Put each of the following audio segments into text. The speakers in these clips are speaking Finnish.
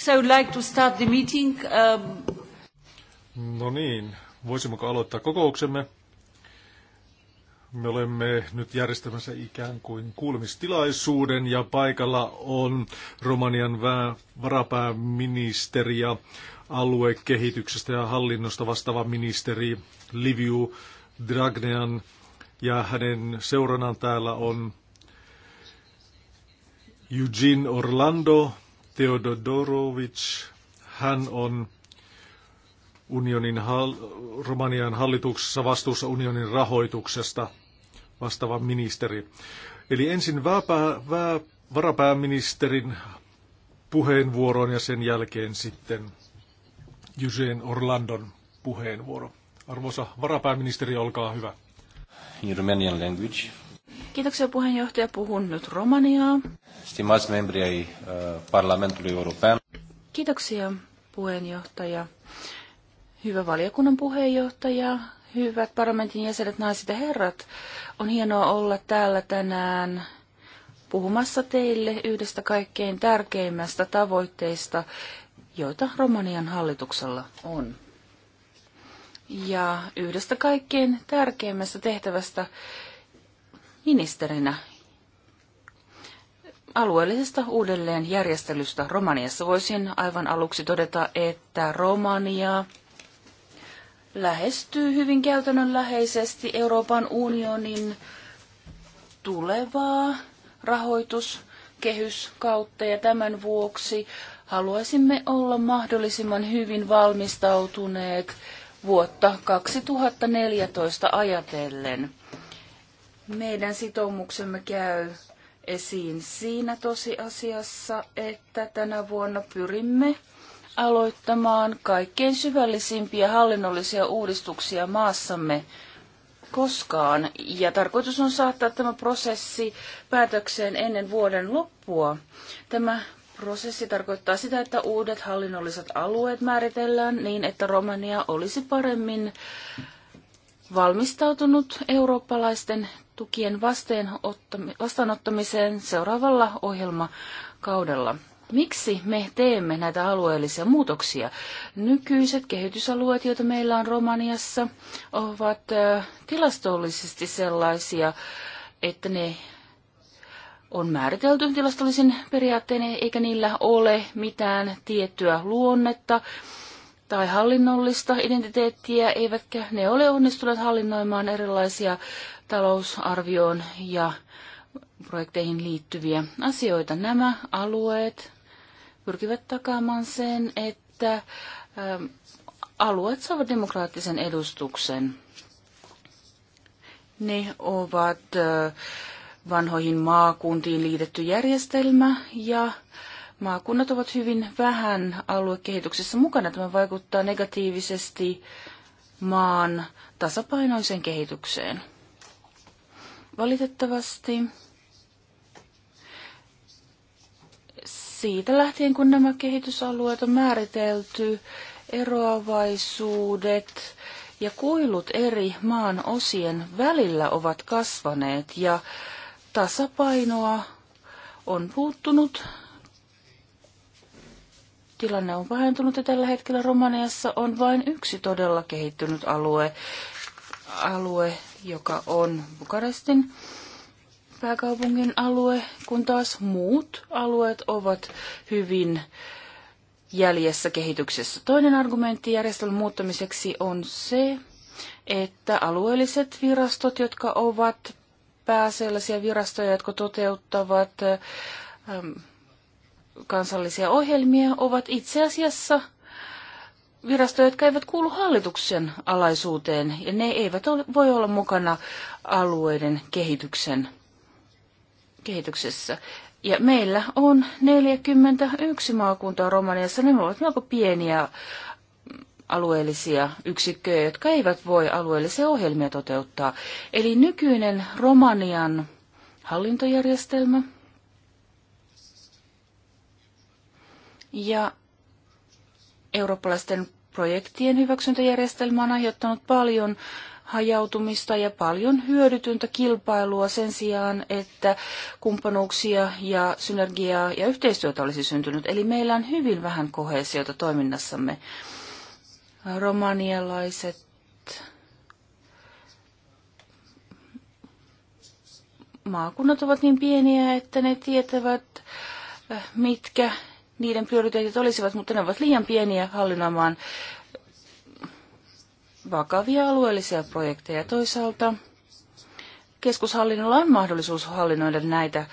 So I'd like to start the meeting. Um... No niin, voisimmeko aloittaa kokouksemme? Me olemme nyt järjestämässä ikään kuin kuulemistilaisuuden ja paikalla on Romanian varapääministeri ja aluekehityksestä ja hallinnosta vastaava ministeri Liviu Dragnean ja hänen seuranaan täällä on Eugene Orlando, Teodorovic, Hän on unionin hall, Romanian hallituksessa vastuussa unionin rahoituksesta vastaava ministeri. Eli ensin vääpä, vää, varapääministerin puheenvuoron ja sen jälkeen sitten Jyseen Orlandon puheenvuoro. Arvoisa varapääministeri, olkaa hyvä. In Romanian language. Kiitoksia puheenjohtaja. Puhun nyt Romaniaa. Stimați membri ai uh, Parlamentului European. Kiitoksia puheenjohtaja. Hyvä valiokunnan puheenjohtaja, hyvät parlamentin jäsenet, naiset ja herrat. On hienoa olla täällä tänään puhumassa teille yhdestä kaikkein tärkeimmästä tavoitteista, joita Romanian hallituksella on. Ja yhdestä kaikkein tärkeimmästä tehtävästä, ministerinä alueellisesta uudelleenjärjestelystä Romaniassa. Voisin aivan aluksi todeta, että Romania lähestyy hyvin käytännönläheisesti Euroopan unionin tulevaa rahoituskehyskautta ja tämän vuoksi haluaisimme olla mahdollisimman hyvin valmistautuneet vuotta 2014 ajatellen meidän sitoumuksemme käy esiin siinä tosiasiassa, että tänä vuonna pyrimme aloittamaan kaikkein syvällisimpiä hallinnollisia uudistuksia maassamme koskaan. Ja tarkoitus on saattaa tämä prosessi päätökseen ennen vuoden loppua. Tämä prosessi tarkoittaa sitä, että uudet hallinnolliset alueet määritellään niin, että Romania olisi paremmin valmistautunut eurooppalaisten tukien vastaanottamiseen seuraavalla ohjelmakaudella. Miksi me teemme näitä alueellisia muutoksia? Nykyiset kehitysalueet, joita meillä on Romaniassa, ovat tilastollisesti sellaisia, että ne on määritelty tilastollisen periaatteen, eikä niillä ole mitään tiettyä luonnetta tai hallinnollista identiteettiä, eivätkä ne ole onnistuneet hallinnoimaan erilaisia talousarvioon ja projekteihin liittyviä asioita. Nämä alueet pyrkivät takaamaan sen, että ähm, alueet saavat demokraattisen edustuksen. Ne ovat äh, vanhoihin maakuntiin liitetty järjestelmä ja maakunnat ovat hyvin vähän aluekehityksessä mukana. Tämä vaikuttaa negatiivisesti maan tasapainoiseen kehitykseen. Valitettavasti siitä lähtien, kun nämä kehitysalueet on määritelty, eroavaisuudet ja kuilut eri maan osien välillä ovat kasvaneet ja tasapainoa on puuttunut. Tilanne on pahentunut ja tällä hetkellä Romaniassa on vain yksi todella kehittynyt alue, alue joka on Bukarestin pääkaupungin alue, kun taas muut alueet ovat hyvin jäljessä kehityksessä. Toinen argumentti järjestelmän muuttamiseksi on se, että alueelliset virastot, jotka ovat pääasiallisia virastoja, jotka toteuttavat kansallisia ohjelmia, ovat itse asiassa virastoja, jotka eivät kuulu hallituksen alaisuuteen, ja ne eivät ole, voi olla mukana alueiden kehityksen, kehityksessä. Ja meillä on 41 maakuntaa Romaniassa. ne ovat melko pieniä mm, alueellisia yksikköjä, jotka eivät voi alueellisia ohjelmia toteuttaa. Eli nykyinen Romanian hallintojärjestelmä ja eurooppalaisten projektien hyväksyntäjärjestelmä on aiheuttanut paljon hajautumista ja paljon hyödytyntä kilpailua sen sijaan, että kumppanuuksia ja synergiaa ja yhteistyötä olisi syntynyt. Eli meillä on hyvin vähän kohesiota toiminnassamme. Romanialaiset maakunnat ovat niin pieniä, että ne tietävät, mitkä niiden prioriteetit olisivat, mutta ne ovat liian pieniä hallinnoimaan vakavia alueellisia projekteja. Toisaalta keskushallinnolla on mahdollisuus hallinnoida näitä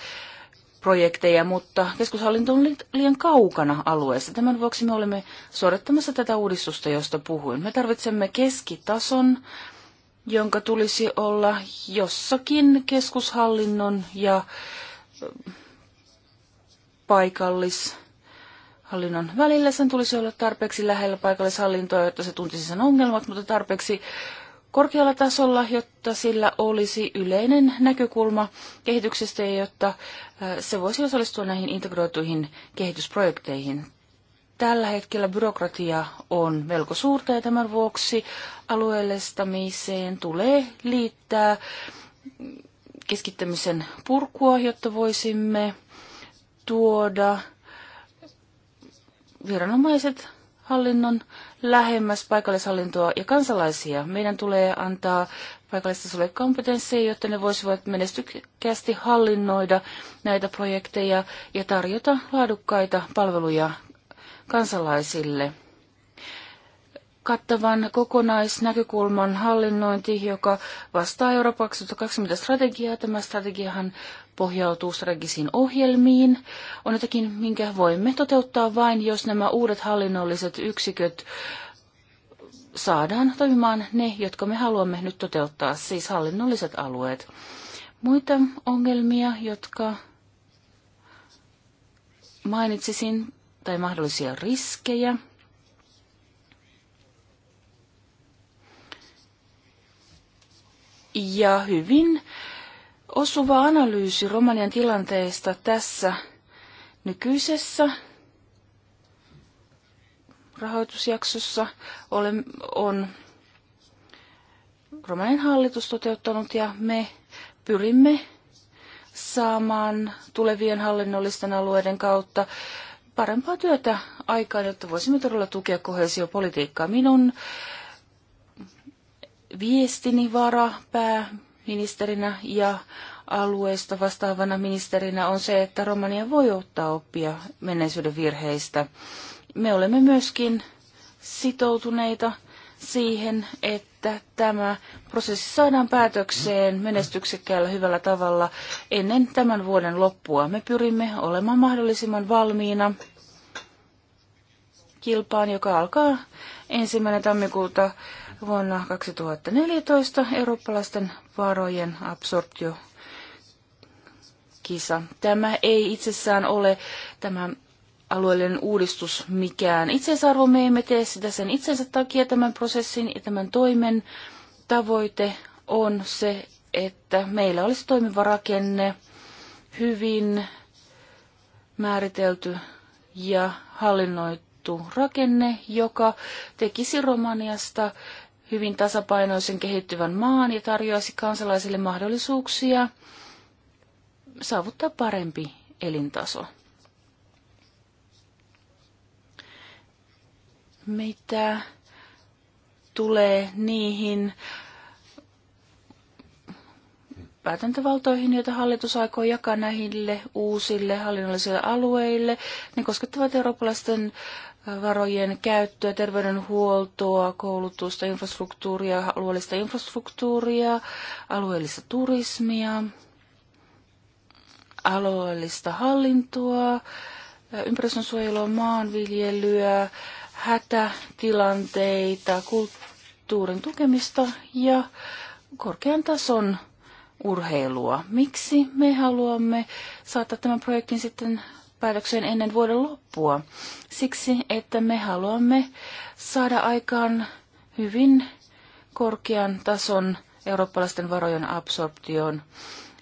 projekteja, mutta keskushallinto on liian kaukana alueesta. Tämän vuoksi me olemme suorittamassa tätä uudistusta, josta puhuin. Me tarvitsemme keskitason, jonka tulisi olla jossakin keskushallinnon ja paikallis- hallinnon välillä. Sen tulisi olla tarpeeksi lähellä paikallishallintoa, jotta se tuntisi sen ongelmat, mutta tarpeeksi korkealla tasolla, jotta sillä olisi yleinen näkökulma kehityksestä ja jotta se voisi osallistua näihin integroituihin kehitysprojekteihin. Tällä hetkellä byrokratia on melko suurta ja tämän vuoksi alueellistamiseen tulee liittää keskittämisen purkua, jotta voisimme tuoda viranomaiset hallinnon lähemmäs paikallishallintoa ja kansalaisia. Meidän tulee antaa paikallistasolle kompetensseja, jotta ne voisivat menestykkäästi hallinnoida näitä projekteja ja tarjota laadukkaita palveluja kansalaisille. Kattavan kokonaisnäkökulman hallinnointi, joka vastaa Euroopan 2020 strategiaa. Tämä strategiahan pohjautuu strategisiin ohjelmiin, on jotakin, minkä voimme toteuttaa vain, jos nämä uudet hallinnolliset yksiköt saadaan toimimaan ne, jotka me haluamme nyt toteuttaa, siis hallinnolliset alueet. Muita ongelmia, jotka mainitsisin, tai mahdollisia riskejä. Ja hyvin osuva analyysi Romanian tilanteesta tässä nykyisessä rahoitusjaksossa on Romanian hallitus toteuttanut ja me pyrimme saamaan tulevien hallinnollisten alueiden kautta parempaa työtä aikaan, jotta voisimme todella tukea kohesiopolitiikkaa. Minun viestini vara, pää, ministerinä ja alueesta vastaavana ministerinä on se, että Romania voi ottaa oppia menneisyyden virheistä. Me olemme myöskin sitoutuneita siihen, että tämä prosessi saadaan päätökseen menestyksekkäällä hyvällä tavalla ennen tämän vuoden loppua. Me pyrimme olemaan mahdollisimman valmiina kilpaan, joka alkaa ensimmäinen tammikuuta vuonna 2014 eurooppalaisten varojen absorptio kisa. Tämä ei itsessään ole tämä alueellinen uudistus mikään itseisarvo. Me emme tee sitä sen itsensä takia tämän prosessin ja tämän toimen tavoite on se, että meillä olisi toimiva rakenne, hyvin määritelty ja hallinnoitu rakenne, joka tekisi Romaniasta hyvin tasapainoisen kehittyvän maan ja tarjoaisi kansalaisille mahdollisuuksia saavuttaa parempi elintaso. Mitä tulee niihin päätäntävaltoihin, joita hallitus aikoo jakaa näille uusille hallinnollisille alueille. Ne koskettavat eurooppalaisten varojen käyttöä, terveydenhuoltoa, koulutusta, infrastruktuuria, alueellista infrastruktuuria, alueellista turismia, alueellista hallintoa, ympäristönsuojelua, maanviljelyä, hätätilanteita, kulttuurin tukemista ja korkean tason urheilua. Miksi me haluamme saattaa tämän projektin sitten päätöksen ennen vuoden loppua. Siksi, että me haluamme saada aikaan hyvin korkean tason eurooppalaisten varojen absorptioon.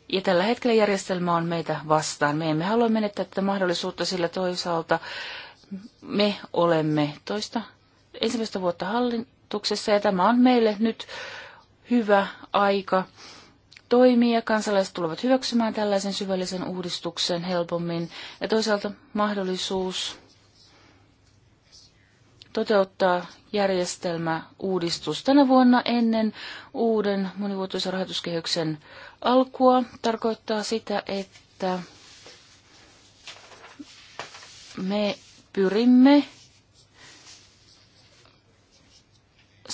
Ja tällä hetkellä järjestelmä on meitä vastaan. Me emme halua menettää tätä mahdollisuutta, sillä toisaalta me olemme toista ensimmäistä vuotta hallituksessa ja tämä on meille nyt hyvä aika toimii ja kansalaiset tulevat hyväksymään tällaisen syvällisen uudistuksen helpommin. Ja toisaalta mahdollisuus toteuttaa järjestelmä uudistus tänä vuonna ennen uuden monivuotoisen rahoituskehyksen alkua tarkoittaa sitä, että me pyrimme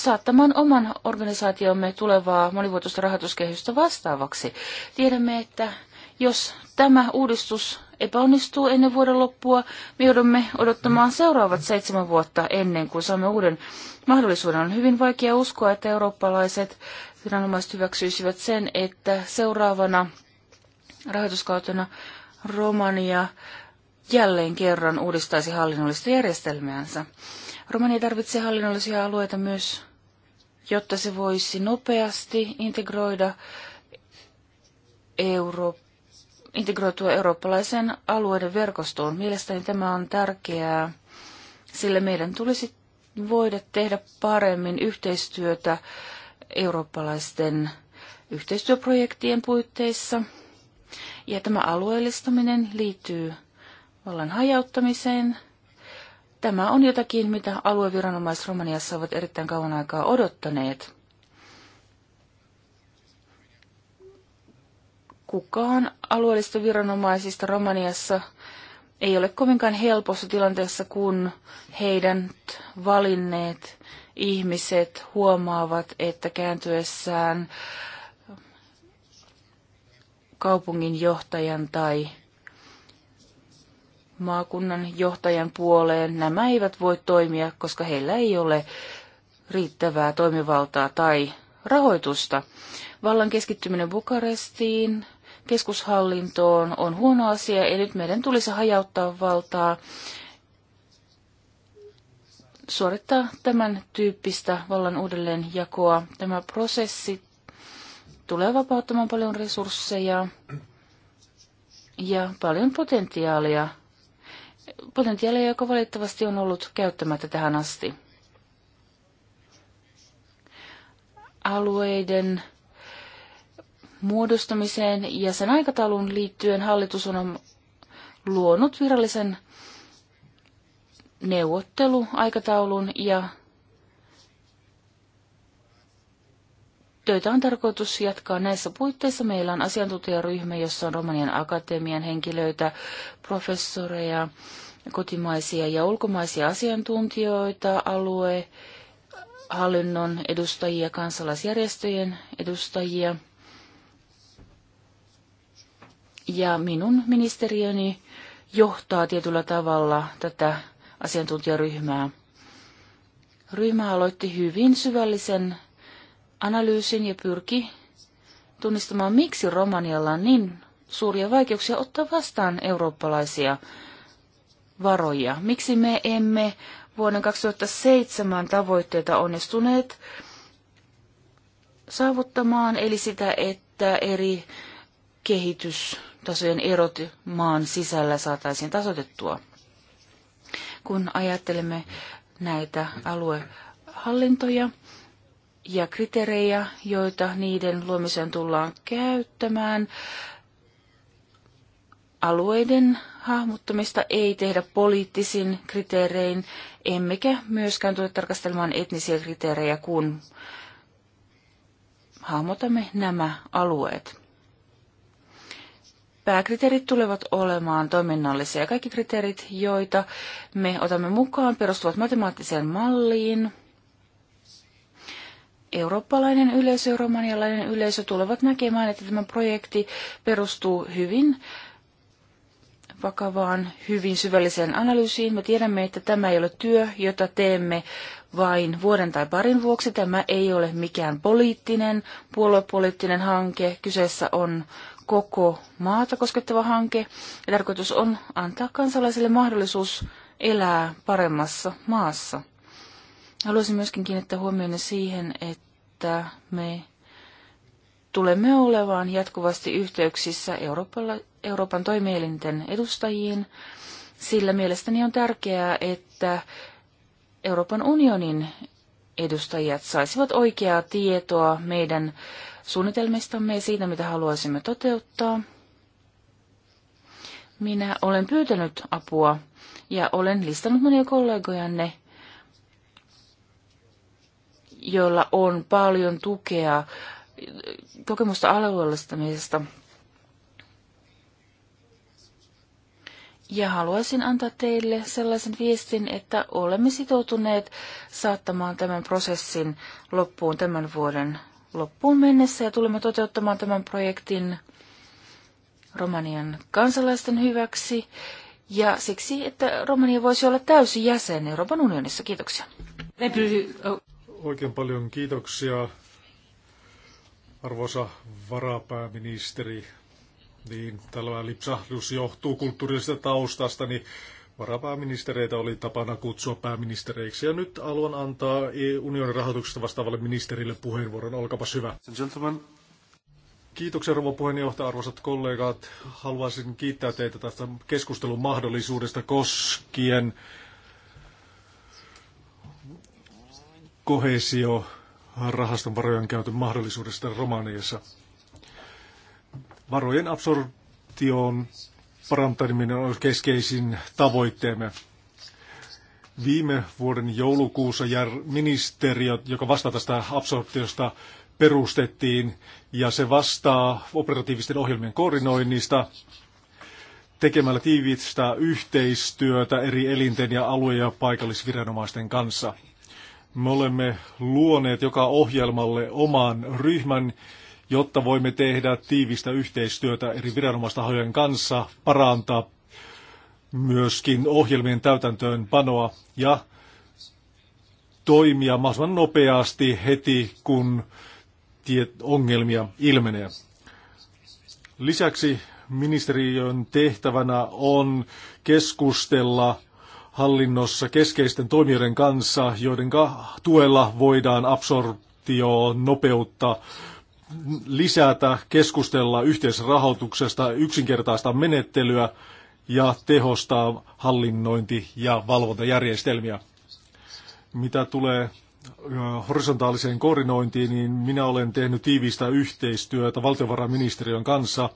saattamaan oman organisaatiomme tulevaa monivuotoista rahoituskehystä vastaavaksi. Tiedämme, että jos tämä uudistus epäonnistuu ennen vuoden loppua, me joudumme odottamaan seuraavat seitsemän vuotta ennen kuin saamme uuden mahdollisuuden. On hyvin vaikea uskoa, että eurooppalaiset viranomaiset hyväksyisivät sen, että seuraavana rahoituskautena Romania jälleen kerran uudistaisi hallinnollista järjestelmäänsä. Romania tarvitsee hallinnollisia alueita myös jotta se voisi nopeasti integroida Euro, integroitua eurooppalaisen alueiden verkostoon. Mielestäni tämä on tärkeää, sillä meidän tulisi voida tehdä paremmin yhteistyötä eurooppalaisten yhteistyöprojektien puitteissa. Ja tämä alueellistaminen liittyy vallan hajauttamiseen, Tämä on jotakin, mitä alueviranomaiset Romaniassa ovat erittäin kauan aikaa odottaneet. Kukaan alueellista viranomaisista Romaniassa ei ole kovinkaan helpossa tilanteessa, kun heidän valinneet ihmiset huomaavat, että kääntyessään kaupungin johtajan tai maakunnan johtajan puoleen. Nämä eivät voi toimia, koska heillä ei ole riittävää toimivaltaa tai rahoitusta. Vallan keskittyminen Bukarestiin, keskushallintoon on huono asia, ja nyt meidän tulisi hajauttaa valtaa, suorittaa tämän tyyppistä vallan uudelleenjakoa. Tämä prosessi tulee vapauttamaan paljon resursseja ja paljon potentiaalia potentiaalia, joka valitettavasti on ollut käyttämättä tähän asti. Alueiden muodostamiseen ja sen aikataulun liittyen hallitus on luonut virallisen neuvotteluaikataulun ja Töitä on tarkoitus jatkaa näissä puitteissa. Meillä on asiantuntijaryhmä, jossa on Romanian akatemian henkilöitä, professoreja, kotimaisia ja ulkomaisia asiantuntijoita, alue, hallinnon edustajia, kansalaisjärjestöjen edustajia. Ja minun ministeriöni johtaa tietyllä tavalla tätä asiantuntijaryhmää. Ryhmä aloitti hyvin syvällisen analyysin ja pyrki tunnistamaan, miksi Romanialla on niin suuria vaikeuksia ottaa vastaan eurooppalaisia varoja. Miksi me emme vuoden 2007 tavoitteita onnistuneet saavuttamaan, eli sitä, että eri kehitystasojen erot maan sisällä saataisiin tasoitettua. Kun ajattelemme näitä aluehallintoja, ja kriteerejä, joita niiden luomiseen tullaan käyttämään. Alueiden hahmottamista ei tehdä poliittisin kriteerein, emmekä myöskään tule tarkastelemaan etnisiä kriteerejä, kun hahmotamme nämä alueet. Pääkriteerit tulevat olemaan toiminnallisia. Kaikki kriteerit, joita me otamme mukaan, perustuvat matemaattiseen malliin – eurooppalainen yleisö ja romanialainen yleisö tulevat näkemään, että tämä projekti perustuu hyvin vakavaan, hyvin syvälliseen analyysiin. Me tiedämme, että tämä ei ole työ, jota teemme vain vuoden tai parin vuoksi. Tämä ei ole mikään poliittinen, puoluepoliittinen hanke. Kyseessä on koko maata koskettava hanke. Ja tarkoitus on antaa kansalaisille mahdollisuus elää paremmassa maassa. Haluaisin myöskin kiinnittää huomioon siihen, että me tulemme olemaan jatkuvasti yhteyksissä Euroopalla, Euroopan toimielinten edustajiin, sillä mielestäni on tärkeää, että Euroopan unionin edustajat saisivat oikeaa tietoa meidän suunnitelmistamme ja siitä, mitä haluaisimme toteuttaa. Minä olen pyytänyt apua ja olen listannut monia kollegojanne joilla on paljon tukea kokemusta alueellistamisesta. Ja haluaisin antaa teille sellaisen viestin, että olemme sitoutuneet saattamaan tämän prosessin loppuun tämän vuoden loppuun mennessä ja tulemme toteuttamaan tämän projektin Romanian kansalaisten hyväksi ja siksi, että Romania voisi olla täysin jäsen Euroopan unionissa. Kiitoksia. Oikein paljon kiitoksia, arvoisa varapääministeri. Niin, tällä lipsahdus johtuu kulttuurisesta taustasta, niin varapääministereitä oli tapana kutsua pääministereiksi. Ja nyt haluan antaa unionin rahoituksesta vastaavalle ministerille puheenvuoron. Olkapa hyvä. Gentlemen. Kiitoksia rouva puheenjohtaja, arvoisat kollegat. Haluaisin kiittää teitä tästä keskustelun mahdollisuudesta koskien kohesio rahaston varojen käytön mahdollisuudesta Romaniassa. Varojen absorption parantaminen on keskeisin tavoitteemme. Viime vuoden joulukuussa ministeriö, joka vastaa tästä absorptiosta, perustettiin ja se vastaa operatiivisten ohjelmien koordinoinnista tekemällä tiivistä yhteistyötä eri elinten ja alue- ja paikallisviranomaisten kanssa. Me olemme luoneet joka ohjelmalle oman ryhmän, jotta voimme tehdä tiivistä yhteistyötä eri viranomaistahojen kanssa, parantaa myöskin ohjelmien täytäntöönpanoa ja toimia mahdollisimman nopeasti heti, kun ongelmia ilmenee. Lisäksi ministeriön tehtävänä on keskustella hallinnossa keskeisten toimijoiden kanssa, joiden tuella voidaan absorptio nopeutta lisätä, keskustella yhteisrahoituksesta, yksinkertaista menettelyä ja tehostaa hallinnointi- ja valvontajärjestelmiä. Mitä tulee horisontaaliseen koordinointiin, niin minä olen tehnyt tiivistä yhteistyötä valtiovarainministeriön kanssa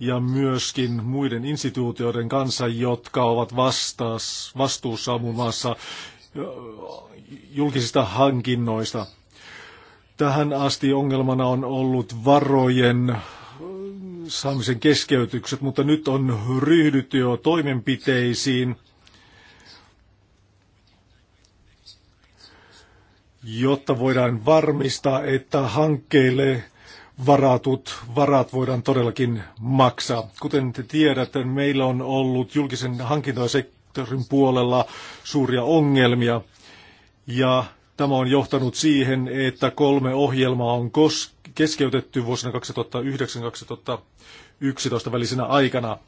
ja myöskin muiden instituutioiden kanssa, jotka ovat vastaas, vastuussa muun muassa julkisista hankinnoista. Tähän asti ongelmana on ollut varojen saamisen keskeytykset, mutta nyt on ryhdytty jo toimenpiteisiin, jotta voidaan varmistaa, että hankkeille varatut varat voidaan todellakin maksaa. Kuten te tiedätte, meillä on ollut julkisen hankintasektorin puolella suuria ongelmia ja tämä on johtanut siihen, että kolme ohjelmaa on keskeytetty vuosina 2009-2011 välisenä aikana.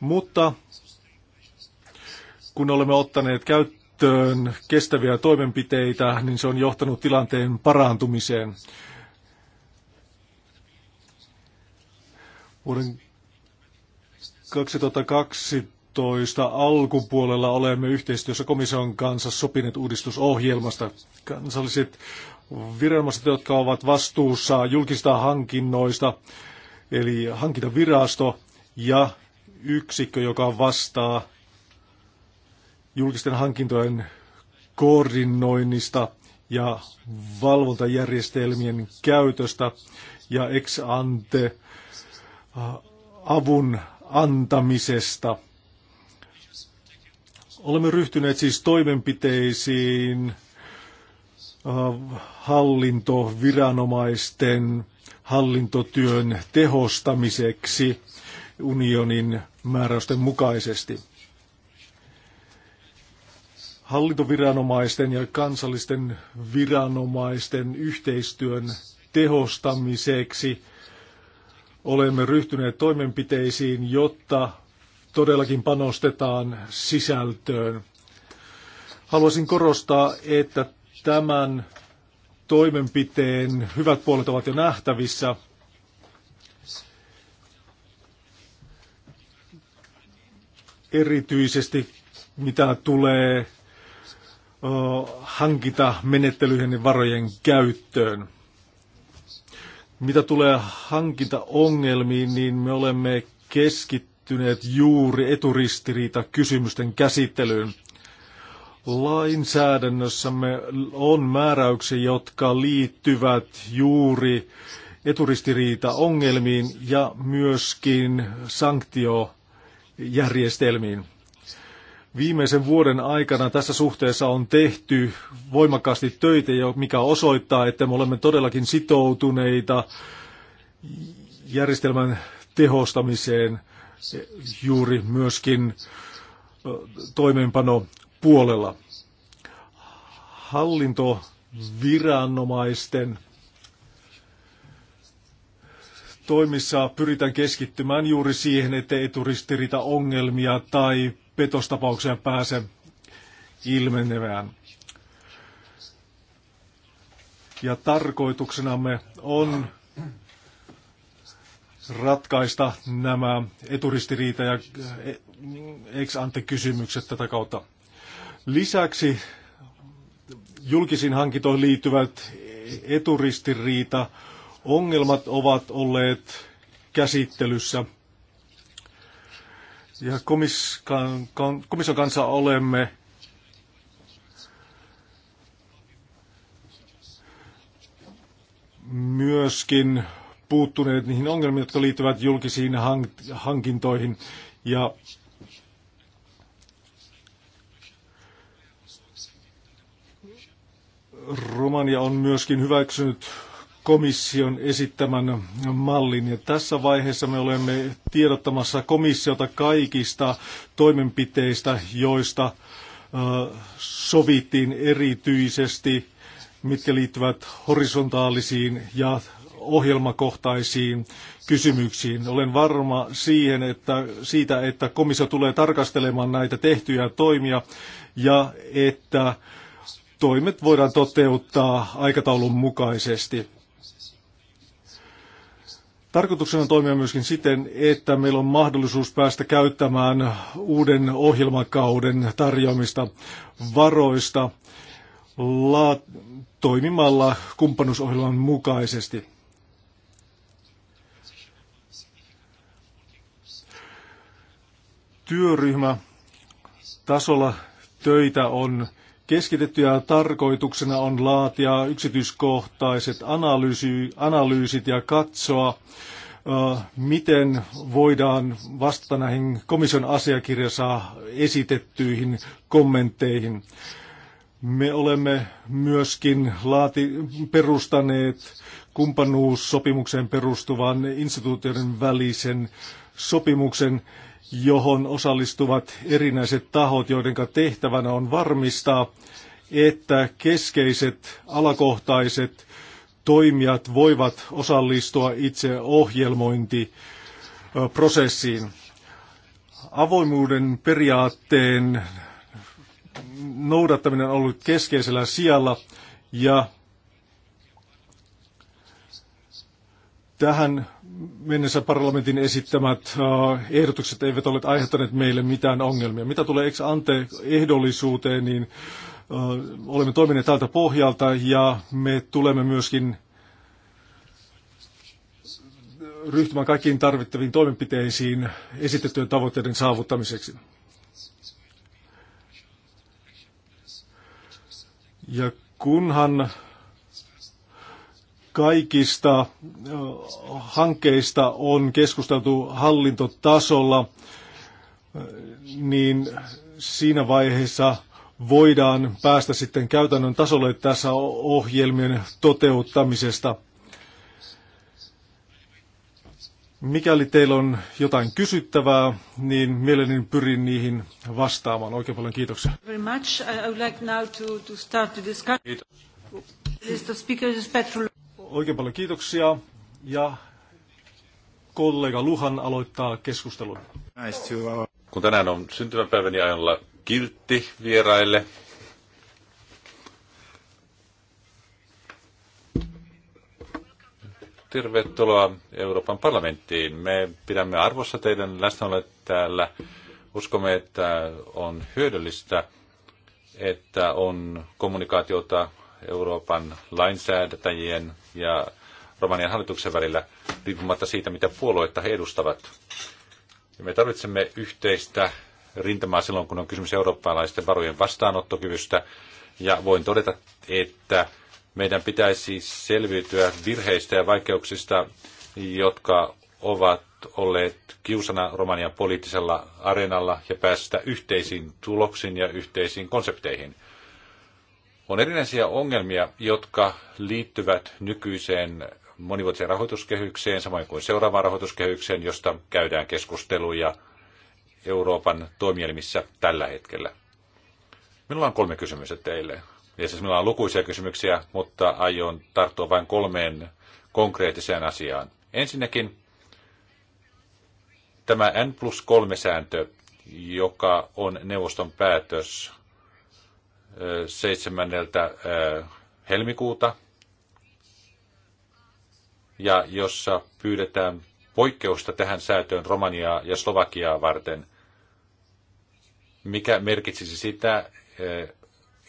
Mutta kun olemme ottaneet käyttöön kestäviä toimenpiteitä, niin se on johtanut tilanteen parantumiseen. Vuoden 2012 alkupuolella olemme yhteistyössä komission kanssa sopineet uudistusohjelmasta. Kansalliset viranomaiset, jotka ovat vastuussa julkista hankinnoista, eli hankintavirasto ja yksikkö, joka vastaa julkisten hankintojen koordinoinnista ja valvontajärjestelmien käytöstä ja ex ante avun antamisesta. Olemme ryhtyneet siis toimenpiteisiin hallintoviranomaisten hallintotyön tehostamiseksi unionin määräysten mukaisesti. Hallintoviranomaisten ja kansallisten viranomaisten yhteistyön tehostamiseksi – olemme ryhtyneet toimenpiteisiin, jotta todellakin panostetaan sisältöön. Haluaisin korostaa, että tämän toimenpiteen hyvät puolet ovat jo nähtävissä. Erityisesti mitä tulee hankita menettelyihin ja varojen käyttöön. Mitä tulee hankintaongelmiin, niin me olemme keskittyneet juuri eturistiriita kysymysten käsittelyyn. Lainsäädännössämme on määräyksiä, jotka liittyvät juuri eturistiriita-ongelmiin ja myöskin sanktiojärjestelmiin. Viimeisen vuoden aikana tässä suhteessa on tehty voimakkaasti töitä, mikä osoittaa, että me olemme todellakin sitoutuneita järjestelmän tehostamiseen juuri myöskin toimeenpano puolella. Hallintoviranomaisten toimissa pyritään keskittymään juuri siihen, että eturistiriita ongelmia tai petostapaukseen pääse ilmenevään. Ja tarkoituksenamme on ratkaista nämä eturistiriita- ja e, ex-ante-kysymykset tätä kautta. Lisäksi julkisiin hankintoihin liittyvät eturistiriita ongelmat ovat olleet käsittelyssä – ja komission kanssa olemme myöskin puuttuneet niihin ongelmiin, jotka liittyvät julkisiin hankintoihin. Ja Romania on myöskin hyväksynyt komission esittämän mallin. Ja tässä vaiheessa me olemme tiedottamassa komissiota kaikista toimenpiteistä, joista sovittiin erityisesti, mitkä liittyvät horisontaalisiin ja ohjelmakohtaisiin kysymyksiin. Olen varma siihen, että siitä, että komissio tulee tarkastelemaan näitä tehtyjä toimia ja että toimet voidaan toteuttaa aikataulun mukaisesti. Tarkoituksena toimia myöskin siten, että meillä on mahdollisuus päästä käyttämään uuden ohjelmakauden tarjoamista varoista la- toimimalla kumppanuusohjelman mukaisesti. Työryhmä tasolla töitä on Keskitettyä tarkoituksena on laatia yksityiskohtaiset analyysi, analyysit ja katsoa, miten voidaan vastata näihin komission asiakirjassa esitettyihin kommentteihin. Me olemme myöskin laati, perustaneet kumppanuussopimukseen perustuvan instituutioiden välisen sopimuksen, johon osallistuvat erinäiset tahot, joiden tehtävänä on varmistaa, että keskeiset alakohtaiset toimijat voivat osallistua itse ohjelmointiprosessiin. Avoimuuden periaatteen noudattaminen on ollut keskeisellä sijalla ja tähän mennessä parlamentin esittämät äh, ehdotukset eivät ole aiheuttaneet meille mitään ongelmia. Mitä tulee ex ante ehdollisuuteen, niin äh, olemme toimineet tältä pohjalta ja me tulemme myöskin ryhtymään kaikkiin tarvittaviin toimenpiteisiin esitettyjen tavoitteiden saavuttamiseksi. Ja kunhan Kaikista hankkeista on keskusteltu hallintotasolla, niin siinä vaiheessa voidaan päästä sitten käytännön tasolle tässä ohjelmien toteuttamisesta. Mikäli teillä on jotain kysyttävää, niin mielelläni pyrin niihin vastaamaan. Oikein paljon kiitoksia. Kiitos. Oikein paljon kiitoksia ja kollega Luhan aloittaa keskustelun. Uh, Kun tänään on syntymäpäiväni niin ajalla kiltti vieraille, tervetuloa Euroopan parlamenttiin. Me pidämme arvossa teidän läsnäoloa täällä. Uskomme, että on hyödyllistä, että on kommunikaatiota Euroopan lainsäädäntäjien ja Romanian hallituksen välillä, riippumatta siitä, mitä puolueita he edustavat. Ja me tarvitsemme yhteistä rintamaa silloin, kun on kysymys eurooppalaisten varojen vastaanottokyvystä. Ja voin todeta, että meidän pitäisi selviytyä virheistä ja vaikeuksista, jotka ovat olleet kiusana Romanian poliittisella areenalla ja päästä yhteisiin tuloksiin ja yhteisiin konsepteihin. On erinäisiä ongelmia, jotka liittyvät nykyiseen monivuotiseen rahoituskehykseen, samoin kuin seuraavaan rahoituskehykseen, josta käydään keskusteluja Euroopan toimielimissä tällä hetkellä. Minulla on kolme kysymystä teille. Ja siis minulla on lukuisia kysymyksiä, mutta aion tarttua vain kolmeen konkreettiseen asiaan. Ensinnäkin tämä N plus 3 sääntö, joka on neuvoston päätös 7. helmikuuta, ja jossa pyydetään poikkeusta tähän säätöön Romaniaa ja Slovakiaa varten, mikä merkitsisi sitä,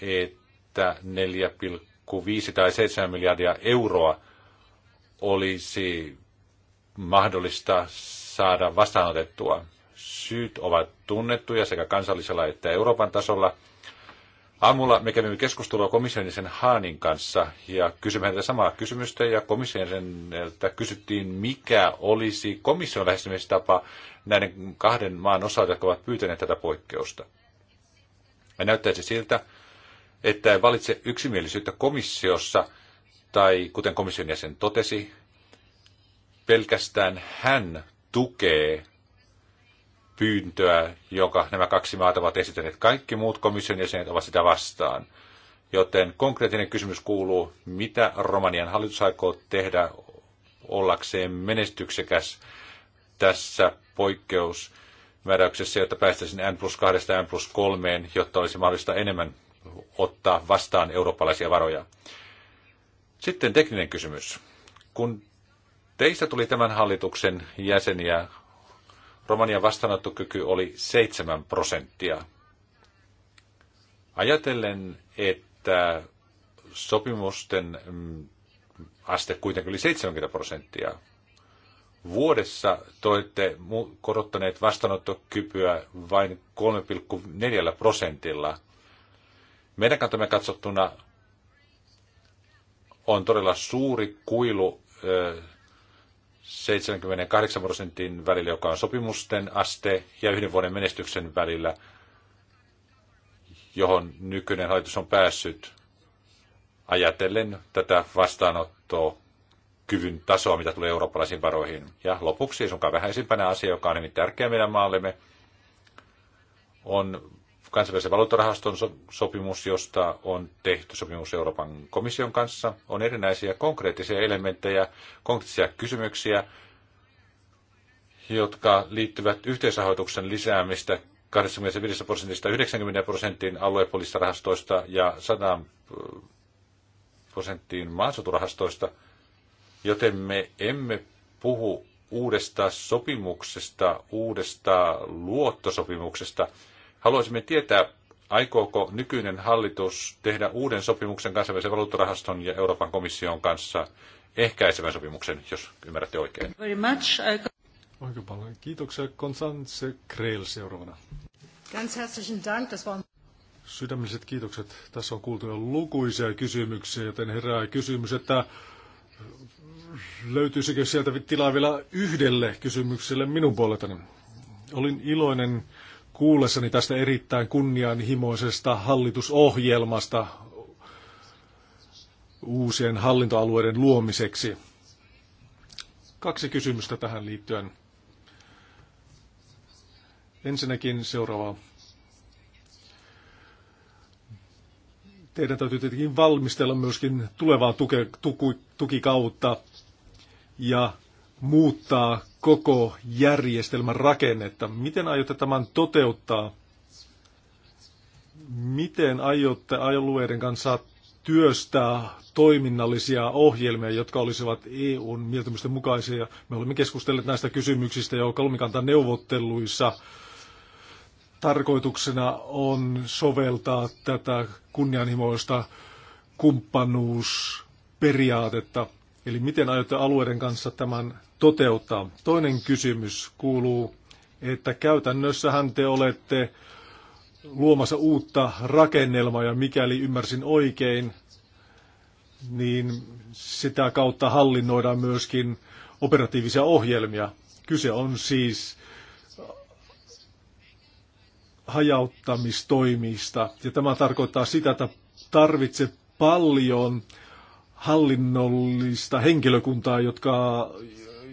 että 4,5 tai 7 miljardia euroa olisi mahdollista saada vastaanotettua. Syyt ovat tunnettuja sekä kansallisella että Euroopan tasolla – Aamulla me kävimme keskustelua komission sen Haanin kanssa ja kysymme häneltä samaa kysymystä ja komission kysyttiin, mikä olisi komission lähestymistapa näiden kahden maan osalta, jotka ovat pyytäneet tätä poikkeusta. Ja näyttäisi siltä, että ei valitse yksimielisyyttä komissiossa tai kuten komission jäsen totesi, pelkästään hän tukee pyyntöä, joka nämä kaksi maata ovat esittäneet. Kaikki muut komission jäsenet ovat sitä vastaan. Joten konkreettinen kysymys kuuluu, mitä Romanian hallitus aikoo tehdä ollakseen menestyksekäs tässä poikkeusmääräyksessä, jotta päästäisiin N plus 2 N plus 3, jotta olisi mahdollista enemmän ottaa vastaan eurooppalaisia varoja. Sitten tekninen kysymys. Kun teistä tuli tämän hallituksen jäseniä, Romanian vastaanottokyky oli 7 prosenttia. Ajatellen, että sopimusten mm, aste kuitenkin oli 70 prosenttia. Vuodessa toitte korottaneet vastaanottokypyä vain 3,4 prosentilla. Meidän kantamme katsottuna on todella suuri kuilu 78 prosentin välillä, joka on sopimusten aste, ja yhden vuoden menestyksen välillä, johon nykyinen hallitus on päässyt ajatellen tätä vastaanottoa kyvyn tasoa, mitä tulee eurooppalaisiin varoihin. Ja lopuksi, sunkaan vähäisimpänä asia, joka on hyvin niin tärkeä meidän maallemme, on Kansainvälisen valuuttarahaston sopimus, josta on tehty sopimus Euroopan komission kanssa, on erinäisiä konkreettisia elementtejä, konkreettisia kysymyksiä, jotka liittyvät yhteisrahoituksen lisäämistä 25 prosentista 90 prosenttiin aluepoliittisista rahastoista ja 100 äh, prosenttiin maansoturahastoista, joten me emme puhu uudesta sopimuksesta, uudesta luottosopimuksesta, Haluaisimme tietää, aikooko nykyinen hallitus tehdä uuden sopimuksen kansainvälisen valuuttarahaston ja Euroopan komission kanssa ehkäisevän sopimuksen, jos ymmärrätte oikein. Very much. Oikein paljon kiitoksia. Konstanze Kreil seuraavana. Ganz herzlichen Dank. Das war... Sydämelliset kiitokset. Tässä on kuultu jo lukuisia kysymyksiä, joten herää kysymys, että löytyisikö sieltä tilaa vielä yhdelle kysymykselle minun puoleltani. Olin iloinen kuullessani tästä erittäin kunnianhimoisesta hallitusohjelmasta uusien hallintoalueiden luomiseksi. Kaksi kysymystä tähän liittyen. Ensinnäkin seuraava. Teidän täytyy tietenkin valmistella myöskin tulevaa tuke, tuku, tukikautta ja muuttaa koko järjestelmän rakennetta. Miten aiotte tämän toteuttaa? Miten aiotte alueiden kanssa työstää toiminnallisia ohjelmia, jotka olisivat EUn mieltymysten mukaisia? Me olemme keskustelleet näistä kysymyksistä jo kolmikantan neuvotteluissa. Tarkoituksena on soveltaa tätä kunnianhimoista kumppanuusperiaatetta. Eli miten aiotte alueiden kanssa tämän toteuttaa. Toinen kysymys kuuluu, että käytännössähän te olette luomassa uutta rakennelmaa ja mikäli ymmärsin oikein, niin sitä kautta hallinnoidaan myöskin operatiivisia ohjelmia. Kyse on siis hajauttamistoimista ja tämä tarkoittaa sitä, että tarvitse paljon hallinnollista henkilökuntaa, jotka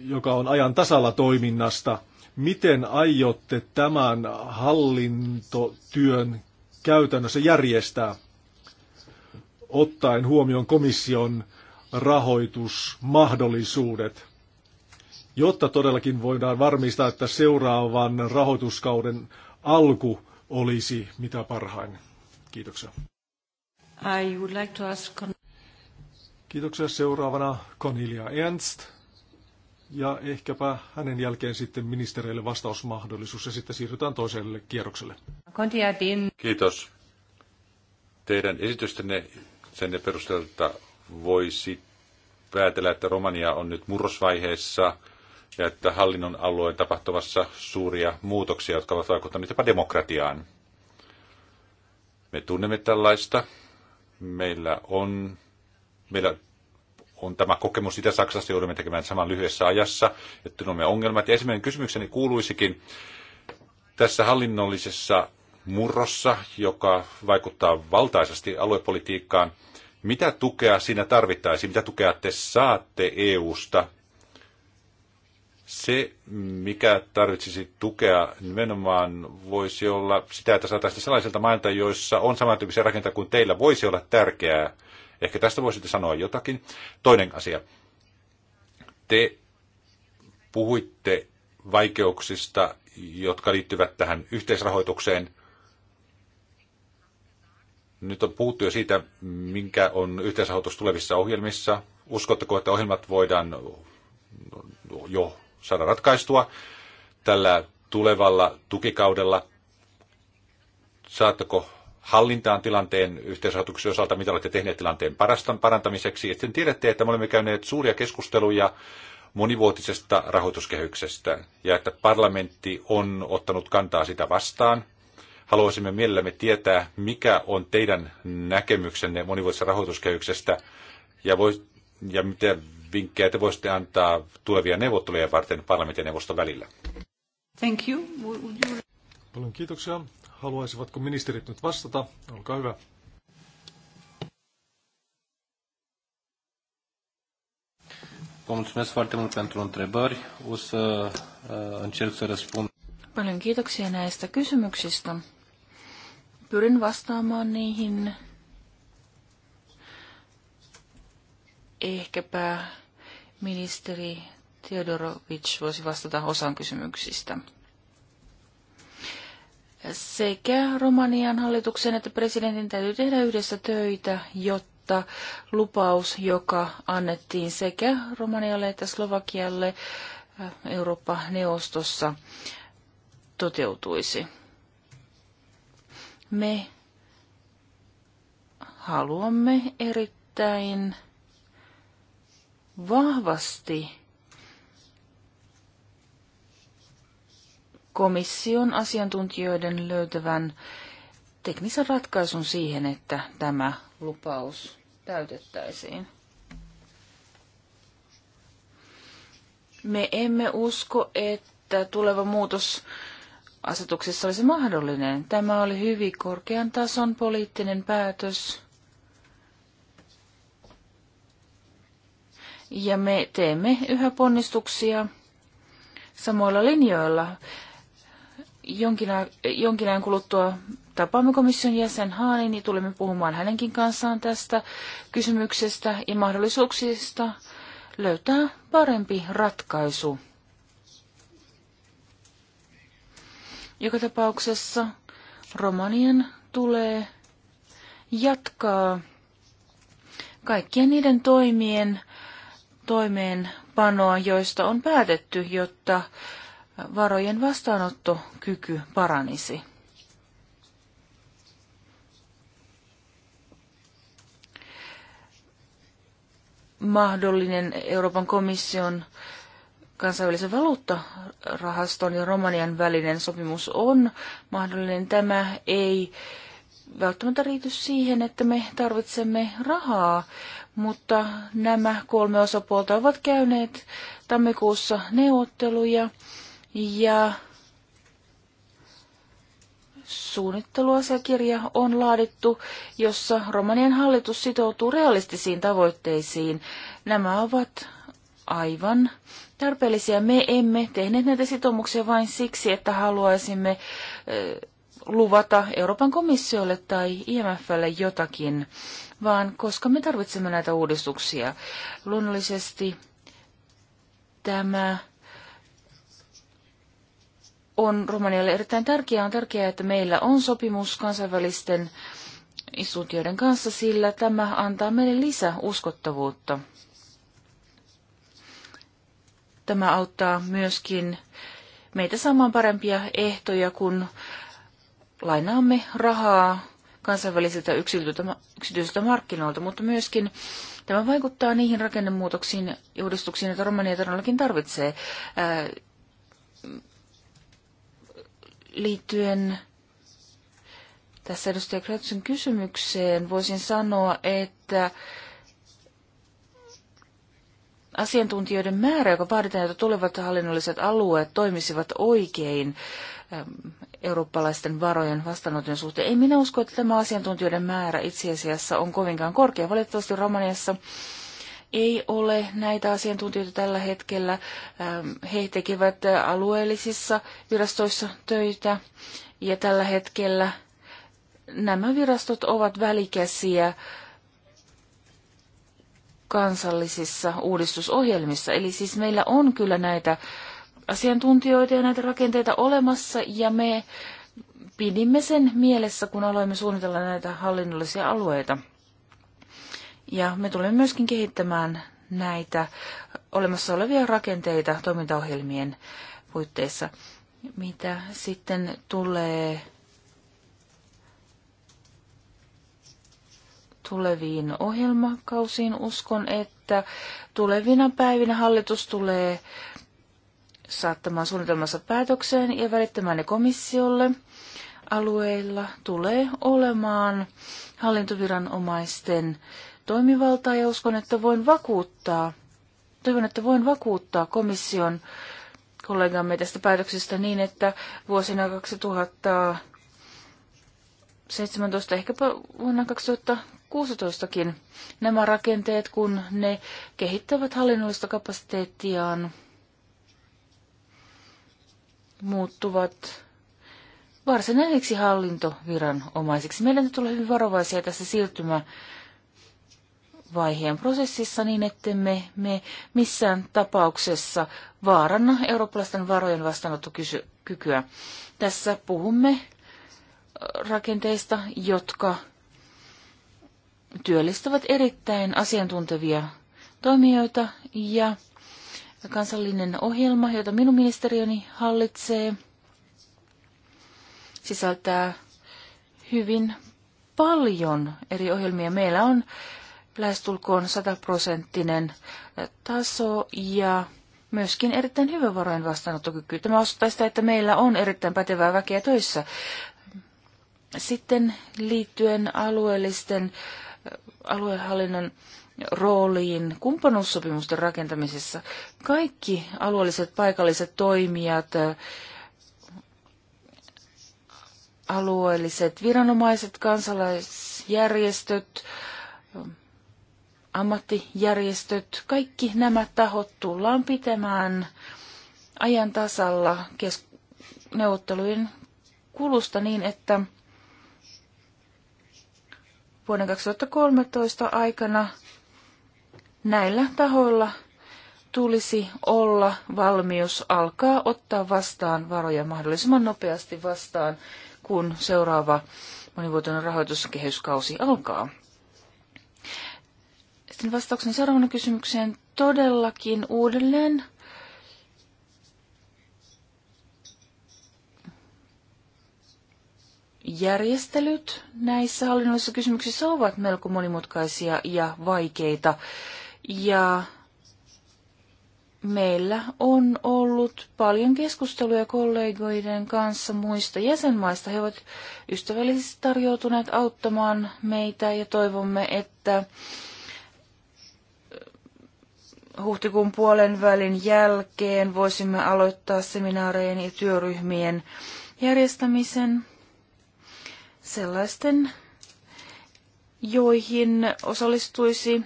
joka on ajan tasalla toiminnasta. Miten aiotte tämän hallintotyön käytännössä järjestää, ottaen huomioon komission rahoitusmahdollisuudet, jotta todellakin voidaan varmistaa, että seuraavan rahoituskauden alku olisi mitä parhain. Kiitoksia. I would like to ask... Kiitoksia. Seuraavana Cornelia Ernst. Ja ehkäpä hänen jälkeen sitten ministereille vastausmahdollisuus ja sitten siirrytään toiselle kierrokselle. Kiitos. Teidän esitystenne sen perusteelta voisi päätellä, että Romania on nyt murrosvaiheessa ja että hallinnon alueen tapahtuvassa suuria muutoksia, jotka ovat vaikuttaneet jopa demokratiaan. Me tunnemme tällaista. Meillä on, meillä on tämä kokemus Itä-Saksasta, joudumme tekemään saman lyhyessä ajassa, että tunnemme ongelmat. Ja ensimmäinen kysymykseni kuuluisikin tässä hallinnollisessa murrossa, joka vaikuttaa valtaisesti aluepolitiikkaan, mitä tukea siinä tarvittaisiin, mitä tukea te saatte EU-sta? Se, mikä tarvitsisi tukea nimenomaan, voisi olla sitä, että saataisiin sellaisilta mailta, joissa on samantyyppisiä rakenteita kuin teillä, voisi olla tärkeää Ehkä tästä voisitte sanoa jotakin. Toinen asia. Te puhuitte vaikeuksista, jotka liittyvät tähän yhteisrahoitukseen. Nyt on puhuttu jo siitä, minkä on yhteisrahoitus tulevissa ohjelmissa. Uskotteko, että ohjelmat voidaan jo saada ratkaistua tällä tulevalla tukikaudella? Saatteko hallintaan tilanteen yhteisrahoituksen osalta, mitä olette tehneet tilanteen parantamiseksi. Sitten tiedätte, että me olemme käyneet suuria keskusteluja monivuotisesta rahoituskehyksestä ja että parlamentti on ottanut kantaa sitä vastaan. Haluaisimme mielellämme tietää, mikä on teidän näkemyksenne monivuotisesta rahoituskehyksestä ja, voi, ja mitä vinkkejä te voisitte antaa tulevia neuvotteluja varten parlamentin ja neuvoston välillä. Thank you. Paljon kiitoksia. Haluaisivatko ministerit nyt vastata? Olkaa hyvä. Uh, Paljon kiitoksia näistä kysymyksistä. Pyrin vastaamaan niihin ehkäpä ministeri Teodorovic voisi vastata osan kysymyksistä sekä Romanian hallituksen että presidentin täytyy tehdä yhdessä töitä, jotta lupaus, joka annettiin sekä Romanialle että Slovakialle äh, Eurooppa-neuvostossa, toteutuisi. Me haluamme erittäin vahvasti komission asiantuntijoiden löytävän teknisen ratkaisun siihen, että tämä lupaus täytettäisiin. Me emme usko, että tuleva muutos asetuksessa olisi mahdollinen. Tämä oli hyvin korkean tason poliittinen päätös. Ja me teemme yhä ponnistuksia samoilla linjoilla jonkin, jonkin ajan kuluttua tapaamme komission jäsen Haanin, niin tulemme puhumaan hänenkin kanssaan tästä kysymyksestä ja mahdollisuuksista löytää parempi ratkaisu. Joka tapauksessa Romanian tulee jatkaa kaikkien niiden toimien toimeenpanoa, joista on päätetty, jotta varojen vastaanottokyky paranisi. Mahdollinen Euroopan komission kansainvälisen valuuttarahaston ja Romanian välinen sopimus on mahdollinen. Tämä ei välttämättä riity siihen, että me tarvitsemme rahaa, mutta nämä kolme osapuolta ovat käyneet tammikuussa neuvotteluja ja suunnitteluasiakirja on laadittu, jossa Romanian hallitus sitoutuu realistisiin tavoitteisiin. Nämä ovat aivan tarpeellisia. Me emme tehneet näitä sitoumuksia vain siksi, että haluaisimme luvata Euroopan komissiolle tai IMFlle jotakin, vaan koska me tarvitsemme näitä uudistuksia. Luonnollisesti tämä on Romanialle erittäin tärkeää. On tärkeää, että meillä on sopimus kansainvälisten instituutioiden kanssa, sillä tämä antaa meille lisää uskottavuutta. Tämä auttaa myöskin meitä saamaan parempia ehtoja, kun lainaamme rahaa kansainvälisiltä yksityisiltä markkinoilta, mutta myöskin tämä vaikuttaa niihin rakennemuutoksiin ja uudistuksiin, joita Romania todellakin tarvitsee liittyen tässä edustaja Kratsin kysymykseen voisin sanoa, että asiantuntijoiden määrä, joka vaaditaan, että tulevat hallinnolliset alueet toimisivat oikein ähm, eurooppalaisten varojen vastaanoton suhteen. Ei minä usko, että tämä asiantuntijoiden määrä itse asiassa on kovinkaan korkea. Valitettavasti Romaniassa ei ole näitä asiantuntijoita tällä hetkellä. Ähm, he tekevät äh, alueellisissa virastoissa töitä ja tällä hetkellä nämä virastot ovat välikäsiä kansallisissa uudistusohjelmissa. Eli siis meillä on kyllä näitä asiantuntijoita ja näitä rakenteita olemassa ja me pidimme sen mielessä, kun aloimme suunnitella näitä hallinnollisia alueita. Ja me tulemme myöskin kehittämään näitä olemassa olevia rakenteita toimintaohjelmien puitteissa. Mitä sitten tulee tuleviin ohjelmakausiin, uskon, että tulevina päivinä hallitus tulee saattamaan suunnitelmansa päätökseen ja välittämään ne komissiolle. Alueilla tulee olemaan hallintoviranomaisten toimivaltaa ja uskon, että voin vakuuttaa, toivon, että voin vakuuttaa komission kollegamme tästä päätöksestä niin, että vuosina 2017, ehkäpä vuonna 2016kin, nämä rakenteet, kun ne kehittävät hallinnollista kapasiteettiaan, muuttuvat varsinaisiksi hallintoviranomaisiksi. Meidän tulee hyvin varovaisia tässä siirtymä vaiheen prosessissa niin, että me missään tapauksessa vaaranna eurooppalaisten varojen vastaanottokykyä. Tässä puhumme rakenteista, jotka työllistävät erittäin asiantuntevia toimijoita ja kansallinen ohjelma, jota minun ministeriöni hallitsee, sisältää hyvin paljon eri ohjelmia. Meillä on lähestulkoon sataprosenttinen eh, taso ja myöskin erittäin hyvä varojen vastaanottokyky. Tämä osoittaa sitä, että meillä on erittäin pätevää väkeä töissä. Sitten liittyen alueellisten eh, aluehallinnon rooliin kumppanuussopimusten rakentamisessa. Kaikki alueelliset paikalliset toimijat, eh, alueelliset viranomaiset, kansalaisjärjestöt, ammattijärjestöt, kaikki nämä tahot tullaan pitämään ajan tasalla kes- neuvottelujen kulusta niin, että vuoden 2013 aikana näillä tahoilla tulisi olla valmius alkaa ottaa vastaan varoja mahdollisimman nopeasti vastaan, kun seuraava monivuotinen rahoituskehyskausi alkaa. Sitten vastauksen seuraavana kysymykseen todellakin uudelleen. Järjestelyt näissä hallinnollisissa kysymyksissä ovat melko monimutkaisia ja vaikeita. Ja meillä on ollut paljon keskusteluja kollegoiden kanssa muista jäsenmaista. He ovat ystävällisesti tarjoutuneet auttamaan meitä ja toivomme, että huhtikuun puolen välin jälkeen voisimme aloittaa seminaarien ja työryhmien järjestämisen sellaisten, joihin osallistuisi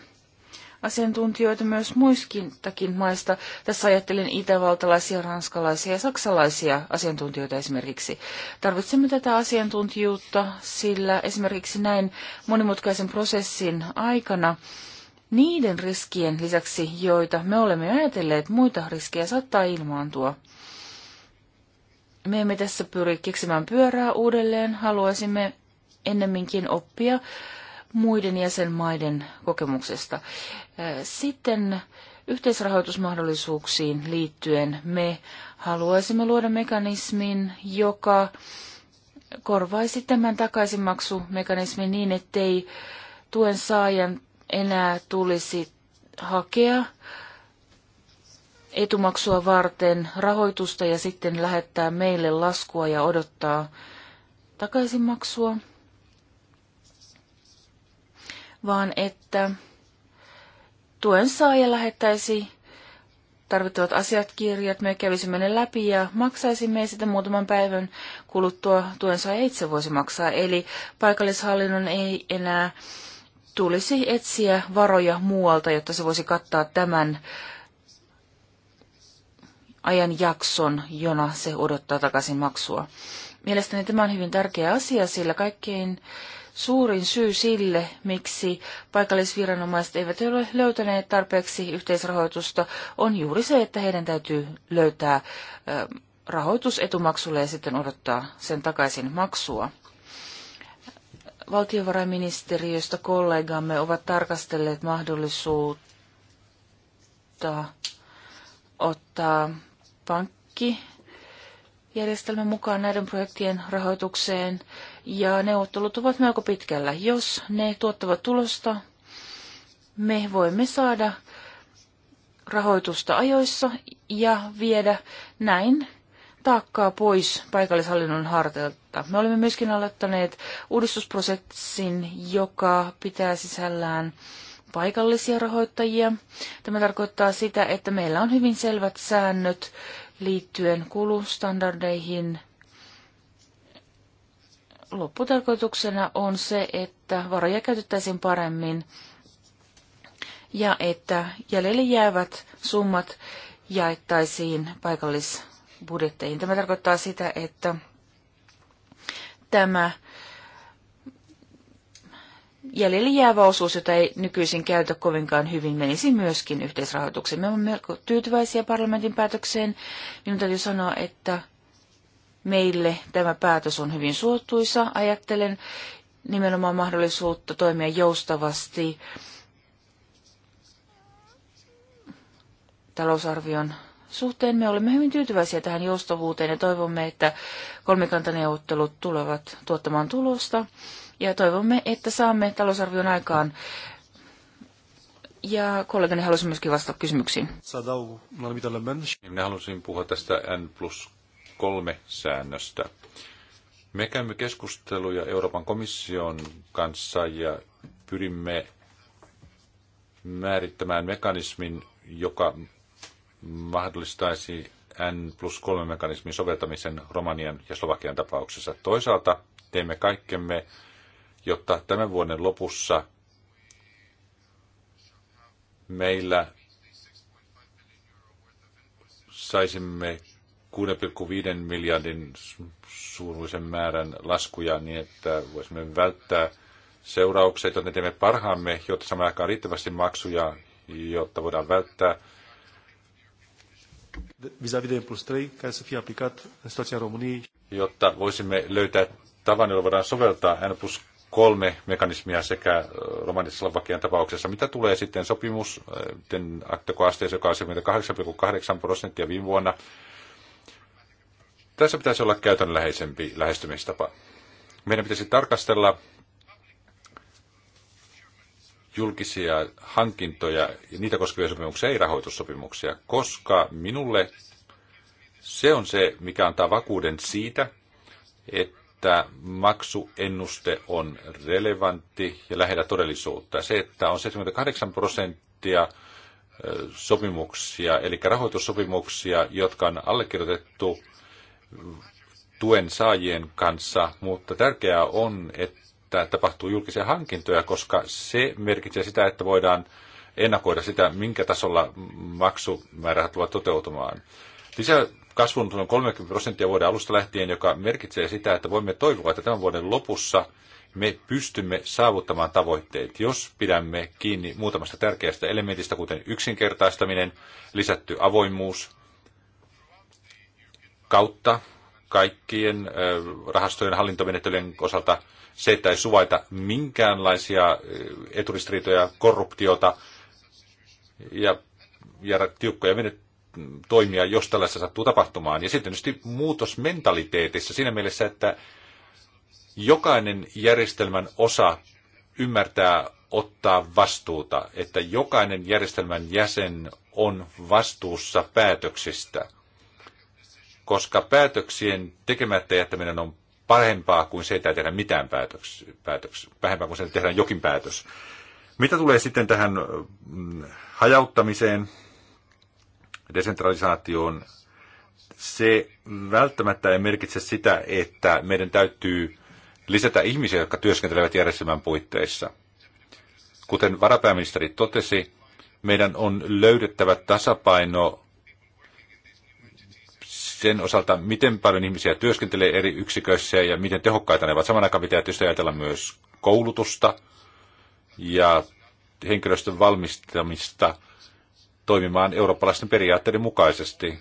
asiantuntijoita myös muistakin maista. Tässä ajattelin itävaltalaisia, ranskalaisia ja saksalaisia asiantuntijoita esimerkiksi. Tarvitsemme tätä asiantuntijuutta, sillä esimerkiksi näin monimutkaisen prosessin aikana niiden riskien lisäksi, joita me olemme ajatelleet, muita riskejä saattaa ilmaantua. Me emme tässä pyri keksimään pyörää uudelleen, haluaisimme ennemminkin oppia muiden jäsenmaiden kokemuksesta. Äh, sitten yhteisrahoitusmahdollisuuksiin liittyen me haluaisimme luoda mekanismin, joka korvaisi tämän takaisinmaksumekanismin niin, ettei tuen saajan enää tulisi hakea etumaksua varten rahoitusta ja sitten lähettää meille laskua ja odottaa takaisinmaksua, vaan että tuen saaja lähettäisi tarvittavat kirjat, me kävisimme ne läpi ja maksaisimme sitä muutaman päivän kuluttua tuen saaja itse voisi maksaa. Eli paikallishallinnon ei enää tulisi etsiä varoja muualta, jotta se voisi kattaa tämän ajan jakson, jona se odottaa takaisin maksua. Mielestäni tämä on hyvin tärkeä asia, sillä kaikkein suurin syy sille, miksi paikallisviranomaiset eivät ole löytäneet tarpeeksi yhteisrahoitusta, on juuri se, että heidän täytyy löytää rahoitus etumaksulle ja sitten odottaa sen takaisin maksua valtiovarainministeriöstä kollegamme ovat tarkastelleet mahdollisuutta ottaa pankki mukaan näiden projektien rahoitukseen ja neuvottelut ovat melko pitkällä. Jos ne tuottavat tulosta, me voimme saada rahoitusta ajoissa ja viedä näin taakkaa pois paikallishallinnon harteilta. Me olemme myöskin aloittaneet uudistusprosessin, joka pitää sisällään paikallisia rahoittajia. Tämä tarkoittaa sitä, että meillä on hyvin selvät säännöt liittyen kulustandardeihin. Lopputarkoituksena on se, että varoja käytettäisiin paremmin ja että jäljelle jäävät summat jaettaisiin paikallis budjetteihin. Tämä tarkoittaa sitä, että tämä jäljelle jäävä osuus, jota ei nykyisin käytä kovinkaan hyvin, menisi myöskin yhteisrahoitukseen. Me olemme melko tyytyväisiä parlamentin päätökseen. Minun täytyy sanoa, että meille tämä päätös on hyvin suotuisa. Ajattelen nimenomaan mahdollisuutta toimia joustavasti talousarvion suhteen me olemme hyvin tyytyväisiä tähän joustavuuteen ja toivomme, että kolmikantaneuvottelut tulevat tuottamaan tulosta. Ja toivomme, että saamme talousarvion aikaan. Ja kollegani halusi myöskin vastata kysymyksiin. Niin, minä halusin puhua tästä N plus kolme säännöstä. Me käymme keskusteluja Euroopan komission kanssa ja pyrimme määrittämään mekanismin, joka mahdollistaisi N plus 3 mekanismin soveltamisen Romanian ja Slovakian tapauksessa. Toisaalta teemme kaikkemme, jotta tämän vuoden lopussa meillä saisimme 6,5 miljardin suuruisen määrän laskuja niin, että voisimme välttää seuraukset, joten teemme parhaamme, jotta samalla aikaan riittävästi maksuja, jotta voidaan välttää vis-a-vis de plus 3, care să fie aplicat în situația României. Jotta voisimme löytää tavan, jolla voidaan soveltaa N plus kolme mekanismia sekä Romani-Slovakian tapauksessa. Mitä tulee sitten sopimus, aktekoasteeseen, joka on 78,8 prosenttia viime vuonna, tässä pitäisi olla käytännönläheisempi lähestymistapa. Meidän pitäisi tarkastella julkisia hankintoja ja niitä koskevia sopimuksia, ei rahoitussopimuksia, koska minulle se on se, mikä antaa vakuuden siitä, että maksuennuste on relevantti ja lähellä todellisuutta. Se, että on 78 prosenttia sopimuksia, eli rahoitussopimuksia, jotka on allekirjoitettu tuen saajien kanssa, mutta tärkeää on, että että tapahtuu julkisia hankintoja, koska se merkitsee sitä, että voidaan ennakoida sitä, minkä tasolla maksumäärät tulevat toteutumaan. Lisää kasvun noin 30 prosenttia vuoden alusta lähtien, joka merkitsee sitä, että voimme toivoa, että tämän vuoden lopussa me pystymme saavuttamaan tavoitteet, jos pidämme kiinni muutamasta tärkeästä elementistä, kuten yksinkertaistaminen, lisätty avoimuus kautta kaikkien rahastojen hallintomenettelyjen osalta se, että ei suvaita minkäänlaisia eturistiriitoja, korruptiota ja, ja tiukkoja menet- toimia, jos tällaista sattuu tapahtumaan. Ja sitten tietysti muutos mentaliteetissa siinä mielessä, että jokainen järjestelmän osa ymmärtää ottaa vastuuta, että jokainen järjestelmän jäsen on vastuussa päätöksistä – koska päätöksien tekemättä jättäminen on parempaa kuin se, että ei tehdä mitään päätöksiä, vähempää kuin se, että tehdään jokin päätös. Mitä tulee sitten tähän mm, hajauttamiseen, desentralisaatioon, se välttämättä ei merkitse sitä, että meidän täytyy lisätä ihmisiä, jotka työskentelevät järjestelmän puitteissa. Kuten varapääministeri totesi, meidän on löydettävä tasapaino sen osalta, miten paljon ihmisiä työskentelee eri yksiköissä ja miten tehokkaita ne ovat. Saman aikaan pitää tietysti ajatella myös koulutusta ja henkilöstön valmistamista toimimaan eurooppalaisten periaatteiden mukaisesti.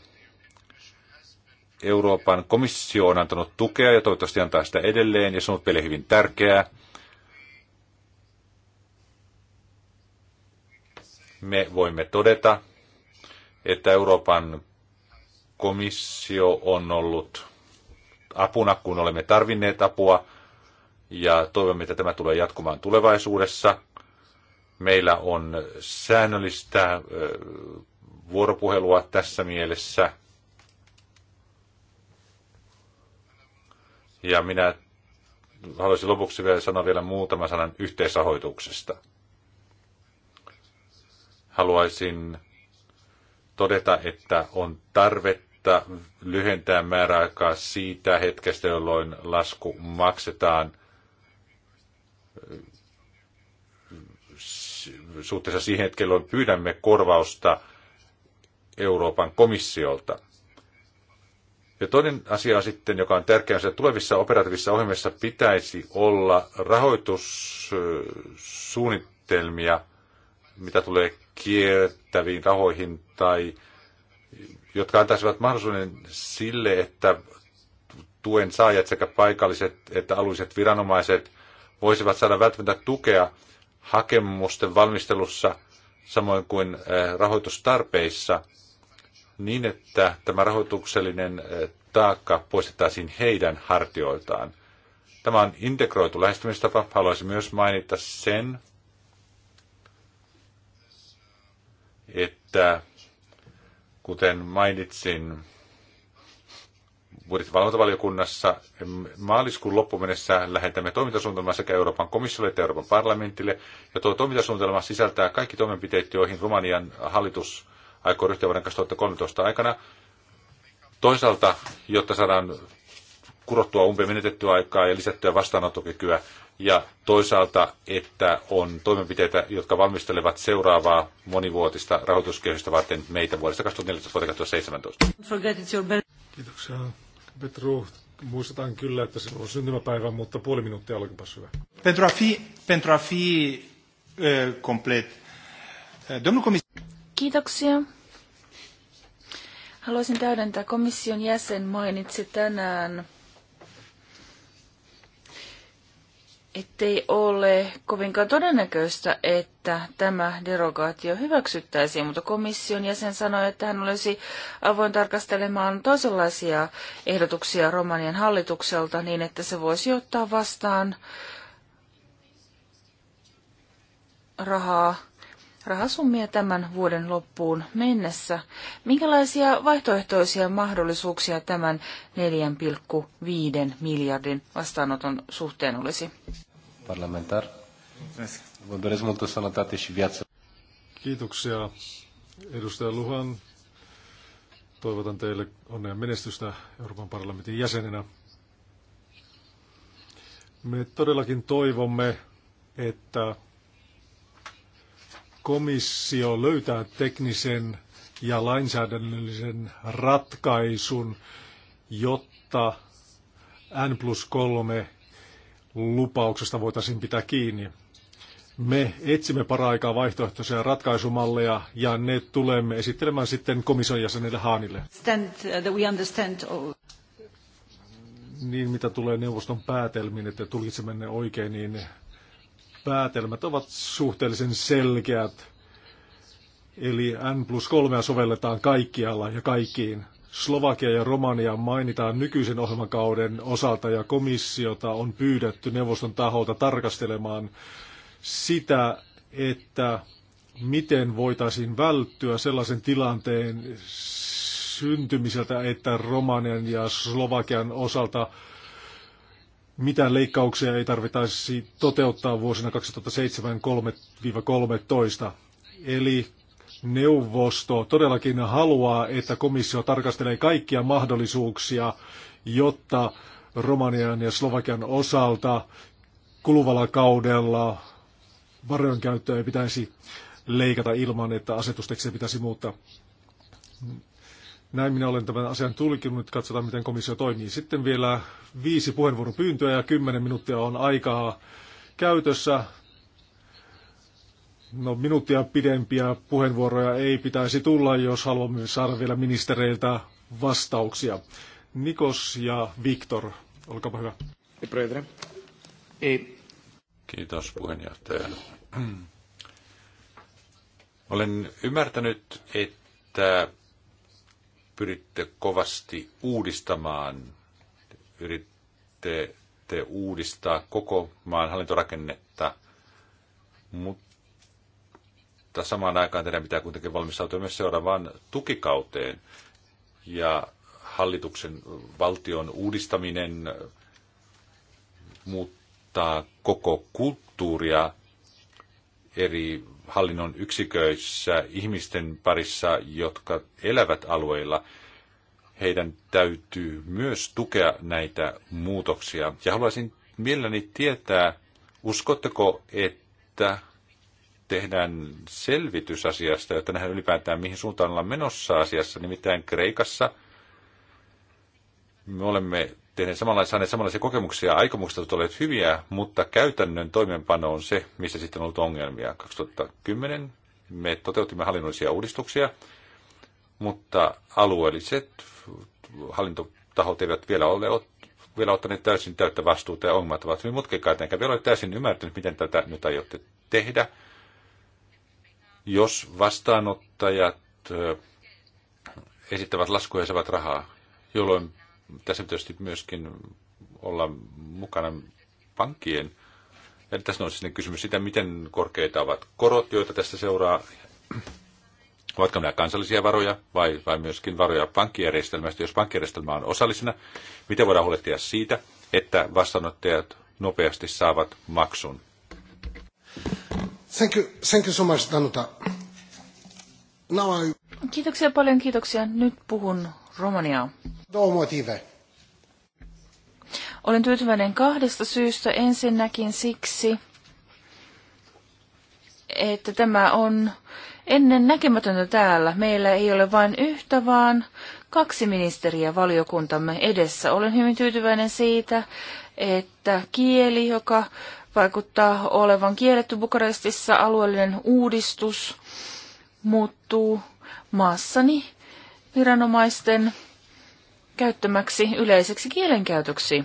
Euroopan komissio on antanut tukea ja toivottavasti antaa sitä edelleen, ja se on meille hyvin tärkeää. Me voimme todeta, että Euroopan komissio on ollut apuna, kun olemme tarvinneet apua, ja toivomme, että tämä tulee jatkumaan tulevaisuudessa. Meillä on säännöllistä vuoropuhelua tässä mielessä. Ja minä haluaisin lopuksi vielä sanoa vielä muutaman sanan yhteisrahoituksesta. Haluaisin todeta, että on tarvetta mutta lyhentää määräaikaa siitä hetkestä, jolloin lasku maksetaan suhteessa siihen hetkeen, jolloin pyydämme korvausta Euroopan komissiolta. Ja toinen asia on sitten, joka on tärkeä, on se, että tulevissa operatiivisissa ohjelmissa pitäisi olla rahoitussuunnitelmia, mitä tulee kiertäviin rahoihin tai jotka antaisivat mahdollisuuden sille, että tuen saajat sekä paikalliset että alueelliset viranomaiset voisivat saada välttämättä tukea hakemusten valmistelussa samoin kuin eh, rahoitustarpeissa niin, että tämä rahoituksellinen eh, taakka poistettaisiin heidän hartioiltaan. Tämä on integroitu lähestymistapa. Haluaisin myös mainita sen, että Kuten mainitsin, budjettivalvontavaliokunnassa maaliskuun loppumennessä lähetämme toimintasuunnitelman sekä Euroopan komissiolle että Euroopan parlamentille. Ja tuo toimintasuunnitelma sisältää kaikki toimenpiteet, joihin Romanian hallitus aikoo ryhtyä vuoden 2013 aikana. Toisaalta, jotta saadaan kurottua umpeen menetettyä aikaa ja lisättyä vastaanottokykyä ja toisaalta, että on toimenpiteitä, jotka valmistelevat seuraavaa monivuotista rahoituskehystä varten meitä vuodesta 2014 vuoteen 2017. Kiitoksia. Petru, muistetaan kyllä, että se on syntymäpäivä, mutta puoli minuuttia olikinpas hyvä. Pentru a fi, pentru a fi complet. Kiitoksia. Haluaisin täydentää. Komission jäsen mainitsi tänään ettei ole kovinkaan todennäköistä, että tämä derogaatio hyväksyttäisiin, mutta komission jäsen sanoi, että hän olisi avoin tarkastelemaan toisenlaisia ehdotuksia Romanian hallitukselta niin, että se voisi ottaa vastaan rahaa, rahasummia tämän vuoden loppuun mennessä. Minkälaisia vaihtoehtoisia mahdollisuuksia tämän 4,5 miljardin vastaanoton suhteen olisi? parlamentar. Vă doresc multă sănătate și viață. Kiitoksia edustaja Luhan. Toivotan teille onnea menestystä Euroopan parlamentin jäsenenä. Me todellakin toivomme, että komissio löytää teknisen ja lainsäädännöllisen ratkaisun, jotta N plus 3 lupauksesta voitaisiin pitää kiinni. Me etsimme paraikaa vaihtoehtoisia ratkaisumalleja ja ne tulemme esittelemään sitten komission jäsenille Haanille. Uh, niin mitä tulee neuvoston päätelmiin, että tulkitsemme ne oikein, niin päätelmät ovat suhteellisen selkeät. Eli N plus 3 sovelletaan kaikkialla ja kaikkiin. Slovakia ja Romania mainitaan nykyisen ohjelmakauden osalta ja komissiota on pyydetty neuvoston taholta tarkastelemaan sitä, että miten voitaisiin välttyä sellaisen tilanteen syntymiseltä, että Romanian ja Slovakian osalta mitään leikkauksia ei tarvitaisi toteuttaa vuosina 2007-2013. Eli neuvosto todellakin haluaa, että komissio tarkastelee kaikkia mahdollisuuksia, jotta Romanian ja Slovakian osalta kuluvalla kaudella varojenkäyttöä ei pitäisi leikata ilman, että asetustekstiä pitäisi muuttaa. Näin minä olen tämän asian tulkinut. Katsotaan, miten komissio toimii. Sitten vielä viisi puheenvuoropyyntöä ja kymmenen minuuttia on aikaa käytössä. No minuuttia pidempiä puheenvuoroja ei pitäisi tulla, jos haluamme saada vielä ministereiltä vastauksia. Nikos ja Viktor, olkaapa hyvä. Kiitos puheenjohtaja. Olen ymmärtänyt, että pyritte kovasti uudistamaan, yritte uudistaa koko maan hallintorakennetta, mutta mutta samaan aikaan teidän pitää kuitenkin valmistautua myös seuraavaan tukikauteen. Ja hallituksen valtion uudistaminen muuttaa koko kulttuuria eri hallinnon yksiköissä ihmisten parissa, jotka elävät alueilla. Heidän täytyy myös tukea näitä muutoksia. Ja haluaisin mielelläni tietää, uskotteko, että tehdään selvitys asiasta, jotta nähdään ylipäätään, mihin suuntaan ollaan menossa asiassa. Nimittäin Kreikassa me olemme tehneet samanlaisia, saaneet samanlaisia kokemuksia, aikomukset ovat olleet hyviä, mutta käytännön toimeenpano on se, missä sitten on ollut ongelmia. 2010 me toteutimme hallinnollisia uudistuksia, mutta alueelliset hallintotahot eivät vielä ole vielä ottaneet täysin täyttä vastuuta ja ongelmat ovat hyvin mutkikkaita, enkä vielä ole täysin ymmärtänyt, miten tätä nyt aiotte tehdä. Jos vastaanottajat esittävät laskuja ja saavat rahaa, jolloin tässä tietysti myöskin olla mukana pankkien. Ja tässä on siis kysymys sitä, miten korkeita ovat korot, joita tästä seuraa. Ovatko nämä kansallisia varoja vai, vai myöskin varoja pankkijärjestelmästä? Jos pankkijärjestelmä on osallisena, miten voidaan huolehtia siitä, että vastaanottajat nopeasti saavat maksun? Thank you, thank you so much, Danuta. Now I... Kiitoksia paljon, kiitoksia. Nyt puhun romaniaa. Olen tyytyväinen kahdesta syystä. Ensinnäkin siksi, että tämä on ennen näkemätöntä täällä. Meillä ei ole vain yhtä, vaan kaksi ministeriä valiokuntamme edessä. Olen hyvin tyytyväinen siitä, että kieli, joka vaikuttaa olevan kielletty Bukarestissa. Alueellinen uudistus muuttuu maassani viranomaisten käyttämäksi yleiseksi kielenkäytöksi.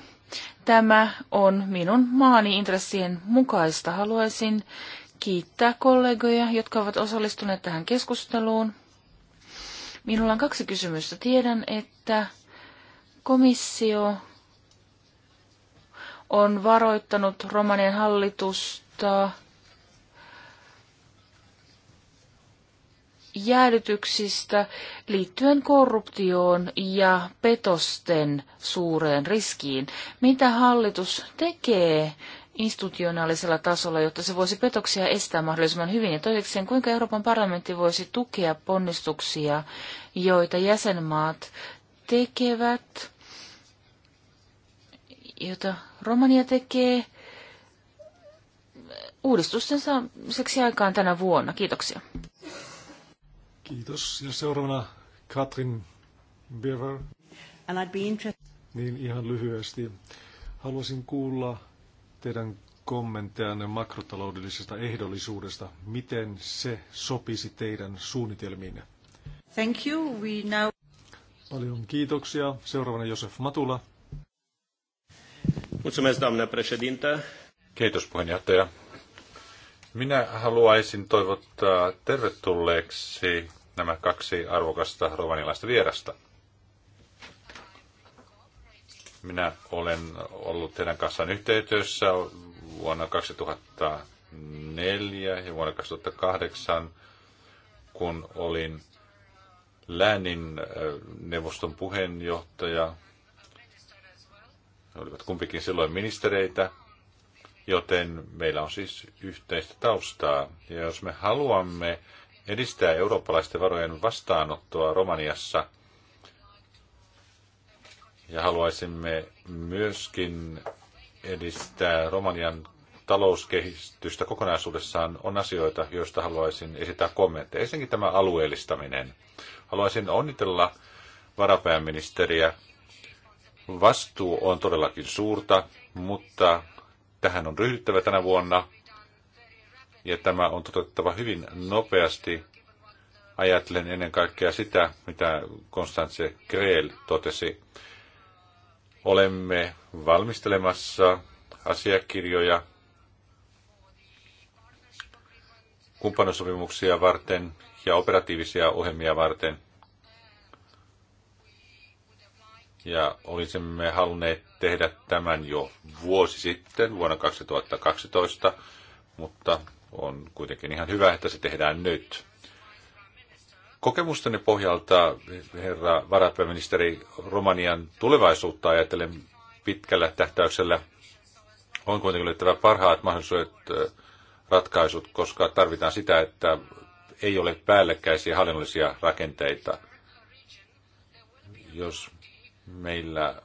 Tämä on minun maani intressien mukaista. Haluaisin kiittää kollegoja, jotka ovat osallistuneet tähän keskusteluun. Minulla on kaksi kysymystä. Tiedän, että komissio on varoittanut Romanian hallitusta jäädytyksistä liittyen korruptioon ja petosten suureen riskiin. Mitä hallitus tekee institutionaalisella tasolla, jotta se voisi petoksia estää mahdollisimman hyvin? Ja toisekseen, kuinka Euroopan parlamentti voisi tukea ponnistuksia, joita jäsenmaat tekevät, jota Romania tekee uudistustensa seksi aikaan tänä vuonna. Kiitoksia. Kiitos. Ja seuraavana Katrin Bever. And I'd be interested... Niin ihan lyhyesti. Haluaisin kuulla teidän kommenttejanne makrotaloudellisesta ehdollisuudesta. Miten se sopisi teidän suunnitelmiinne? Thank you. We now... Paljon kiitoksia. Seuraavana Josef Matula. Mulțumesc, doamnă președintă. Kiitos, puheenjohtaja. Minä haluaisin toivottaa tervetulleeksi nämä kaksi arvokasta rovanilaista vierasta. Minä olen ollut teidän kanssaan yhteydessä vuonna 2004 ja vuonna 2008, kun olin läänin äh, neuvoston puheenjohtaja he olivat kumpikin silloin ministereitä, joten meillä on siis yhteistä taustaa. Ja jos me haluamme edistää eurooppalaisten varojen vastaanottoa Romaniassa, ja haluaisimme myöskin edistää Romanian talouskehitystä kokonaisuudessaan on asioita, joista haluaisin esittää kommentteja. Ensinnäkin tämä alueellistaminen. Haluaisin onnitella varapääministeriä Vastuu on todellakin suurta, mutta tähän on ryhdyttävä tänä vuonna ja tämä on toteutettava hyvin nopeasti. Ajattelen ennen kaikkea sitä, mitä Konstantse Kreel totesi. Olemme valmistelemassa asiakirjoja kumppanusopimuksia varten ja operatiivisia ohjelmia varten, ja olisimme halunneet tehdä tämän jo vuosi sitten, vuonna 2012, mutta on kuitenkin ihan hyvä, että se tehdään nyt. Kokemustani pohjalta, herra varapääministeri, Romanian tulevaisuutta ajatellen pitkällä tähtäyksellä on kuitenkin löytävä parhaat mahdollisuudet ratkaisut, koska tarvitaan sitä, että ei ole päällekkäisiä hallinnollisia rakenteita. Jos Meillä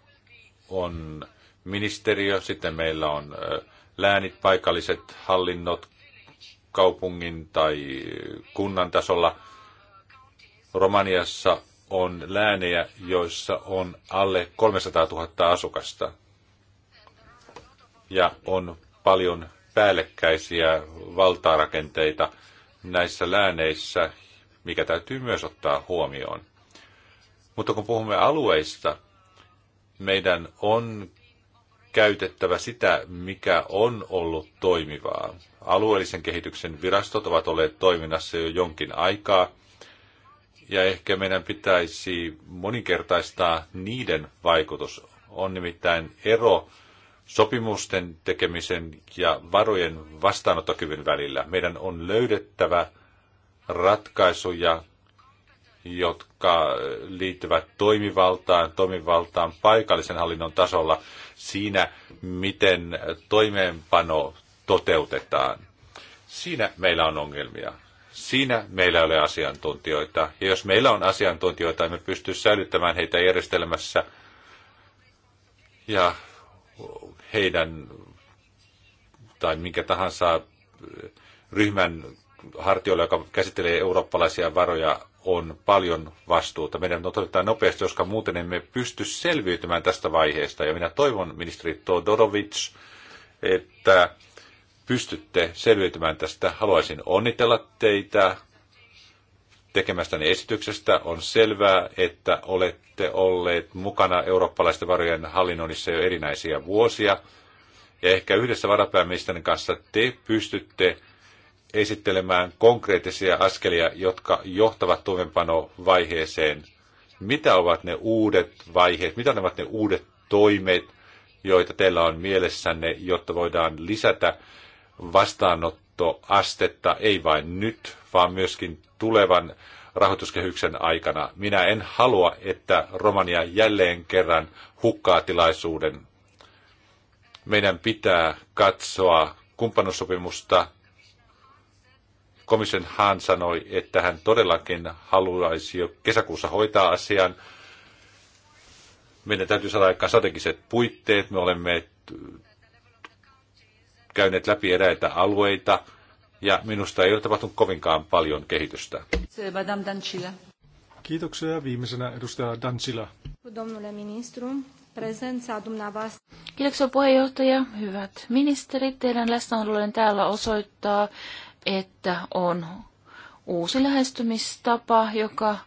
on ministeriö, sitten meillä on läänit, paikalliset hallinnot kaupungin tai kunnan tasolla. Romaniassa on läänejä, joissa on alle 300 000 asukasta. Ja on paljon päällekkäisiä valtarakenteita näissä lääneissä, mikä täytyy myös ottaa huomioon. Mutta kun puhumme alueista, meidän on käytettävä sitä, mikä on ollut toimivaa. Alueellisen kehityksen virastot ovat olleet toiminnassa jo jonkin aikaa, ja ehkä meidän pitäisi moninkertaistaa niiden vaikutus. On nimittäin ero sopimusten tekemisen ja varojen vastaanottokyvyn välillä. Meidän on löydettävä ratkaisuja jotka liittyvät toimivaltaan, toimivaltaan paikallisen hallinnon tasolla siinä, miten toimeenpano toteutetaan. Siinä meillä on ongelmia. Siinä meillä ei ole asiantuntijoita. Ja jos meillä on asiantuntijoita, emme pysty säilyttämään heitä järjestelmässä ja heidän tai minkä tahansa ryhmän hartioilla, joka käsittelee eurooppalaisia varoja, on paljon vastuuta. Meidän on otettava nopeasti, koska muuten emme pysty selviytymään tästä vaiheesta. Ja minä toivon, ministeri Todorovic, että pystytte selviytymään tästä. Haluaisin onnitella teitä tekemästäni esityksestä. On selvää, että olette olleet mukana eurooppalaisten varojen hallinnoinnissa jo erinäisiä vuosia. Ja ehkä yhdessä varapääministerin kanssa te pystytte esittelemään konkreettisia askelia, jotka johtavat toimenpanovaiheeseen. Mitä ovat ne uudet vaiheet, mitä ovat ne uudet toimet, joita teillä on mielessänne, jotta voidaan lisätä vastaanottoastetta, ei vain nyt, vaan myöskin tulevan rahoituskehyksen aikana. Minä en halua, että Romania jälleen kerran hukkaa tilaisuuden. Meidän pitää katsoa kumppanussopimusta komission Hahn sanoi, että hän todellakin haluaisi jo kesäkuussa hoitaa asian. Meidän täytyy saada aikaan strategiset puitteet. Me olemme käyneet läpi eräitä alueita, ja minusta ei ole tapahtunut kovinkaan paljon kehitystä. Madame Kiitoksia. Viimeisenä edustaja Dancila. Kiitoksia puheenjohtaja. Hyvät ministerit, teidän läsnäolollinen täällä osoittaa, että on uusi lähestymistapa, joka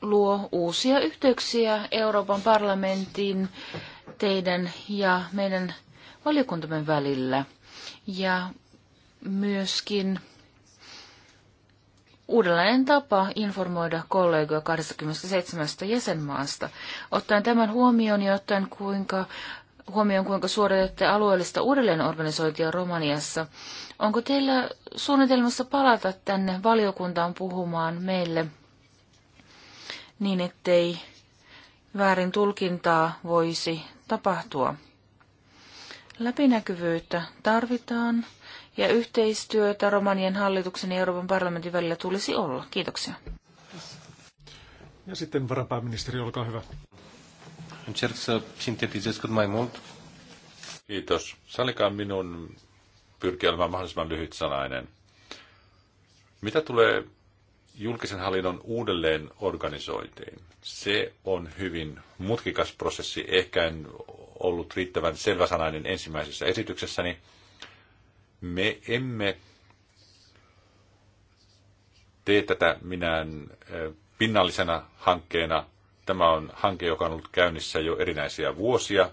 luo uusia yhteyksiä Euroopan parlamentin, teidän ja meidän valiokuntamme välillä. Ja myöskin uudenlainen tapa informoida kollegoja 27 jäsenmaasta. Ottaen tämän huomioon ja ottaen kuinka huomioon, kuinka suoritatte alueellista uudelleenorganisointia Romaniassa. Onko teillä suunnitelmassa palata tänne valiokuntaan puhumaan meille niin, ettei väärin tulkintaa voisi tapahtua? Läpinäkyvyyttä tarvitaan ja yhteistyötä Romanian hallituksen ja Euroopan parlamentin välillä tulisi olla. Kiitoksia. Ja sitten varapääministeri, olkaa hyvä. Încerc să sintetizez cât mai mult. Kiitos. Sallikaa minun pyrkiä olemaan mahdollisimman lyhyt sanainen. Mitä tulee julkisen hallinnon uudelleen organisointiin? Se on hyvin mutkikas prosessi. Ehkä en ollut riittävän selväsanainen ensimmäisessä esityksessäni. Me emme tee tätä minään eh, pinnallisena hankkeena, Tämä on hanke, joka on ollut käynnissä jo erinäisiä vuosia.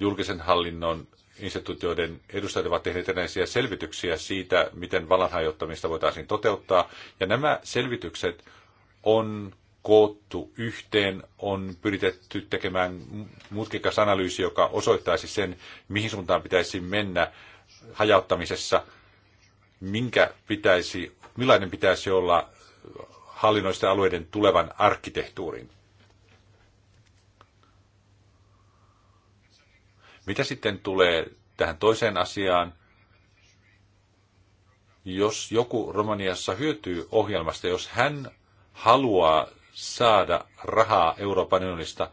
Julkisen hallinnon instituutioiden edustajat ovat tehneet erinäisiä selvityksiä siitä, miten valanhajottamista voitaisiin toteuttaa. Ja nämä selvitykset on koottu yhteen, on pyritetty tekemään mutkikas analyysi, joka osoittaisi sen, mihin suuntaan pitäisi mennä hajauttamisessa, minkä pitäisi, millainen pitäisi olla hallinnoista alueiden tulevan arkkitehtuurin. Mitä sitten tulee tähän toiseen asiaan? Jos joku Romaniassa hyötyy ohjelmasta, jos hän haluaa saada rahaa Euroopan unionista,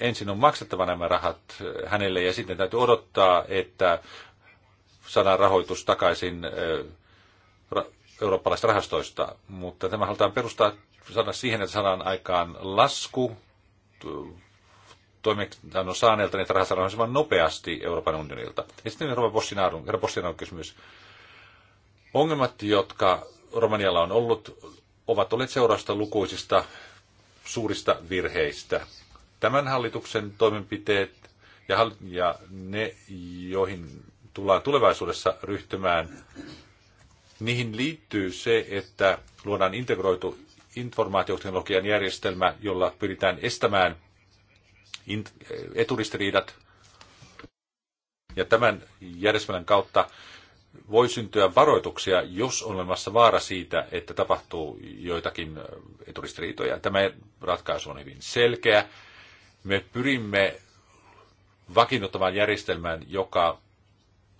ensin on maksettava nämä rahat hänelle ja sitten täytyy odottaa, että saadaan rahoitus takaisin eurooppalaisista rahastoista, mutta tämä halutaan perustaa saada siihen, että saadaan aikaan lasku toimeksiannon saaneelta, niin rahaa saadaan nopeasti Euroopan unionilta. Ja sitten Euroopan Bostinaarun, herra Bostinaarun kysymys. Ongelmat, jotka Romanialla on ollut, ovat olleet seurausta lukuisista suurista virheistä. Tämän hallituksen toimenpiteet ja, ja ne, joihin tullaan tulevaisuudessa ryhtymään, Niihin liittyy se, että luodaan integroitu informaatioteknologian järjestelmä, jolla pyritään estämään eturistiriidat. Ja tämän järjestelmän kautta voi syntyä varoituksia, jos on olemassa vaara siitä, että tapahtuu joitakin eturistiriitoja. Tämä ratkaisu on hyvin selkeä. Me pyrimme vakiinnuttamaan järjestelmän, joka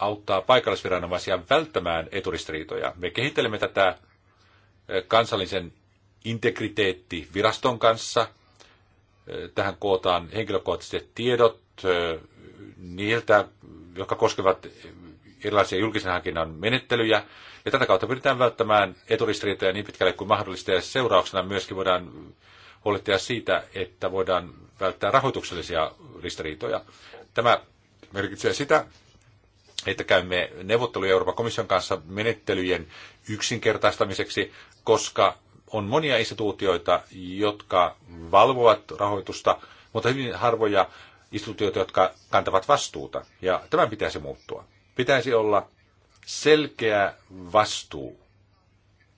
auttaa paikallisviranomaisia välttämään eturistiriitoja. Me kehittelemme tätä eh, kansallisen integriteettiviraston kanssa. Eh, tähän kootaan henkilökohtaiset tiedot eh, niiltä, jotka koskevat erilaisia julkisen hankinnan menettelyjä. Ja tätä kautta pyritään välttämään eturistiriitoja niin pitkälle kuin mahdollista. Ja seurauksena myöskin voidaan huolehtia siitä, että voidaan välttää rahoituksellisia ristiriitoja. Tämä merkitsee sitä, että käymme neuvotteluja Euroopan komission kanssa menettelyjen yksinkertaistamiseksi, koska on monia instituutioita, jotka valvovat rahoitusta, mutta hyvin harvoja instituutioita, jotka kantavat vastuuta. Ja tämän pitäisi muuttua. Pitäisi olla selkeä vastuu.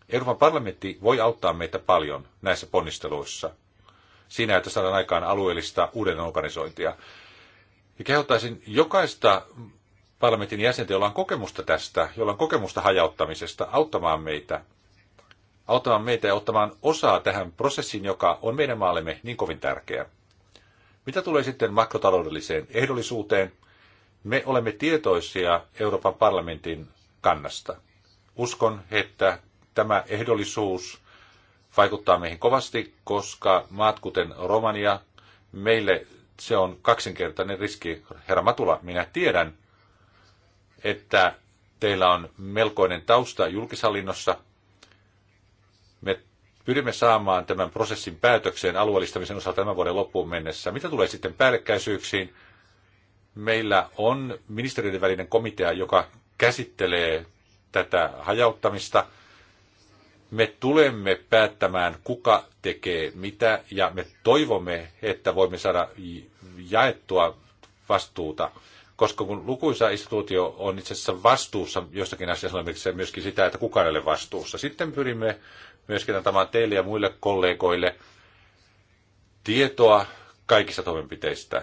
Euroopan parlamentti voi auttaa meitä paljon näissä ponnisteluissa. Siinä, että saadaan aikaan alueellista uudelleenorganisointia. Ja kehottaisin jokaista parlamentin jäsentä, jolla on kokemusta tästä, jolla on kokemusta hajauttamisesta, auttamaan meitä, auttamaan meitä ja ottamaan osaa tähän prosessiin, joka on meidän maallemme niin kovin tärkeä. Mitä tulee sitten makrotaloudelliseen ehdollisuuteen, me olemme tietoisia Euroopan parlamentin kannasta. Uskon, että tämä ehdollisuus vaikuttaa meihin kovasti, koska maat kuten Romania, meille se on kaksinkertainen riski. Herra Matula, minä tiedän, että teillä on melkoinen tausta julkishallinnossa. Me pyrimme saamaan tämän prosessin päätökseen alueellistamisen osalta tämän vuoden loppuun mennessä. Mitä tulee sitten päällekkäisyyksiin? Meillä on ministeriöiden välinen komitea, joka käsittelee tätä hajauttamista. Me tulemme päättämään, kuka tekee mitä, ja me toivomme, että voimme saada jaettua vastuuta koska kun lukuisa instituutio on itse asiassa vastuussa jostakin asiassa, esimerkiksi myöskin sitä, että kukaan ei ole vastuussa. Sitten pyrimme myöskin antamaan teille ja muille kollegoille tietoa kaikista toimenpiteistä,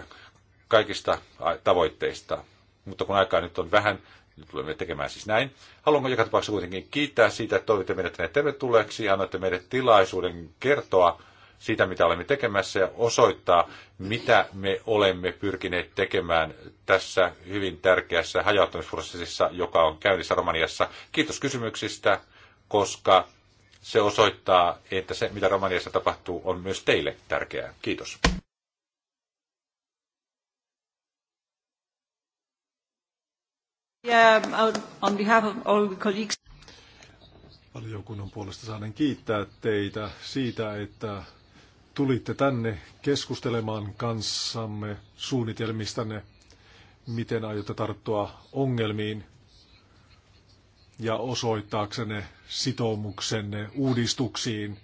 kaikista tavoitteista. Mutta kun aikaa nyt on vähän, nyt niin tulemme tekemään siis näin. Haluan joka tapauksessa kuitenkin kiittää siitä, että toivotte meidät tänne tervetulleeksi ja annoitte meille tilaisuuden kertoa sitä mitä olemme tekemässä ja osoittaa, mitä me olemme pyrkineet tekemään tässä hyvin tärkeässä hajauttamisprosessissa, joka on käynnissä Romaniassa. Kiitos kysymyksistä, koska se osoittaa, että se, mitä Romaniassa tapahtuu, on myös teille tärkeää. Kiitos. Yeah, on behalf of all the colleagues. Valiokunnan puolesta saanen kiittää teitä siitä, että tulitte tänne keskustelemaan kanssamme suunnitelmistanne, miten aiotte tarttua ongelmiin ja osoittaaksenne sitoumuksenne uudistuksiin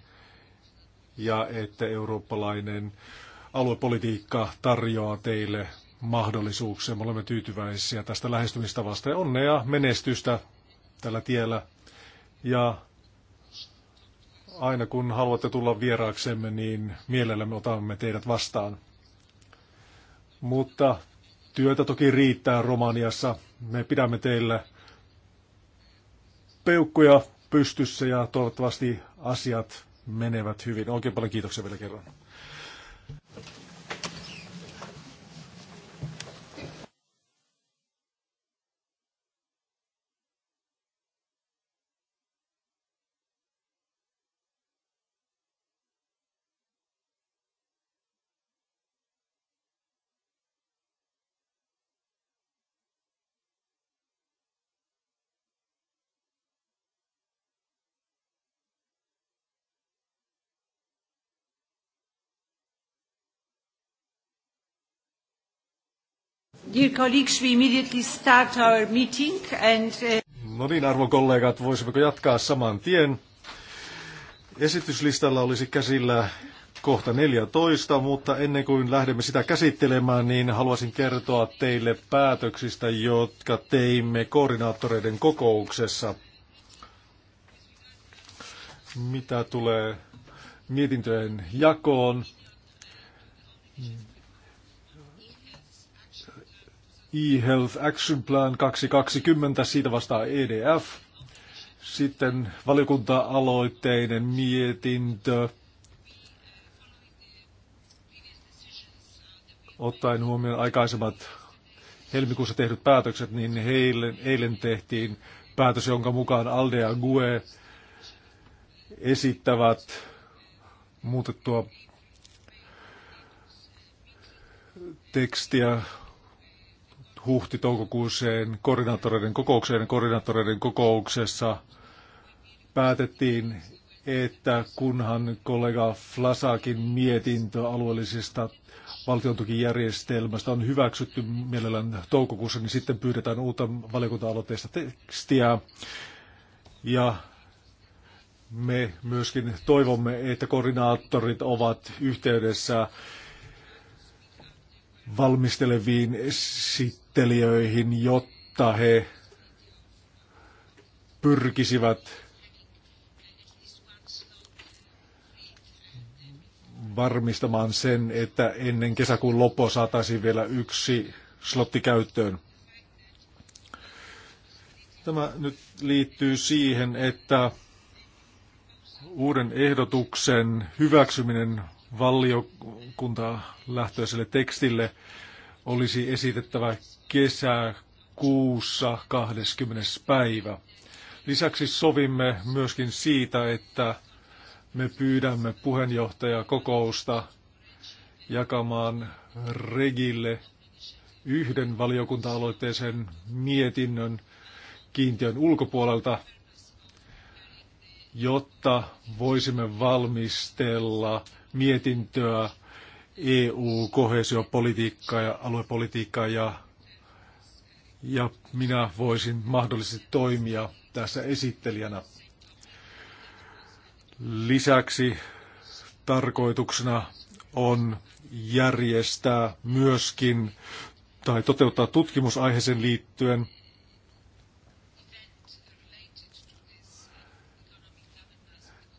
ja että eurooppalainen aluepolitiikka tarjoaa teille mahdollisuuksia. Me olemme tyytyväisiä tästä lähestymistavasta ja onnea menestystä tällä tiellä. Ja aina kun haluatte tulla vieraaksemme, niin mielellämme otamme teidät vastaan. Mutta työtä toki riittää Romaniassa. Me pidämme teillä peukkuja pystyssä ja toivottavasti asiat menevät hyvin. Oikein paljon kiitoksia vielä kerran. Dear colleagues, we immediately start our meeting and... Uh, no niin, arvon kollegat, voisimmeko jatkaa saman tien? Esityslistalla olisi käsillä kohta 14, mutta ennen kuin lähdemme sitä käsittelemään, niin haluaisin kertoa teille päätöksistä, jotka teimme koordinaattoreiden kokouksessa. Mitä tulee mietintöjen jakoon, e-Health Action Plan 2020, siitä vastaa EDF. Sitten valiokunta-aloitteinen mietintö. Ottaen huomioon aikaisemmat helmikuussa tehdyt päätökset, niin heille eilen tehtiin päätös, jonka mukaan Alde ja GUE esittävät muutettua tekstiä huhti-toukokuuseen koordinaattoreiden kokoukseen. Koordinaattoreiden kokouksessa päätettiin, että kunhan kollega Flasakin mietintö alueellisesta valtiontukijärjestelmästä on hyväksytty mielellään toukokuussa, niin sitten pyydetään uutta valiokunta-aloitteista tekstiä. Ja me myöskin toivomme, että koordinaattorit ovat yhteydessä valmisteleviin sit näyttelijöihin, jotta he pyrkisivät varmistamaan sen, että ennen kesäkuun loppua saataisiin vielä yksi slotti käyttöön. Tämä nyt liittyy siihen, että uuden ehdotuksen hyväksyminen valiokunta lähtöiselle tekstille olisi esitettävä kesäkuussa 20. päivä. Lisäksi sovimme myöskin siitä, että me pyydämme puheenjohtajakokousta jakamaan Regille yhden valiokunta-aloitteisen mietinnön kiintiön ulkopuolelta, jotta voisimme valmistella mietintöä EU-kohesiopolitiikkaa ja aluepolitiikkaa ja, ja minä voisin mahdollisesti toimia tässä esittelijänä. Lisäksi tarkoituksena on järjestää myöskin tai toteuttaa tutkimusaiheeseen liittyen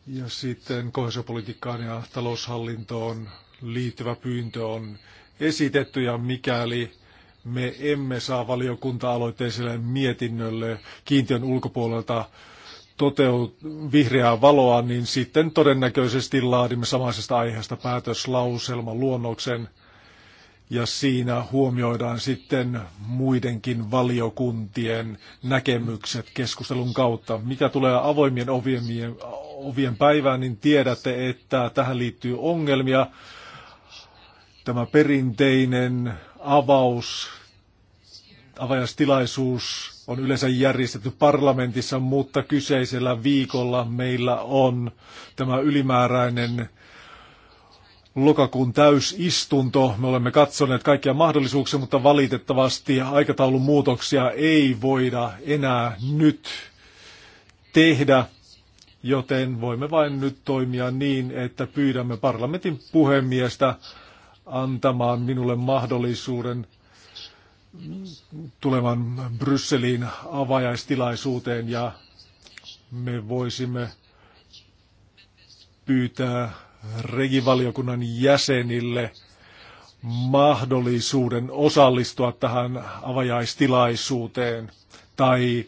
ja sitten kohesiopolitiikkaan ja taloushallintoon liittyvä pyyntö on esitetty ja mikäli me emme saa valiokunta-aloitteiselle mietinnölle kiintiön ulkopuolelta toteut- vihreää valoa, niin sitten todennäköisesti laadimme samaisesta aiheesta päätöslauselman luonnoksen ja siinä huomioidaan sitten muidenkin valiokuntien näkemykset keskustelun kautta. Mikä tulee avoimien ovien, ovien päivään, niin tiedätte, että tähän liittyy ongelmia tämä perinteinen avaus, avajastilaisuus on yleensä järjestetty parlamentissa, mutta kyseisellä viikolla meillä on tämä ylimääräinen lokakuun täysistunto. Me olemme katsoneet kaikkia mahdollisuuksia, mutta valitettavasti aikataulun muutoksia ei voida enää nyt tehdä, joten voimme vain nyt toimia niin, että pyydämme parlamentin puhemiestä antamaan minulle mahdollisuuden tulevan Brysseliin avajaistilaisuuteen ja me voisimme pyytää regivaliokunnan jäsenille mahdollisuuden osallistua tähän avajaistilaisuuteen tai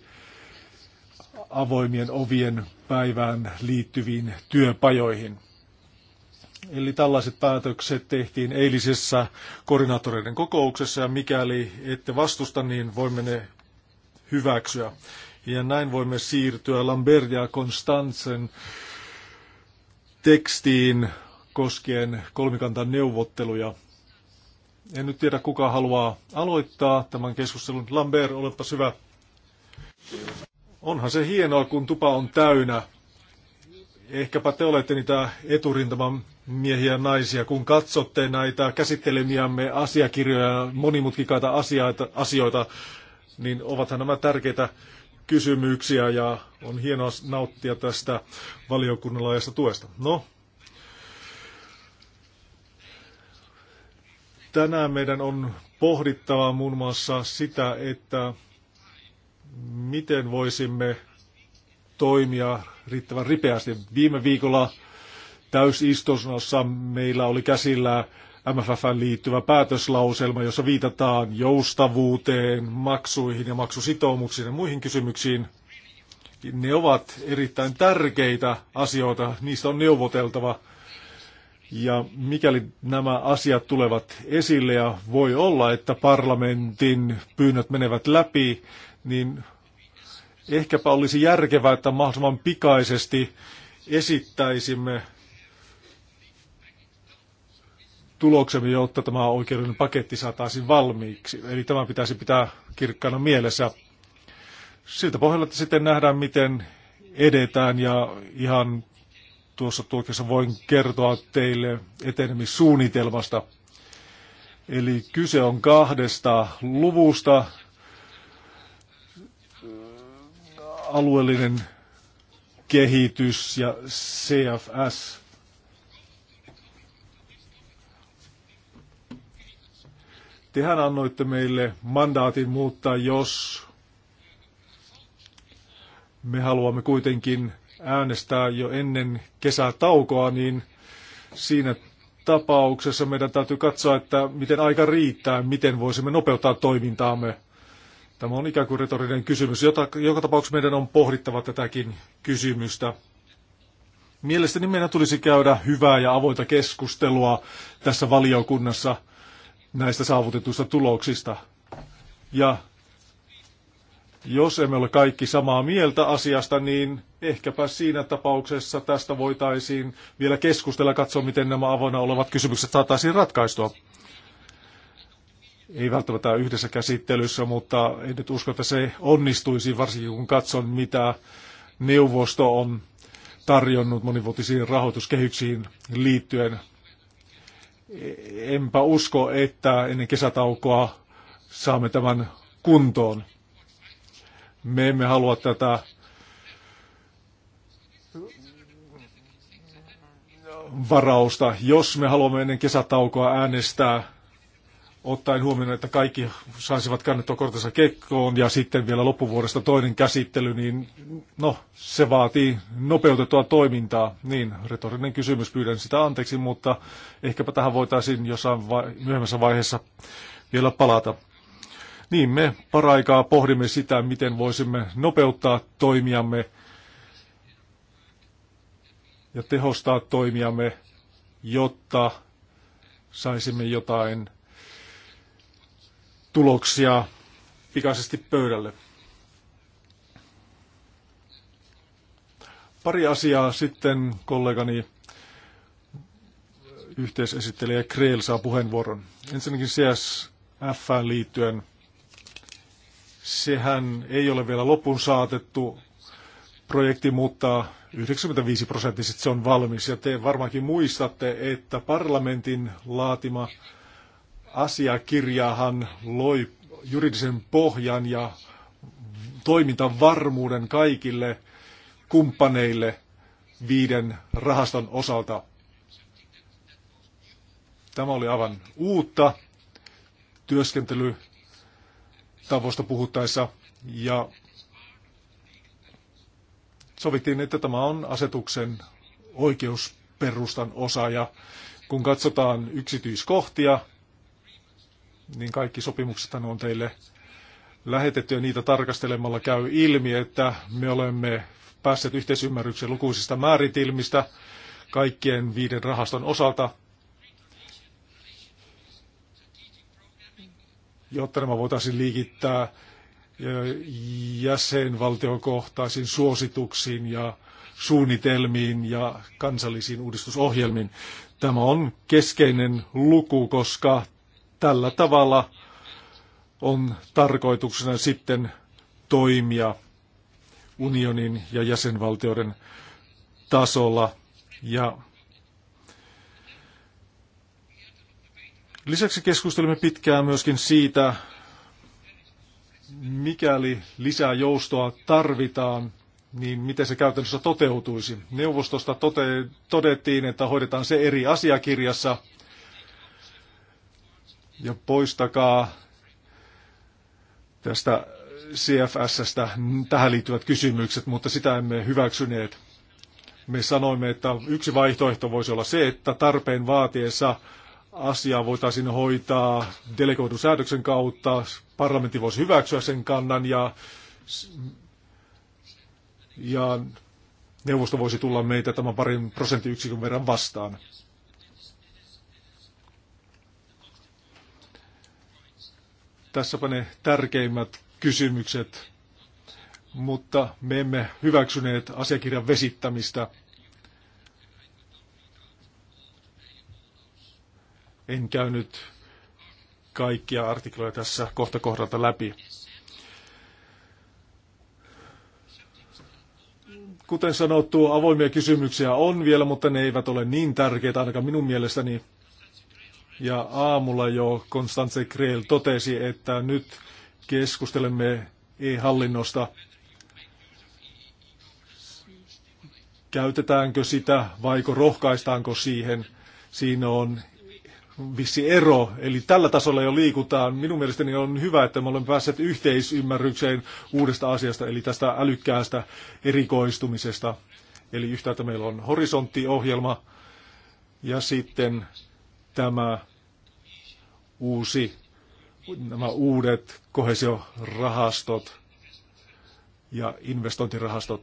avoimien ovien päivään liittyviin työpajoihin. Eli tällaiset päätökset tehtiin eilisessä koordinaattoreiden kokouksessa ja mikäli ette vastusta, niin voimme ne hyväksyä. Ja näin voimme siirtyä Lambert ja Konstantsen tekstiin koskien kolmikantan neuvotteluja. En nyt tiedä, kuka haluaa aloittaa tämän keskustelun. Lambert, olepa hyvä. Onhan se hienoa, kun tupa on täynnä. Ehkäpä te olette niitä eturintaman miehiä ja naisia, kun katsotte näitä käsittelemiämme asiakirjoja, monimutkikaita asioita, asioita, niin ovathan nämä tärkeitä kysymyksiä ja on hienoa nauttia tästä valiokunnan laajasta tuesta. No, tänään meidän on pohdittava muun muassa sitä, että miten voisimme toimia riittävän ripeästi. Viime viikolla täysistunnossa meillä oli käsillä MFFn liittyvä päätöslauselma, jossa viitataan joustavuuteen, maksuihin ja maksusitoumuksiin ja muihin kysymyksiin. Ne ovat erittäin tärkeitä asioita, niistä on neuvoteltava. Ja mikäli nämä asiat tulevat esille ja voi olla, että parlamentin pyynnöt menevät läpi, niin Ehkäpä olisi järkevää, että mahdollisimman pikaisesti esittäisimme tuloksemme, jotta tämä oikeudellinen paketti saataisiin valmiiksi. Eli tämä pitäisi pitää kirkkaana mielessä. Siltä pohjalta että sitten nähdään, miten edetään ja ihan tuossa tuokessa voin kertoa teille etenemissuunnitelmasta. Eli kyse on kahdesta luvusta, alueellinen kehitys ja CFS. Tehän annoitte meille mandaatin, muuttaa, jos me haluamme kuitenkin äänestää jo ennen kesätaukoa, niin siinä tapauksessa meidän täytyy katsoa, että miten aika riittää, miten voisimme nopeuttaa toimintaamme. Tämä on ikään kuin retorinen kysymys. Jota, joka tapauksessa meidän on pohdittava tätäkin kysymystä. Mielestäni meidän tulisi käydä hyvää ja avointa keskustelua tässä valiokunnassa näistä saavutetuista tuloksista. Ja jos emme ole kaikki samaa mieltä asiasta, niin ehkäpä siinä tapauksessa tästä voitaisiin vielä keskustella ja katsoa, miten nämä avoinna olevat kysymykset saataisiin ratkaistua ei välttämättä yhdessä käsittelyssä, mutta en nyt usko, että se onnistuisi, varsinkin kun katson, mitä neuvosto on tarjonnut monivuotisiin rahoituskehyksiin liittyen. Enpä usko, että ennen kesätaukoa saamme tämän kuntoon. Me emme halua tätä varausta. Jos me haluamme ennen kesätaukoa äänestää ottaen huomioon, että kaikki saisivat kannettua kortensa kekkoon ja sitten vielä loppuvuodesta toinen käsittely, niin no, se vaatii nopeutettua toimintaa. Niin, retorinen kysymys, pyydän sitä anteeksi, mutta ehkäpä tähän voitaisiin jossain vai- myöhemmässä vaiheessa vielä palata. Niin, me paraikaa pohdimme sitä, miten voisimme nopeuttaa toimiamme ja tehostaa toimiamme, jotta saisimme jotain tuloksia pikaisesti pöydälle. Pari asiaa sitten kollegani yhteisesittelijä Kreel saa puheenvuoron. Ensinnäkin CSF liittyen. Sehän ei ole vielä lopun saatettu projekti, mutta 95 prosenttisesti se on valmis. Ja te varmaankin muistatte, että parlamentin laatima asiakirjahan loi juridisen pohjan ja toimintavarmuuden kaikille kumppaneille viiden rahaston osalta. Tämä oli aivan uutta työskentelytavoista puhuttaessa ja sovittiin, että tämä on asetuksen oikeusperustan osa ja kun katsotaan yksityiskohtia, niin kaikki sopimukset on teille lähetetty ja niitä tarkastelemalla käy ilmi, että me olemme päässeet yhteisymmärrykseen lukuisista määritelmistä kaikkien viiden rahaston osalta, jotta nämä voitaisiin liikittää jäsenvaltiokohtaisiin suosituksiin ja suunnitelmiin ja kansallisiin uudistusohjelmiin. Tämä on keskeinen luku, koska tällä tavalla on tarkoituksena sitten toimia unionin ja jäsenvaltioiden tasolla. Ja lisäksi keskustelimme pitkään myöskin siitä, mikäli lisää joustoa tarvitaan, niin miten se käytännössä toteutuisi. Neuvostosta tote- todettiin, että hoidetaan se eri asiakirjassa – ja poistakaa tästä CFSstä tähän liittyvät kysymykset, mutta sitä emme hyväksyneet. Me sanoimme, että yksi vaihtoehto voisi olla se, että tarpeen vaatiessa asiaa voitaisiin hoitaa delegoidun säädöksen kautta, parlamentti voisi hyväksyä sen kannan ja, ja neuvosto voisi tulla meitä tämän parin prosenttiyksikön verran vastaan. Tässäpä ne tärkeimmät kysymykset, mutta me emme hyväksyneet asiakirjan vesittämistä. En käynyt kaikkia artikloja tässä kohta kohdalta läpi. Kuten sanottu, avoimia kysymyksiä on vielä, mutta ne eivät ole niin tärkeitä ainakaan minun mielestäni. Ja aamulla jo Konstantse Kreel totesi, että nyt keskustelemme e-hallinnosta. Käytetäänkö sitä vaiko rohkaistaanko siihen? Siinä on vissi ero. Eli tällä tasolla jo liikutaan. Minun mielestäni on hyvä, että me olemme päässeet yhteisymmärrykseen uudesta asiasta, eli tästä älykkäästä erikoistumisesta. Eli yhtäältä meillä on horisonttiohjelma ja sitten tämä uusi, nämä uudet kohesiorahastot ja investointirahastot.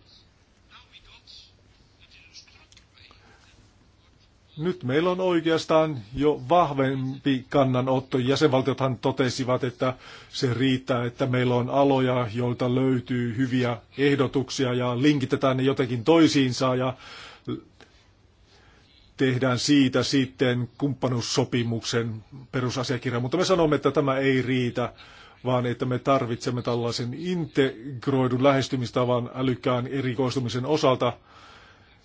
Nyt meillä on oikeastaan jo vahvempi kannanotto. Jäsenvaltiothan totesivat, että se riittää, että meillä on aloja, joilta löytyy hyviä ehdotuksia ja linkitetään ne jotenkin toisiinsa ja tehdään siitä sitten kumppanuussopimuksen perusasiakirja, mutta me sanomme, että tämä ei riitä, vaan että me tarvitsemme tällaisen integroidun lähestymistavan älykkään erikoistumisen osalta,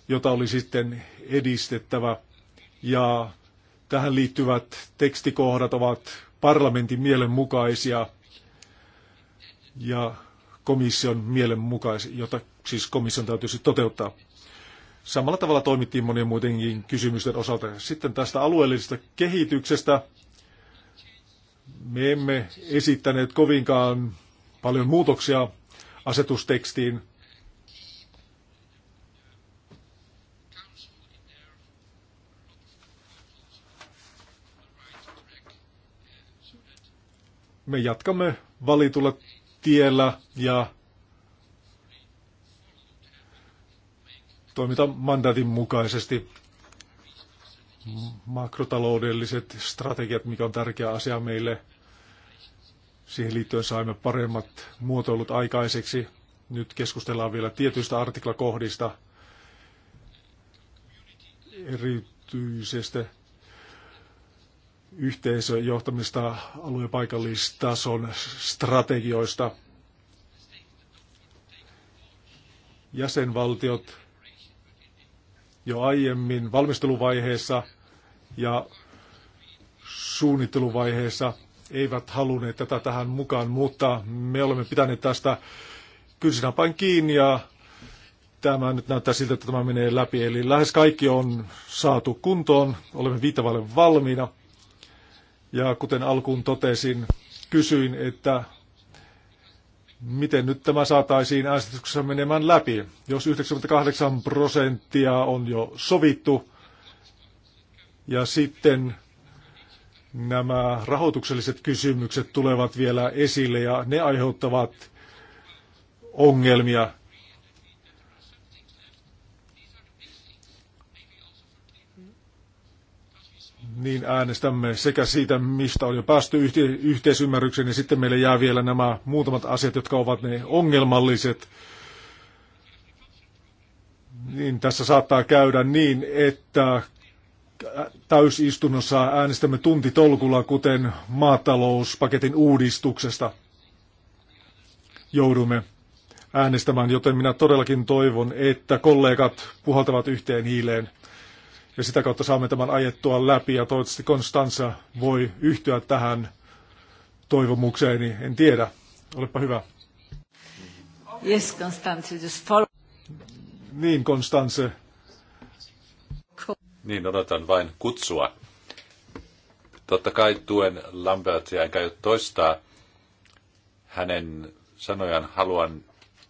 jota oli sitten edistettävä. Ja tähän liittyvät tekstikohdat ovat parlamentin mielenmukaisia ja komission mielenmukaisia, jota siis komission täytyisi toteuttaa. Samalla tavalla toimittiin monien muidenkin kysymysten osalta. Sitten tästä alueellisesta kehityksestä. Me emme esittäneet kovinkaan paljon muutoksia asetustekstiin. Me jatkamme valitulla tiellä ja toimita mandaatin mukaisesti. Makrotaloudelliset strategiat, mikä on tärkeä asia meille, siihen liittyen saimme paremmat muotoilut aikaiseksi. Nyt keskustellaan vielä tietyistä artiklakohdista, erityisestä yhteisön johtamista alueen paikallistason strategioista. Jäsenvaltiot jo aiemmin valmisteluvaiheessa ja suunnitteluvaiheessa eivät halunneet tätä tähän mukaan, mutta me olemme pitäneet tästä kynsinapain kiinni ja tämä nyt näyttää siltä, että tämä menee läpi. Eli lähes kaikki on saatu kuntoon, olemme viitavalle valmiina. Ja kuten alkuun totesin, kysyin, että miten nyt tämä saataisiin äänestyksessä menemään läpi. Jos 98 prosenttia on jo sovittu ja sitten nämä rahoitukselliset kysymykset tulevat vielä esille ja ne aiheuttavat ongelmia. niin äänestämme sekä siitä, mistä on jo päästy yhteisymmärrykseen, ja sitten meille jää vielä nämä muutamat asiat, jotka ovat ne ongelmalliset. Niin tässä saattaa käydä niin, että täysistunnossa äänestämme tuntitolkulla, kuten maatalouspaketin uudistuksesta joudumme äänestämään, joten minä todellakin toivon, että kollegat puhaltavat yhteen hiileen ja sitä kautta saamme tämän ajettua läpi ja toivottavasti Konstanssa voi yhtyä tähän toivomukseeni, en tiedä. Olepa hyvä. Yes, Constance, just follow. Niin, Konstanze. Niin, odotan vain kutsua. Totta kai tuen Lambertia, enkä jo toistaa hänen sanojaan. Haluan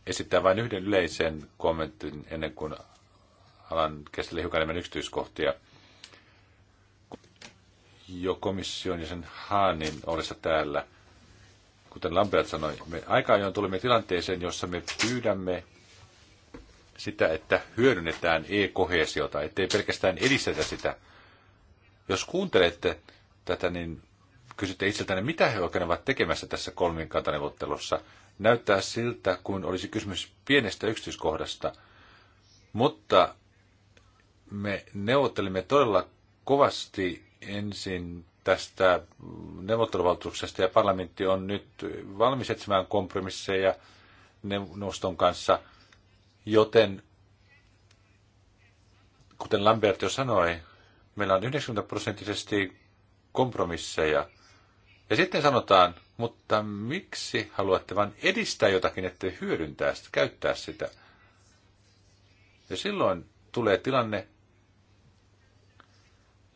esittää vain yhden yleisen kommentin ennen kuin alan käsitellä hiukan enemmän yksityiskohtia. Jo komission ja sen Haanin ollessa täällä, kuten Lambert sanoi, me aika ajoin tulemme tilanteeseen, jossa me pyydämme sitä, että hyödynnetään e-kohesiota, ettei pelkästään edistetä sitä. Jos kuuntelette tätä, niin kysytte itseltään, mitä he oikein ovat tekemässä tässä kolminkantaneuvottelussa. Näyttää siltä, kuin olisi kysymys pienestä yksityiskohdasta, mutta me neuvottelimme todella kovasti ensin tästä neuvotteluvaltuuksesta ja parlamentti on nyt valmis etsimään kompromisseja neuvoston kanssa, joten kuten Lambert jo sanoi, meillä on 90 prosenttisesti kompromisseja. Ja sitten sanotaan, mutta miksi haluatte vain edistää jotakin, ettei hyödyntää sitä, käyttää sitä? Ja silloin tulee tilanne,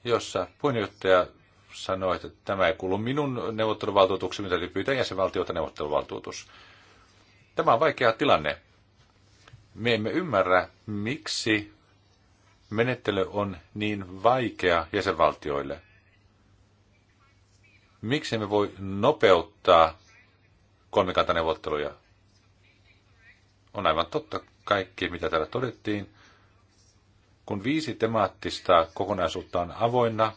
jossa puheenjohtaja sanoi, että tämä ei kuulu minun neuvotteluvaltuutukseni, täytyy pyytää jäsenvaltiota neuvotteluvaltuutus. Tämä on vaikea tilanne. Me emme ymmärrä, miksi menettely on niin vaikea jäsenvaltioille. Miksi me voi nopeuttaa kolmikantaneuvotteluja? On aivan totta kaikki, mitä täällä todettiin. Kun viisi temaattista kokonaisuutta on avoinna,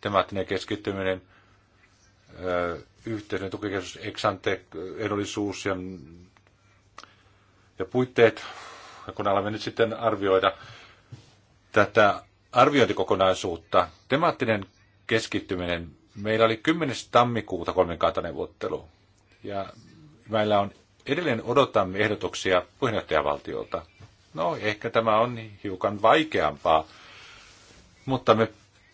temaattinen keskittyminen, yhteisön tukikeskus, eksante, edullisuus ja, ja puitteet, ja kun alamme nyt sitten arvioida tätä arviointikokonaisuutta, temaattinen keskittyminen, meillä oli 10. tammikuuta vuottelu ja meillä on edelleen odotamme ehdotuksia puheenjohtajavaltiolta. No, ehkä tämä on hiukan vaikeampaa, mutta me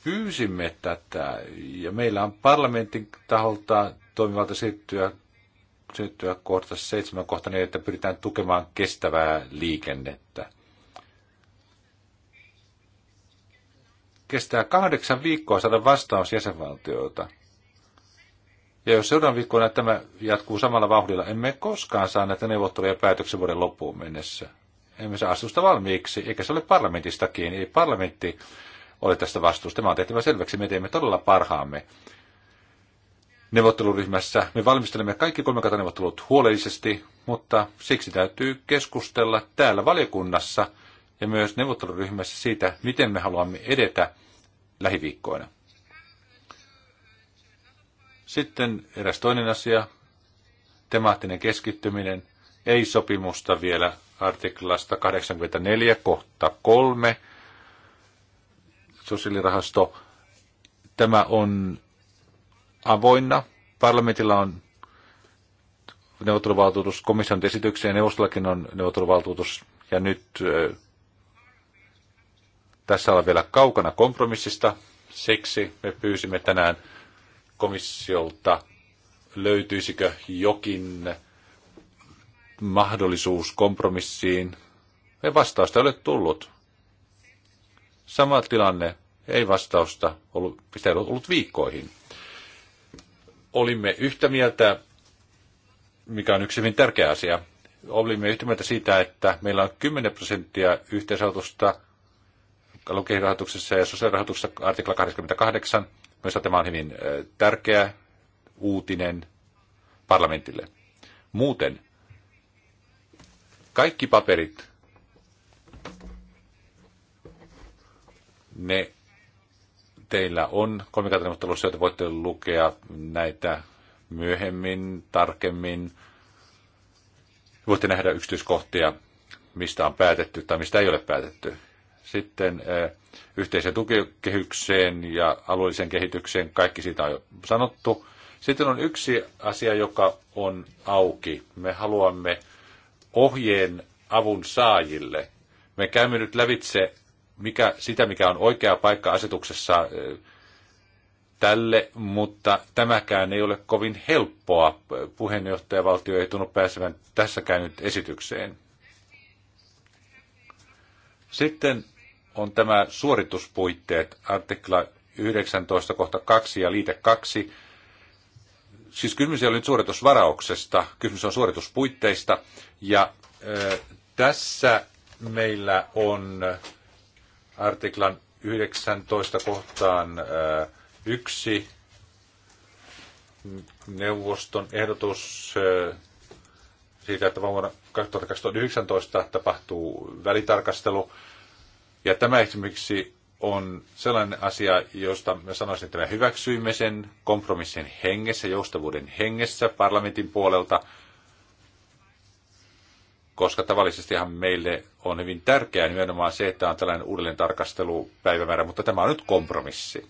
pyysimme tätä ja meillä on parlamentin taholta toimivalta siirtyä, siirtyä kohta 7 kohta 4, että pyritään tukemaan kestävää liikennettä. Kestää kahdeksan viikkoa saada vastaus jäsenvaltioilta. Ja jos seuraavan viikkoina tämä jatkuu samalla vauhdilla, emme koskaan saa näitä neuvotteluja päätöksen vuoden loppuun mennessä emme saa asusta valmiiksi, eikä se ole parlamentista kiinni. Ei parlamentti ole tästä vastuusta. Tämä on tehtävä selväksi. Me teemme todella parhaamme neuvotteluryhmässä. Me valmistelemme kaikki kolme neuvottelut huolellisesti, mutta siksi täytyy keskustella täällä valiokunnassa ja myös neuvotteluryhmässä siitä, miten me haluamme edetä lähiviikkoina. Sitten eräs toinen asia, temaattinen keskittyminen – ei sopimusta vielä artiklasta 84 kohta 3 sosiaalirahasto. Tämä on avoinna. Parlamentilla on neuvotteluvaltuutus komission esitykseen, neuvostollakin on neuvotteluvaltuutus ja nyt tässä on vielä kaukana kompromissista. Siksi me pyysimme tänään komissiolta, löytyisikö jokin mahdollisuus kompromissiin. Ei vastausta ole tullut. Sama tilanne, ei vastausta ollut, sitä ei ollut viikkoihin. Olimme yhtä mieltä, mikä on yksi hyvin tärkeä asia, olimme yhtä mieltä siitä, että meillä on 10 prosenttia yhteisrahoitusta lukirahoituksessa ja sosiaalirahoituksessa artikla 88. myös tämä on hyvin tärkeä uutinen parlamentille. Muuten kaikki paperit, ne teillä on kolmikantaneuvottelussa, joita voitte lukea näitä myöhemmin, tarkemmin. Voitte nähdä yksityiskohtia, mistä on päätetty tai mistä ei ole päätetty. Sitten eh, yhteiseen tukikehykseen ja alueelliseen kehitykseen, kaikki siitä on jo sanottu. Sitten on yksi asia, joka on auki. Me haluamme ohjeen avun saajille. Me käymme nyt lävitse mikä, sitä, mikä on oikea paikka asetuksessa äh, tälle, mutta tämäkään ei ole kovin helppoa. Puheenjohtajavaltio ei tunnu pääsevän tässäkään nyt esitykseen. Sitten on tämä suorituspuitteet, artikla 19.2 ja liite 2 siis kysymys ei ole nyt suoritusvarauksesta, kysymys on suorituspuitteista. Ja ö, tässä meillä on artiklan 19 kohtaan ö, yksi neuvoston ehdotus ö, siitä, että vuonna 2019 tapahtuu välitarkastelu. Ja tämä esimerkiksi on sellainen asia, josta me sanoisin, että me hyväksyimme sen kompromissin hengessä, joustavuuden hengessä parlamentin puolelta, koska tavallisestihan meille on hyvin tärkeää nimenomaan se, että on tällainen uudelleen tarkastelupäivämäärä, mutta tämä on nyt kompromissi.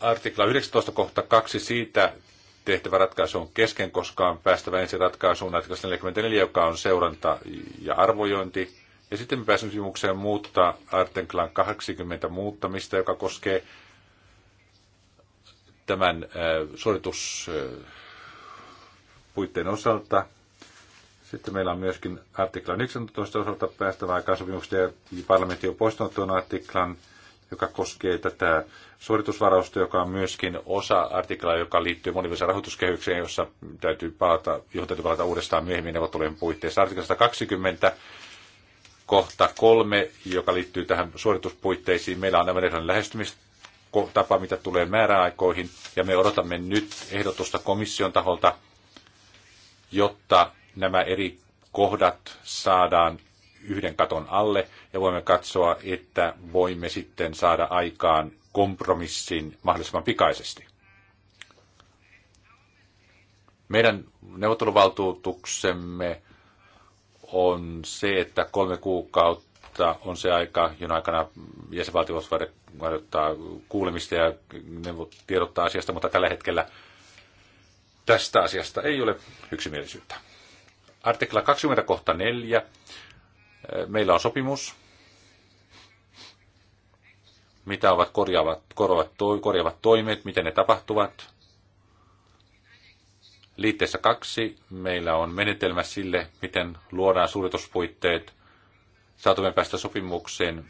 Artikla 19 kohta 2 siitä tehtävä ratkaisu on kesken, koska on päästävä ensin ratkaisuun artikla 44, joka on seuranta ja arvojointi ja sitten me pääsemme sopimukseen muuttaa artiklan 80 muuttamista, joka koskee tämän äh, suorituspuitteen äh, osalta. Sitten meillä on myöskin artiklan 19 osalta päästävä aikaansopimuksesta ja parlamentti on poistanut tuon artiklan, joka koskee tätä suoritusvarausta, joka on myöskin osa artiklaa, joka liittyy monivuotiseen rahoituskehykseen, jossa täytyy palata, johon täytyy palata uudestaan myöhemmin neuvottelujen puitteissa. Artikla 120 kohta kolme, joka liittyy tähän suorituspuitteisiin. Meillä on aivan erilainen lähestymistapa, mitä tulee määräaikoihin, ja me odotamme nyt ehdotusta komission taholta, jotta nämä eri kohdat saadaan yhden katon alle, ja voimme katsoa, että voimme sitten saada aikaan kompromissin mahdollisimman pikaisesti. Meidän neuvotteluvaltuutuksemme on se, että kolme kuukautta on se aika, jona aikana jäsenvaltio voivat kuulemista ja ne tiedottaa asiasta, mutta tällä hetkellä tästä asiasta ei ole yksimielisyyttä. Artikla 20 kohta 4. Meillä on sopimus, mitä ovat korjaavat, korjaavat toimet, miten ne tapahtuvat, Liitteessä kaksi meillä on menetelmä sille, miten luodaan suurituspuitteet. saatumme päästä sopimukseen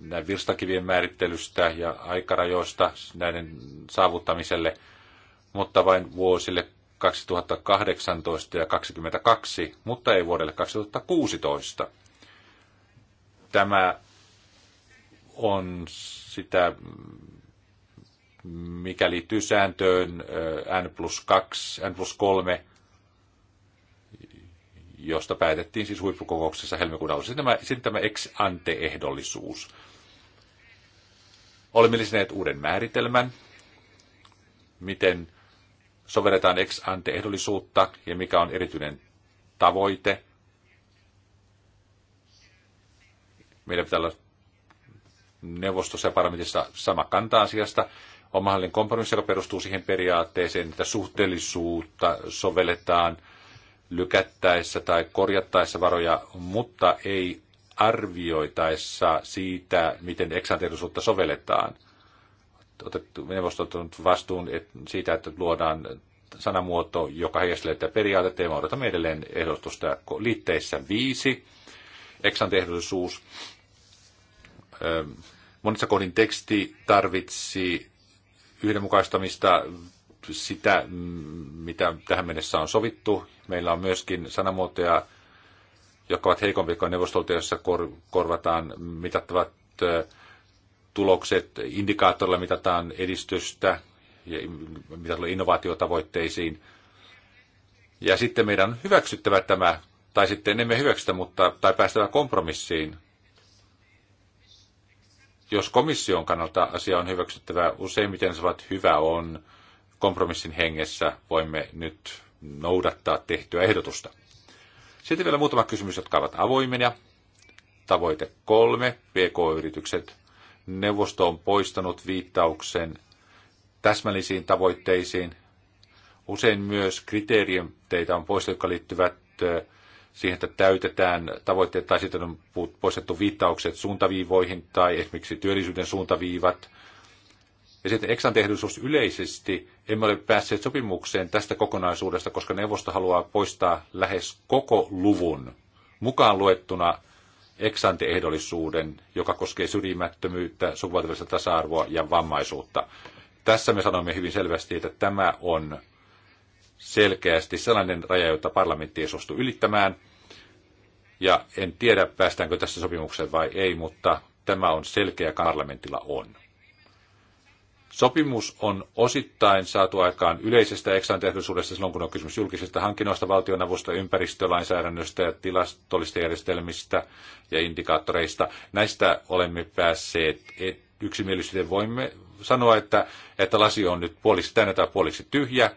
näin virstakivien määrittelystä ja aikarajoista näiden saavuttamiselle, mutta vain vuosille 2018 ja 2022, mutta ei vuodelle 2016. Tämä on sitä mikä liittyy sääntöön N plus 2, N plus 3, josta päätettiin siis huippukokouksessa helmikuun alussa. Sitten tämä, sitten tämä ex ante-ehdollisuus. Olemme lisänneet uuden määritelmän, miten sovelletaan ex ante-ehdollisuutta ja mikä on erityinen tavoite. Meidän pitää olla neuvostossa ja parlamentissa sama kanta asiasta on mahdollinen kompromissi, joka perustuu siihen periaatteeseen, että suhteellisuutta sovelletaan lykättäessä tai korjattaessa varoja, mutta ei arvioitaessa siitä, miten eksanteellisuutta sovelletaan. Otettu, neuvosto on ottanut vastuun et, siitä, että luodaan sanamuoto, joka heijastelee tätä periaatetta, ja me odotamme edelleen ehdotusta liitteissä viisi, eksantehdollisuus. Öö, monissa kohdin teksti tarvitsi yhdenmukaistamista sitä, mitä tähän mennessä on sovittu. Meillä on myöskin sanamuotoja, jotka ovat heikompi kuin neuvostolta, kor- korvataan mitattavat tulokset, indikaattorilla mitataan edistystä ja mitä tulee innovaatiotavoitteisiin. Ja sitten meidän on hyväksyttävä tämä, tai sitten emme hyväksytä, mutta, tai päästävä kompromissiin jos komission kannalta asia on hyväksyttävä, useimmiten se ovat hyvä on, kompromissin hengessä voimme nyt noudattaa tehtyä ehdotusta. Sitten vielä muutama kysymys, jotka ovat avoimenia. Tavoite kolme, PK-yritykset. Neuvosto on poistanut viittauksen täsmällisiin tavoitteisiin. Usein myös teitä on poistettu, jotka liittyvät siihen, että täytetään tavoitteet tai sitten on poistettu viittaukset suuntaviivoihin tai esimerkiksi työllisyyden suuntaviivat. Ja sitten Eksan yleisesti emme ole päässeet sopimukseen tästä kokonaisuudesta, koska neuvosto haluaa poistaa lähes koko luvun, mukaan luettuna eksanteehdollisuuden, joka koskee syrjimättömyyttä, sukupuolta tasa-arvoa ja vammaisuutta. Tässä me sanomme hyvin selvästi, että tämä on selkeästi sellainen raja, jota parlamentti ei suostu ylittämään. Ja en tiedä, päästäänkö tässä sopimukseen vai ei, mutta tämä on selkeä, parlamentilla on. Sopimus on osittain saatu aikaan yleisestä eksantehdollisuudesta silloin, kun on kysymys julkisista hankinnoista, valtionavusta, ympäristölainsäädännöstä ja tilastollista järjestelmistä ja indikaattoreista. Näistä olemme päässeet yksimielisyyteen. Voimme sanoa, että, että lasi on nyt puoliksi täynnä tai puoliksi tyhjä.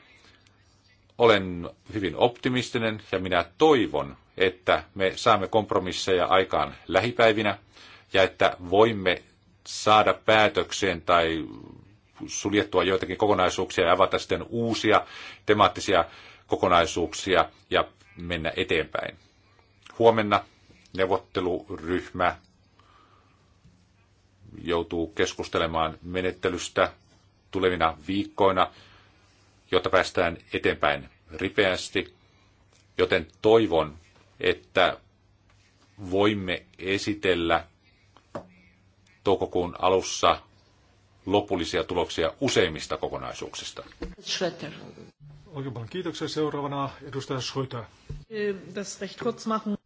Olen hyvin optimistinen ja minä toivon, että me saamme kompromisseja aikaan lähipäivinä ja että voimme saada päätökseen tai suljettua joitakin kokonaisuuksia ja avata sitten uusia temaattisia kokonaisuuksia ja mennä eteenpäin. Huomenna neuvotteluryhmä joutuu keskustelemaan menettelystä tulevina viikkoina, jotta päästään eteenpäin ripeästi, joten toivon, että voimme esitellä toukokuun alussa lopullisia tuloksia useimmista kokonaisuuksista. Schröter. Oikein paljon kiitoksia. Seuraavana edustaja Schröter. Eh, das recht kurz machen.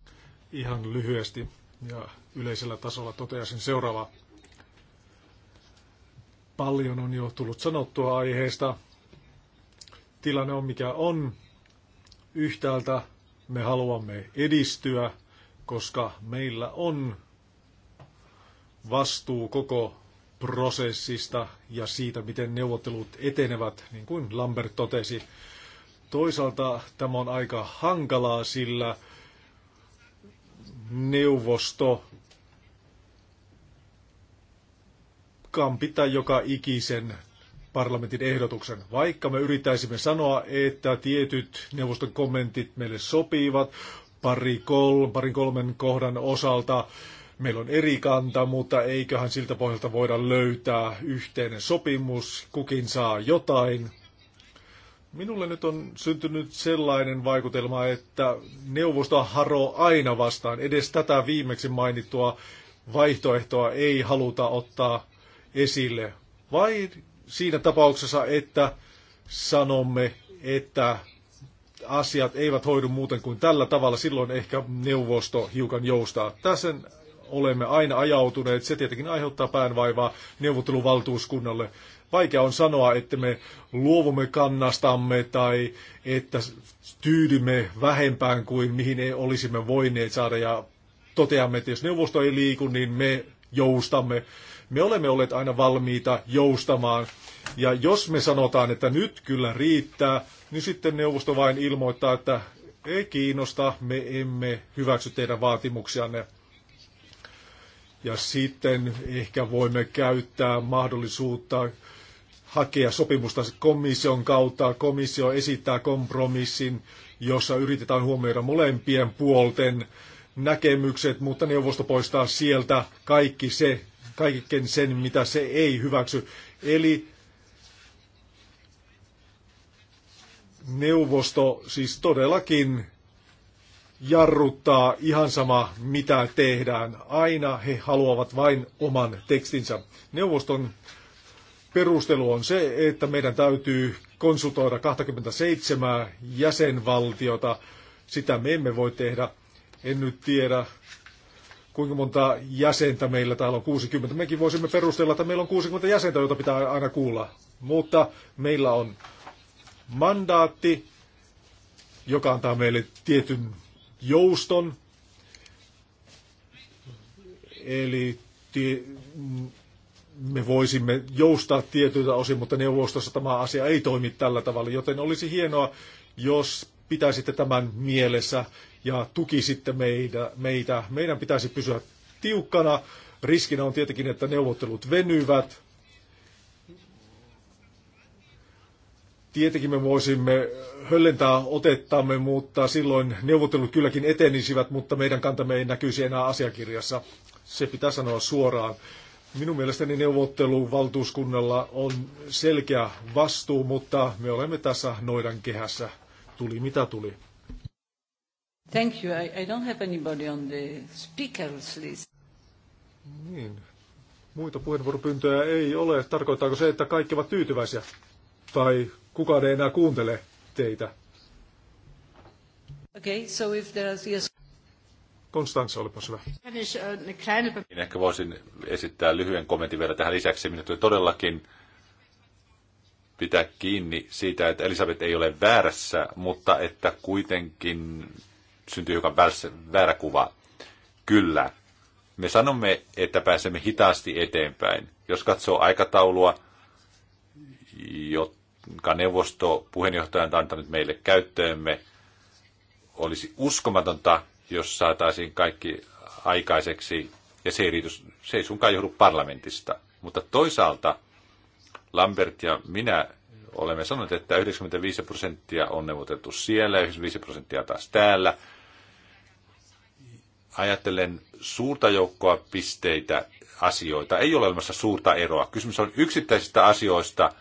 Ihan lyhyesti ja yleisellä tasolla toteaisin seuraavaa. Paljon on jo tullut sanottua aiheesta. Tilanne on mikä on. Yhtäältä me haluamme edistyä, koska meillä on vastuu koko prosessista ja siitä, miten neuvottelut etenevät, niin kuin Lambert totesi. Toisaalta tämä on aika hankalaa, sillä neuvosto kampita joka ikisen parlamentin ehdotuksen. Vaikka me yrittäisimme sanoa, että tietyt neuvoston kommentit meille sopivat, pari kol, parin kolmen kohdan osalta meillä on eri kanta, mutta eiköhän siltä pohjalta voida löytää yhteinen sopimus, kukin saa jotain. Minulle nyt on syntynyt sellainen vaikutelma, että neuvosto haroo aina vastaan. Edes tätä viimeksi mainittua vaihtoehtoa ei haluta ottaa esille. Vai siinä tapauksessa, että sanomme, että asiat eivät hoidu muuten kuin tällä tavalla, silloin ehkä neuvosto hiukan joustaa. Tässä olemme aina ajautuneet, se tietenkin aiheuttaa päänvaivaa neuvotteluvaltuuskunnalle. Vaikea on sanoa, että me luovumme kannastamme tai että tyydymme vähempään kuin mihin ei olisimme voineet saada ja toteamme, että jos neuvosto ei liiku, niin me joustamme. Me olemme olleet aina valmiita joustamaan. Ja jos me sanotaan, että nyt kyllä riittää, niin sitten neuvosto vain ilmoittaa, että ei kiinnosta, me emme hyväksy teidän vaatimuksianne. Ja sitten ehkä voimme käyttää mahdollisuutta hakea sopimusta komission kautta. Komissio esittää kompromissin, jossa yritetään huomioida molempien puolten näkemykset, mutta neuvosto poistaa sieltä kaikki se, kaiken sen, mitä se ei hyväksy. Eli neuvosto siis todellakin jarruttaa ihan sama, mitä tehdään. Aina he haluavat vain oman tekstinsä. Neuvoston perustelu on se, että meidän täytyy konsultoida 27 jäsenvaltiota. Sitä me emme voi tehdä. En nyt tiedä, kuinka monta jäsentä meillä täällä on 60. Mekin voisimme perustella, että meillä on 60 jäsentä, joita pitää aina kuulla. Mutta meillä on mandaatti, joka antaa meille tietyn jouston, eli me voisimme joustaa tietyiltä osin, mutta neuvostossa tämä asia ei toimi tällä tavalla, joten olisi hienoa, jos pitäisitte tämän mielessä ja tuki sitten meitä, meitä. Meidän pitäisi pysyä tiukkana. Riskinä on tietenkin, että neuvottelut venyvät. Tietenkin me voisimme höllentää otettamme, mutta silloin neuvottelut kylläkin etenisivät, mutta meidän kantamme ei näkyisi enää asiakirjassa. Se pitää sanoa suoraan. Minun mielestäni neuvotteluvaltuuskunnalla on selkeä vastuu, mutta me olemme tässä noidan kehässä. Tuli mitä tuli. Thank you. I, I don't have anybody on the speakers list. Niin. Muita puheenvuoropyyntöjä ei ole. Tarkoittaako se, että kaikki ovat tyytyväisiä? Tai kukaan ei enää kuuntele teitä? Okay, so if there is, yes. Konstantse, olipa hyvä. Niin ehkä voisin esittää lyhyen kommentin vielä tähän lisäksi. Minä tuli todellakin pitää kiinni siitä, että Elisabeth ei ole väärässä, mutta että kuitenkin syntyy joka väärä kuva. Kyllä, me sanomme, että pääsemme hitaasti eteenpäin. Jos katsoo aikataulua, jonka neuvosto puheenjohtaja on antanut meille käyttöömme, olisi uskomatonta, jos saataisiin kaikki aikaiseksi, ja se ei, riity, se ei sunkaan johdu parlamentista. Mutta toisaalta Lambert ja minä olemme sanoneet, että 95 prosenttia on neuvoteltu siellä ja 95 prosenttia taas täällä – Ajatellen suurta joukkoa pisteitä, asioita, ei ole olemassa suurta eroa. Kysymys on yksittäisistä asioista,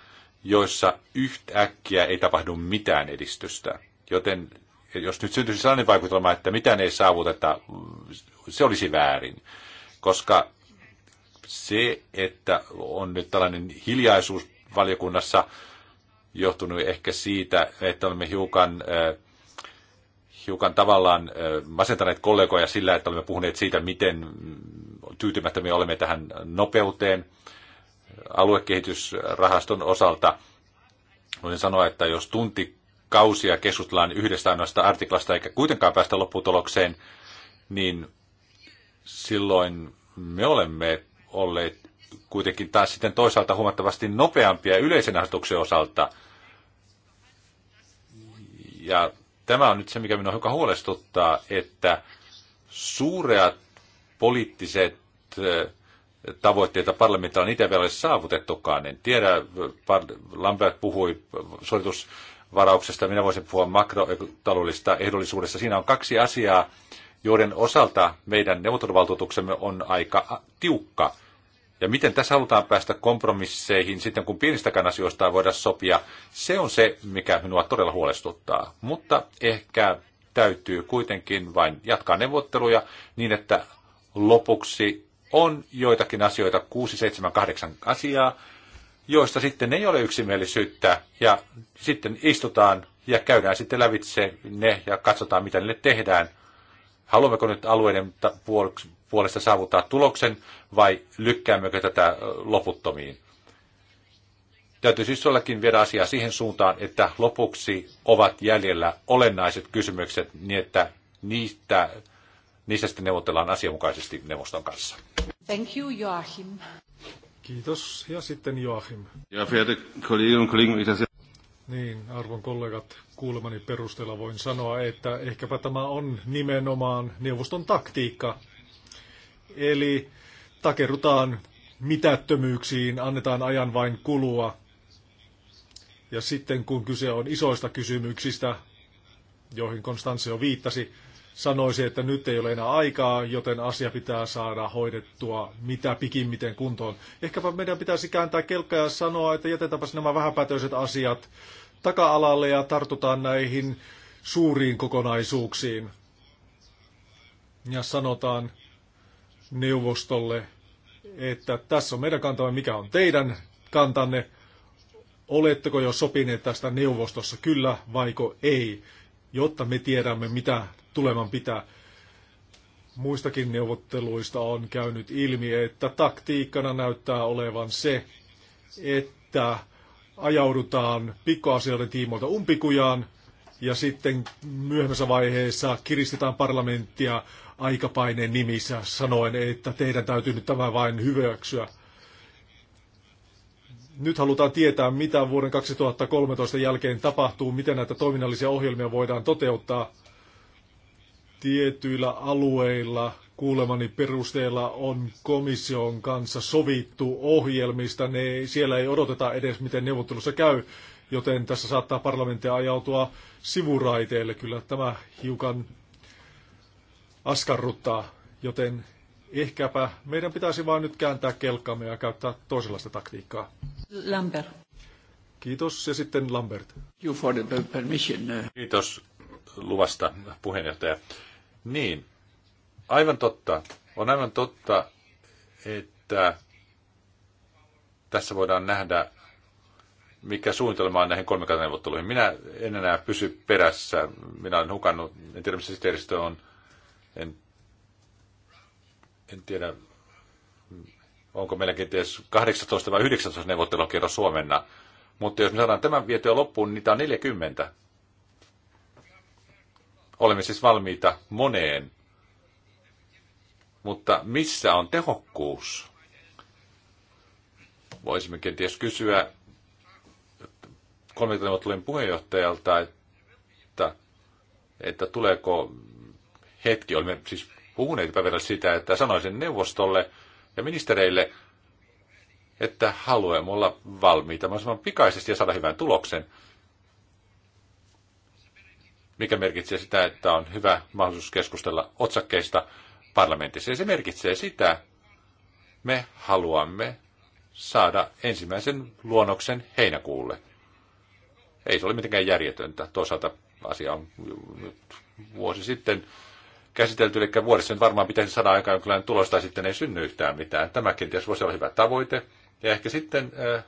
joissa yhtäkkiä ei tapahdu mitään edistystä. Joten jos nyt syntyisi sellainen vaikutelma, että mitään ei saavuteta, se olisi väärin. Koska se, että on nyt tällainen hiljaisuus valiokunnassa johtunut ehkä siitä, että olemme hiukan äh, hiukan tavallaan masentaneet kollegoja sillä, että olemme puhuneet siitä, miten tyytymättömiä olemme tähän nopeuteen aluekehitysrahaston osalta. Voisin sanoa, että jos tunti kausia keskustellaan yhdestä ainoasta artiklasta eikä kuitenkaan päästä lopputulokseen, niin silloin me olemme olleet kuitenkin taas sitten toisaalta huomattavasti nopeampia yleisen asetuksen osalta. Ja tämä on nyt se, mikä minua hiukan huolestuttaa, että suureat poliittiset tavoitteita parlamentilla on vielä saavutettukaan. En tiedä, Lambert puhui suoritusvarauksesta, minä voisin puhua makrotaloudellista ehdollisuudesta. Siinä on kaksi asiaa, joiden osalta meidän neuvotteluvaltuutuksemme on aika tiukka. Ja miten tässä halutaan päästä kompromisseihin sitten, kun pienistäkään asioista voida sopia, se on se, mikä minua todella huolestuttaa. Mutta ehkä täytyy kuitenkin vain jatkaa neuvotteluja niin, että lopuksi on joitakin asioita, 6, 7, 8 asiaa, joista sitten ei ole yksimielisyyttä ja sitten istutaan ja käydään sitten lävitse ne ja katsotaan, mitä niille tehdään. Haluammeko nyt alueiden puolesta saavuttaa tuloksen vai lykkäämmekö tätä loputtomiin. Täytyy siis jollakin viedä asiaa siihen suuntaan, että lopuksi ovat jäljellä olennaiset kysymykset niin, että niistä, niistä sitten neuvotellaan asianmukaisesti neuvoston kanssa. Thank you, Joachim. Kiitos. Ja sitten Joachim. Ja verehrte Kolleginnen und Kollegen, Niin, arvon kollegat, kuulemani perusteella voin sanoa, että ehkäpä tämä on nimenomaan neuvoston taktiikka. Eli takerrutaan mitättömyyksiin, annetaan ajan vain kulua. Ja sitten kun kyse on isoista kysymyksistä, joihin Konstantio viittasi, sanoisi, että nyt ei ole enää aikaa, joten asia pitää saada hoidettua mitä pikimmiten kuntoon. Ehkäpä meidän pitäisi kääntää kelkka ja sanoa, että jätetäänpä nämä vähäpätöiset asiat taka-alalle ja tartutaan näihin suuriin kokonaisuuksiin. Ja sanotaan, neuvostolle, että tässä on meidän kantamme, mikä on teidän kantanne. Oletteko jo sopineet tästä neuvostossa, kyllä vaiko ei, jotta me tiedämme, mitä tuleman pitää. Muistakin neuvotteluista on käynyt ilmi, että taktiikkana näyttää olevan se, että ajaudutaan pikkuasioiden tiimoilta umpikujaan ja sitten myöhemmässä vaiheessa kiristetään parlamenttia aikapaineen nimissä sanoen, että teidän täytyy nyt tämä vain hyväksyä. Nyt halutaan tietää, mitä vuoden 2013 jälkeen tapahtuu, miten näitä toiminnallisia ohjelmia voidaan toteuttaa tietyillä alueilla. Kuulemani perusteella on komission kanssa sovittu ohjelmista. Ne, siellä ei odoteta edes, miten neuvottelussa käy joten tässä saattaa parlamentti ajautua sivuraiteelle. Kyllä tämä hiukan askarruttaa, joten ehkäpä meidän pitäisi vain nyt kääntää kelkkaamme ja käyttää toisenlaista taktiikkaa. Lambert. Kiitos ja sitten Lambert. You for the permission. Uh, Kiitos luvasta puheenjohtaja. Niin, aivan totta. On aivan totta, että tässä voidaan nähdä, mikä suunnitelma on näihin kolmikantaneuvotteluihin. Minä en enää pysy perässä. Minä olen hukannut, en tiedä missä on en, en tiedä, onko meillä kenties 18 vai 19 neuvottelukierro Suomenna. Mutta jos me saadaan tämän vietyä loppuun, niin niitä on 40. Olemme siis valmiita moneen. Mutta missä on tehokkuus? Voisimme kenties kysyä kolmikantaneuvottelujen puheenjohtajalta, että, että tuleeko hetki. Olemme siis puhuneet päivänä sitä, että sanoisin neuvostolle ja ministereille, että haluamme olla valmiita mahdollisimman pikaisesti ja saada hyvän tuloksen, mikä merkitsee sitä, että on hyvä mahdollisuus keskustella otsakkeista parlamentissa. Ja se merkitsee sitä, me haluamme saada ensimmäisen luonnoksen heinäkuulle. Ei se ole mitenkään järjetöntä. Toisaalta asia on nyt vuosi sitten käsitelty, eli vuodessa nyt varmaan pitäisi saada aikaan jonkinlainen tulos, tai sitten ei synny yhtään mitään. Tämä kenties voisi olla hyvä tavoite. Ja ehkä sitten, äh,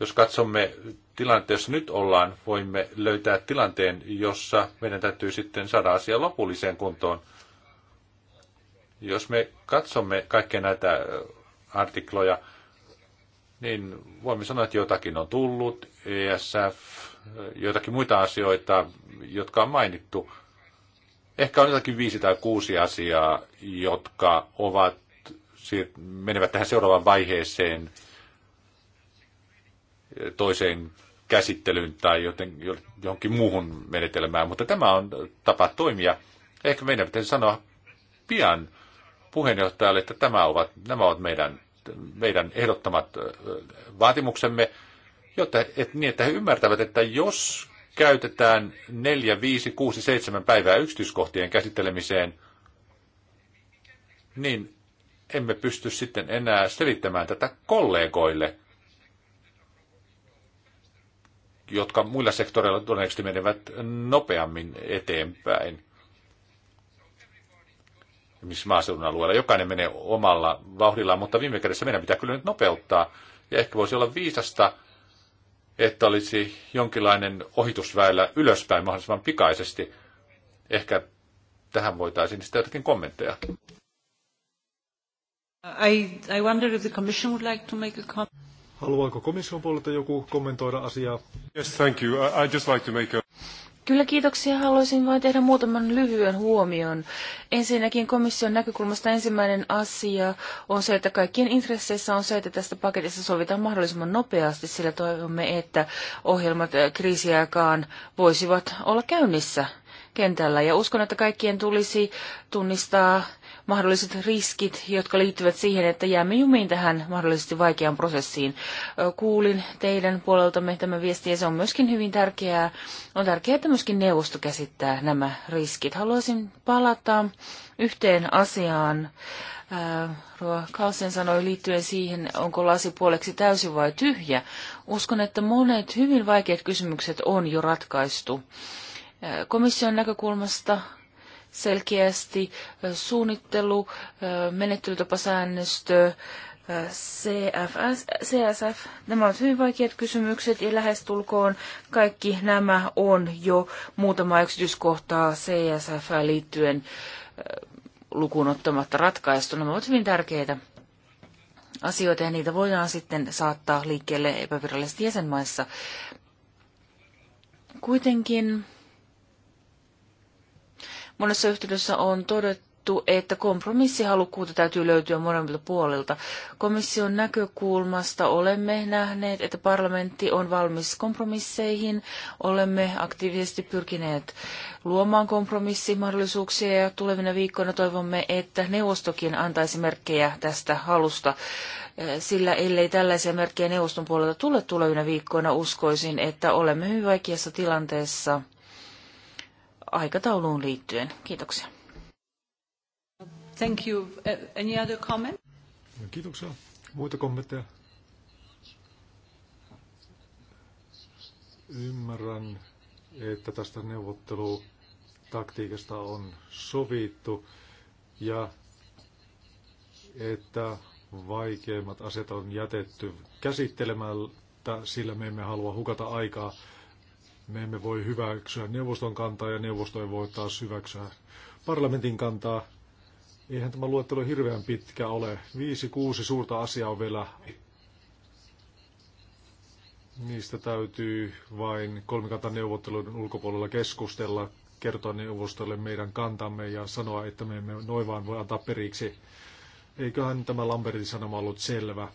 jos katsomme tilannetta, jossa nyt ollaan, voimme löytää tilanteen, jossa meidän täytyy sitten saada asia lopulliseen kuntoon. Jos me katsomme kaikkia näitä äh, artikloja, niin voimme sanoa, että jotakin on tullut, ESF, äh, joitakin muita asioita, jotka on mainittu – Ehkä on jotakin viisi tai kuusi asiaa, jotka ovat, menevät tähän seuraavaan vaiheeseen, toiseen käsittelyyn tai joten, johonkin muuhun menetelmään, mutta tämä on tapa toimia. Ehkä meidän pitäisi sanoa pian puheenjohtajalle, että tämä ovat, nämä ovat meidän, meidän ehdottamat vaatimuksemme, jotta, et, niin että he ymmärtävät, että jos käytetään 4, 5, 6, 7 päivää yksityiskohtien käsittelemiseen, niin emme pysty sitten enää selittämään tätä kollegoille, jotka muilla sektoreilla todennäköisesti menevät nopeammin eteenpäin. Missä maaseudun alueella jokainen menee omalla vauhdillaan, mutta viime kädessä meidän pitää kyllä nyt nopeuttaa. Ja ehkä voisi olla viisasta että olisi jonkinlainen ohitusväylä ylöspäin mahdollisimman pikaisesti. Ehkä tähän voitaisiin sitten jotakin kommentteja. I, I if the would like to make a Haluaako komission puolelta joku kommentoida asiaa? Yes, thank you. I, I'd just like to make a... Kyllä kiitoksia. Haluaisin vain tehdä muutaman lyhyen huomion. Ensinnäkin komission näkökulmasta ensimmäinen asia on se, että kaikkien intresseissä on se, että tästä paketista sovitaan mahdollisimman nopeasti, sillä toivomme, että ohjelmat eh, kriisiaikaan voisivat olla käynnissä kentällä. Ja uskon, että kaikkien tulisi tunnistaa mahdolliset riskit, jotka liittyvät siihen, että jäämme jumiin tähän mahdollisesti vaikeaan prosessiin. Kuulin teidän puoleltamme tämä viesti ja se on myöskin hyvin tärkeää. On tärkeää, että myöskin neuvosto käsittää nämä riskit. Haluaisin palata yhteen asiaan. Rova Kalsen sanoi liittyen siihen, onko lasi puoleksi täysin vai tyhjä. Uskon, että monet hyvin vaikeat kysymykset on jo ratkaistu komission näkökulmasta selkeästi suunnittelu, menettelytapasäännöstö, CFS, CSF, nämä ovat hyvin vaikeat kysymykset ja lähestulkoon kaikki nämä on jo muutama yksityiskohtaa CSF liittyen lukuun ottamatta ratkaistu. Nämä ovat hyvin tärkeitä asioita ja niitä voidaan sitten saattaa liikkeelle epävirallisesti jäsenmaissa. Kuitenkin monessa yhteydessä on todettu, että kompromissihalukkuutta täytyy löytyä molemmilta puolilta. Komission näkökulmasta olemme nähneet, että parlamentti on valmis kompromisseihin. Olemme aktiivisesti pyrkineet luomaan kompromissimahdollisuuksia ja tulevina viikkoina toivomme, että neuvostokin antaisi merkkejä tästä halusta sillä ellei tällaisia merkkejä neuvoston puolelta tule tulevina viikkoina, uskoisin, että olemme hyvin vaikeassa tilanteessa aikatauluun liittyen. Kiitoksia. Thank you. Uh, any other comment? Kiitoksia. Muita kommentteja? Ymmärrän, että tästä neuvottelutaktiikasta on sovittu ja että vaikeimmat asiat on jätetty käsittelemättä, sillä me emme halua hukata aikaa me emme voi hyväksyä neuvoston kantaa ja neuvosto ei voi taas hyväksyä parlamentin kantaa. Eihän tämä luettelo hirveän pitkä ole. Viisi, kuusi suurta asiaa on vielä. Niistä täytyy vain neuvotteluiden ulkopuolella keskustella, kertoa neuvostolle meidän kantamme ja sanoa, että me emme noin vaan voi antaa periksi. Eiköhän tämä Lambertin sanoma ollut selvä.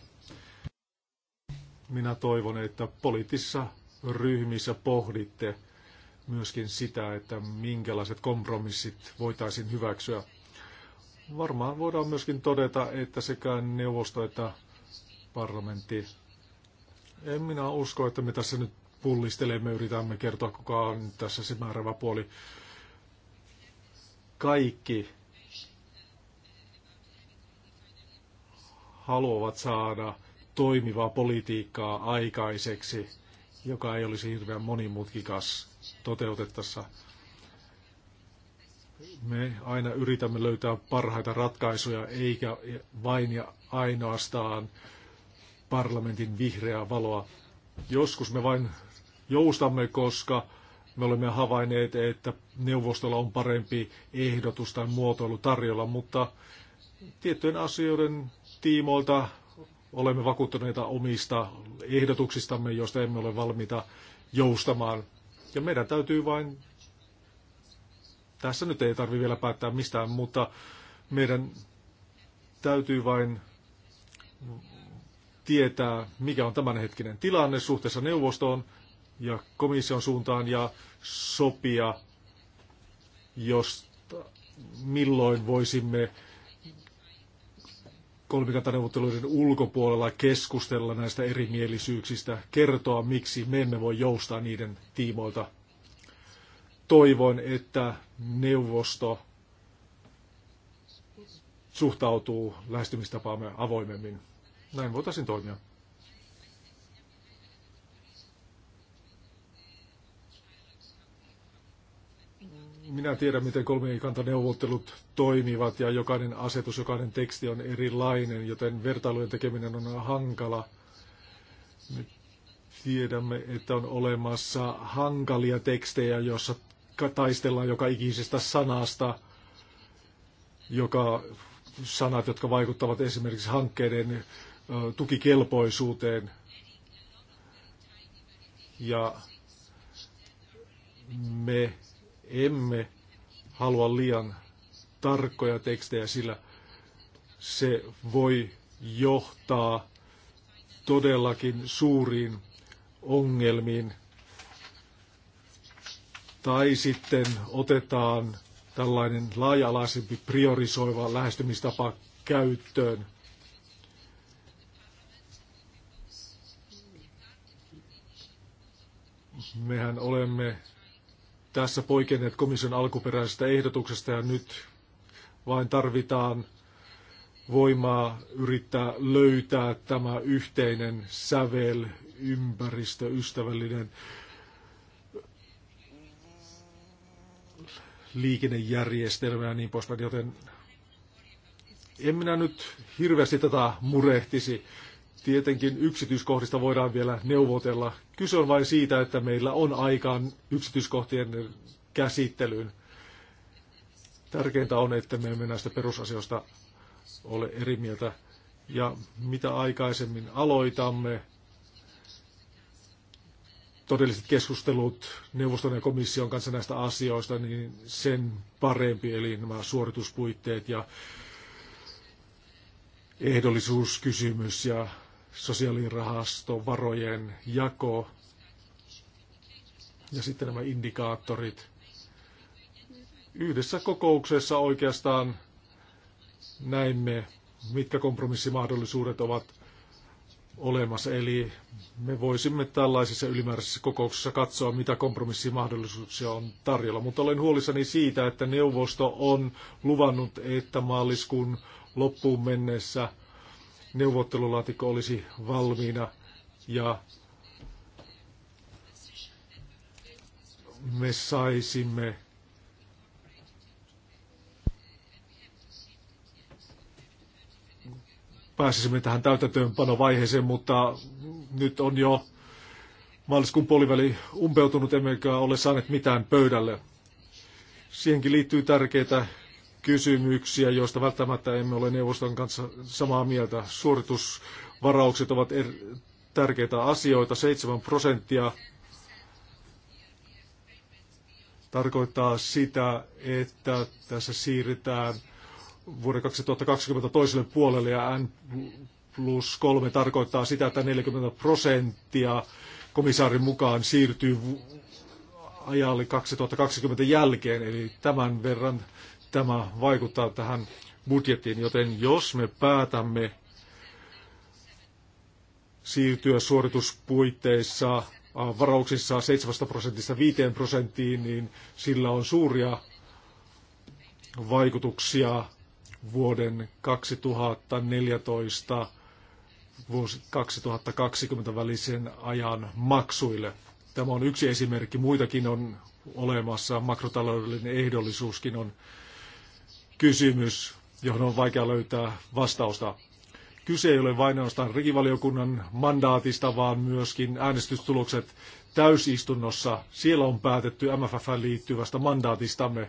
Minä toivon, että poliittisessa ryhmissä pohditte myöskin sitä, että minkälaiset kompromissit voitaisiin hyväksyä. Varmaan voidaan myöskin todeta, että sekä neuvosto että parlamentti. En minä usko, että me tässä nyt pullistelemme, yritämme kertoa, kuka on tässä se määrävä puoli. Kaikki haluavat saada toimivaa politiikkaa aikaiseksi joka ei olisi hirveän monimutkikas toteutettaessa. Me aina yritämme löytää parhaita ratkaisuja, eikä vain ja ainoastaan parlamentin vihreää valoa. Joskus me vain joustamme, koska me olemme havainneet, että neuvostolla on parempi ehdotus tai muotoilu tarjolla, mutta tiettyjen asioiden tiimoilta olemme vakuuttuneita omista ehdotuksistamme, joista emme ole valmiita joustamaan. Ja meidän täytyy vain, tässä nyt ei tarvi vielä päättää mistään, mutta meidän täytyy vain tietää, mikä on tämänhetkinen tilanne suhteessa neuvostoon ja komission suuntaan ja sopia, jos milloin voisimme kolmikantaneuvotteluiden ulkopuolella keskustella näistä erimielisyyksistä, kertoa miksi me emme voi joustaa niiden tiimoilta. Toivon, että neuvosto suhtautuu lähestymistapaamme avoimemmin. Näin voitaisiin toimia. minä tiedän, miten kolmikantaneuvottelut toimivat ja jokainen asetus, jokainen teksti on erilainen, joten vertailujen tekeminen on hankala. Me tiedämme, että on olemassa hankalia tekstejä, joissa taistellaan joka ikisestä sanasta, joka sanat, jotka vaikuttavat esimerkiksi hankkeiden tukikelpoisuuteen. Ja me emme halua liian tarkkoja tekstejä, sillä se voi johtaa todellakin suuriin ongelmiin. Tai sitten otetaan tällainen laaja-alaisempi priorisoiva lähestymistapa käyttöön. Mehän olemme tässä poikenneet komission alkuperäisestä ehdotuksesta ja nyt vain tarvitaan voimaa yrittää löytää tämä yhteinen sävel, ympäristöystävällinen liikennejärjestelmä ja niin poispäin, joten en minä nyt hirveästi tätä murehtisi. Tietenkin yksityiskohdista voidaan vielä neuvotella. Kyse on vain siitä, että meillä on aikaan yksityiskohtien käsittelyyn. Tärkeintä on, että me emme näistä perusasioista ole eri mieltä. Ja mitä aikaisemmin aloitamme, todelliset keskustelut neuvoston ja komission kanssa näistä asioista, niin sen parempi, eli nämä suorituspuitteet ja ehdollisuuskysymys ja varojen jako ja sitten nämä indikaattorit. Yhdessä kokouksessa oikeastaan näimme, mitkä kompromissimahdollisuudet ovat olemassa. Eli me voisimme tällaisissa ylimääräisissä kokouksissa katsoa, mitä kompromissimahdollisuuksia on tarjolla. Mutta olen huolissani siitä, että neuvosto on luvannut, että maaliskuun loppuun mennessä – neuvottelulaatikko olisi valmiina ja me saisimme pääsisimme tähän täytäntöönpanovaiheeseen, mutta nyt on jo maaliskuun puoliväli umpeutunut, emmekä ole saaneet mitään pöydälle. Siihenkin liittyy tärkeitä kysymyksiä, joista välttämättä emme ole neuvoston kanssa samaa mieltä. Suoritusvaraukset ovat er- tärkeitä asioita. 7 prosenttia tarkoittaa sitä, että tässä siirrytään vuoden 2020 toiselle puolelle ja N plus 3 tarkoittaa sitä, että 40 prosenttia komissaarin mukaan siirtyy ajalle 2020 jälkeen, eli tämän verran tämä vaikuttaa tähän budjettiin, joten jos me päätämme siirtyä suorituspuitteissa äh, varauksissa 7 prosentista 5 prosenttiin, niin sillä on suuria vaikutuksia vuoden 2014 vuosi 2020 välisen ajan maksuille. Tämä on yksi esimerkki, muitakin on olemassa, makrotaloudellinen ehdollisuuskin on kysymys, johon on vaikea löytää vastausta. Kyse ei ole vain ainoastaan rikivaliokunnan mandaatista, vaan myöskin äänestystulokset täysistunnossa. Siellä on päätetty MFF liittyvästä mandaatistamme.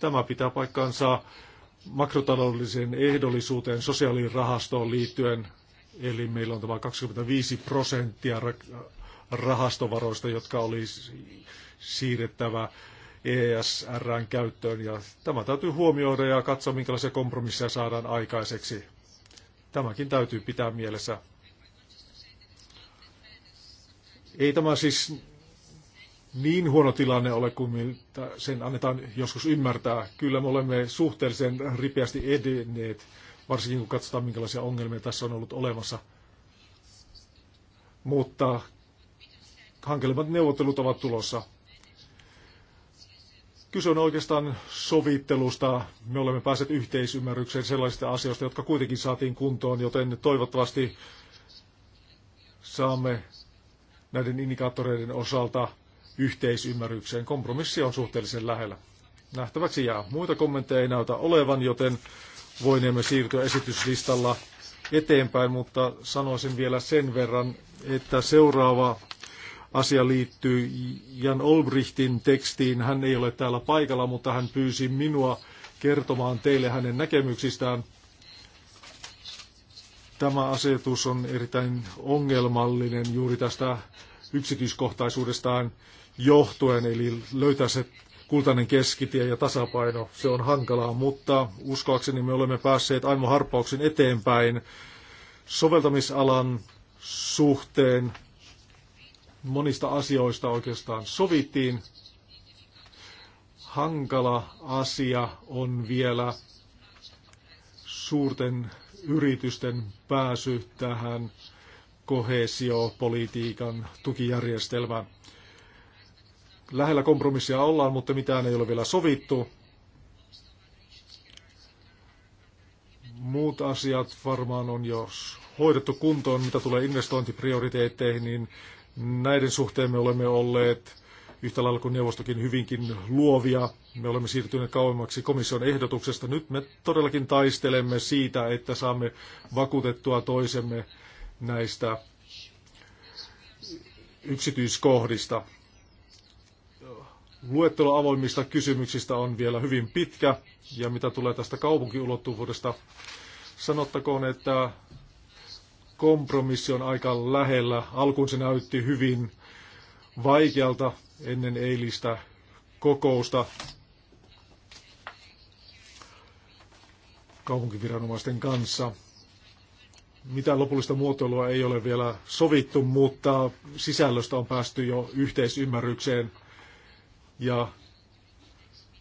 Tämä pitää paikkaansa makrotaloudelliseen ehdollisuuteen sosiaalirahastoon liittyen. Eli meillä on tämä 25 prosenttia rahastovaroista, jotka olisi siirrettävä ESRn käyttöön. Ja tämä täytyy huomioida ja katsoa, minkälaisia kompromisseja saadaan aikaiseksi. Tämäkin täytyy pitää mielessä. Ei tämä siis niin huono tilanne ole kuin miltä sen annetaan joskus ymmärtää. Kyllä me olemme suhteellisen ripeästi edenneet, varsinkin kun katsotaan minkälaisia ongelmia tässä on ollut olemassa. Mutta hankelemat neuvottelut ovat tulossa. Kyse on oikeastaan sovittelusta. Me olemme päässeet yhteisymmärrykseen sellaisista asioista, jotka kuitenkin saatiin kuntoon, joten toivottavasti saamme näiden indikaattoreiden osalta yhteisymmärrykseen. Kompromissi on suhteellisen lähellä. Nähtäväksi jää. Muita kommentteja ei näytä olevan, joten voinemme siirtyä esityslistalla eteenpäin, mutta sanoisin vielä sen verran, että seuraava asia liittyy Jan Olbrichtin tekstiin. Hän ei ole täällä paikalla, mutta hän pyysi minua kertomaan teille hänen näkemyksistään. Tämä asetus on erittäin ongelmallinen juuri tästä yksityiskohtaisuudestaan johtuen, eli löytää se kultainen keskitie ja tasapaino, se on hankalaa, mutta uskoakseni me olemme päässeet Aimo Harppauksen eteenpäin soveltamisalan suhteen monista asioista oikeastaan sovittiin. Hankala asia on vielä suurten yritysten pääsy tähän kohesiopolitiikan tukijärjestelmään. Lähellä kompromissia ollaan, mutta mitään ei ole vielä sovittu. Muut asiat varmaan on, jo hoidettu kuntoon, mitä tulee investointiprioriteetteihin, niin Näiden suhteen me olemme olleet yhtä lailla kuin neuvostokin hyvinkin luovia. Me olemme siirtyneet kauemmaksi komission ehdotuksesta. Nyt me todellakin taistelemme siitä, että saamme vakuutettua toisemme näistä yksityiskohdista. Luettelo avoimista kysymyksistä on vielä hyvin pitkä, ja mitä tulee tästä kaupunkiulottuvuudesta, sanottakoon, että kompromissi on aika lähellä. Alkuun se näytti hyvin vaikealta ennen eilistä kokousta kaupunkiviranomaisten kanssa. Mitään lopullista muotoilua ei ole vielä sovittu, mutta sisällöstä on päästy jo yhteisymmärrykseen. Ja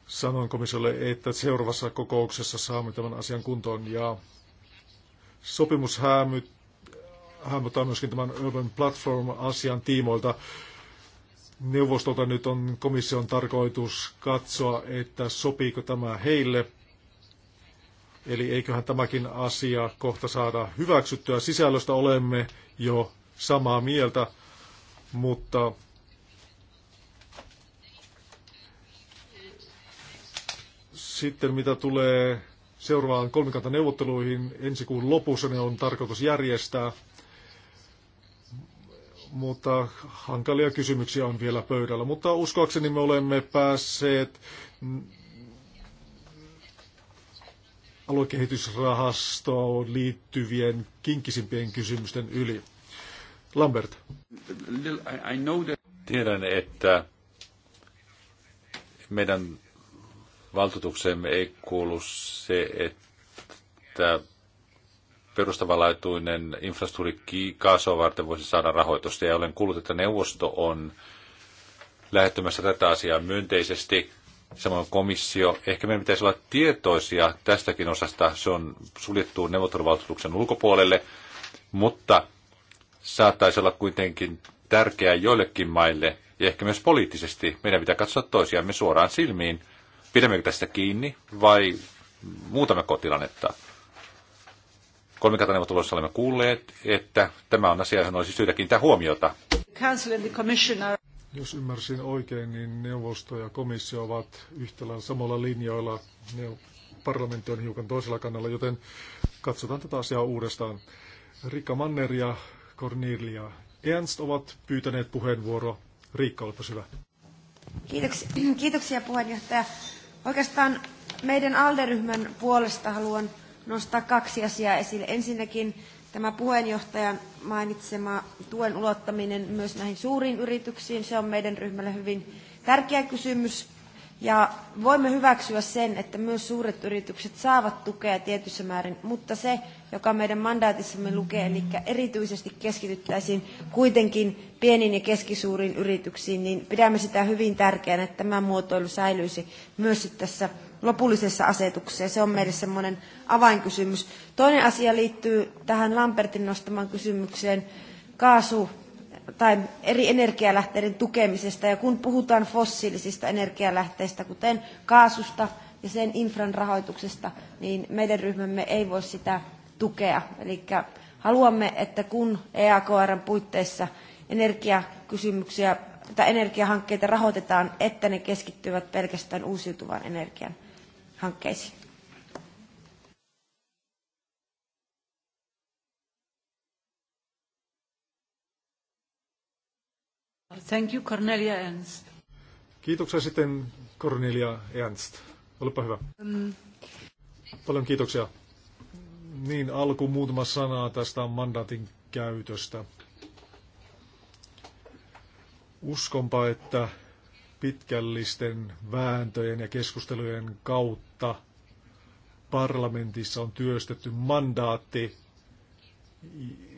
sanoin komissiolle, että seuraavassa kokouksessa saamme tämän asian kuntoon. Ja sopimus hahmottaa myöskin tämän Urban Platform-asian tiimoilta. Neuvostolta nyt on komission tarkoitus katsoa, että sopiiko tämä heille. Eli eiköhän tämäkin asia kohta saada hyväksyttyä. Sisällöstä olemme jo samaa mieltä, mutta sitten mitä tulee seuraavaan kolmikantaneuvotteluihin ensi kuun lopussa, ne on tarkoitus järjestää mutta hankalia kysymyksiä on vielä pöydällä. Mutta uskoakseni me olemme päässeet aluekehitysrahastoon liittyvien kinkisimpien kysymysten yli. Lambert. Tiedän, että meidän valtuutukseemme ei kuulu se, että perustavanlaatuinen infrastruktuuri kaasua varten voisi saada rahoitusta. Ja olen kuullut, että neuvosto on lähettämässä tätä asiaa myönteisesti, samoin komissio. Ehkä meidän pitäisi olla tietoisia tästäkin osasta. Se on suljettu neuvotteluvaltuutuksen ulkopuolelle, mutta saattaisi olla kuitenkin tärkeää joillekin maille ja ehkä myös poliittisesti. Meidän pitää katsoa toisiamme suoraan silmiin. Pidämmekö tästä kiinni vai muutamme kotilannetta? kolmikantaneuvottelussa olemme kuulleet, että tämä on asia, johon olisi syytä kiinnittää huomiota. Jos ymmärsin oikein, niin neuvosto ja komissio ovat yhtälän samalla linjoilla. parlamentti on hiukan toisella kannalla, joten katsotaan tätä asiaa uudestaan. Rikka Manner ja Cornelia Ernst ovat pyytäneet puheenvuoroa. Riikka, olepas hyvä. Kiitoksia, kiitoksia puheenjohtaja. Oikeastaan meidän ALDE-ryhmän puolesta haluan nostaa kaksi asiaa esille. Ensinnäkin tämä puheenjohtajan mainitsema tuen ulottaminen myös näihin suuriin yrityksiin, se on meidän ryhmälle hyvin tärkeä kysymys. Ja voimme hyväksyä sen, että myös suuret yritykset saavat tukea tietyssä määrin, mutta se, joka meidän mandaatissamme lukee, eli erityisesti keskityttäisiin kuitenkin pieniin ja keskisuuriin yrityksiin, niin pidämme sitä hyvin tärkeänä, että tämä muotoilu säilyisi myös tässä lopullisessa asetuksessa. se on meille semmoinen avainkysymys. Toinen asia liittyy tähän Lampertin nostamaan kysymykseen kaasu- tai eri energialähteiden tukemisesta. Ja kun puhutaan fossiilisista energialähteistä, kuten kaasusta ja sen infran rahoituksesta, niin meidän ryhmämme ei voi sitä tukea. Eli haluamme, että kun EAKRn puitteissa energiakysymyksiä tai energiahankkeita rahoitetaan, että ne keskittyvät pelkästään uusiutuvan energian hankkeisiin. Thank you, Cornelia Ernst. Kiitoksia sitten Cornelia Ernst. Olepa hyvä. Mm. Paljon kiitoksia. Niin, alku muutama sana tästä mandaatin käytöstä. Uskonpa, että pitkällisten vääntöjen ja keskustelujen kautta parlamentissa on työstetty mandaatti,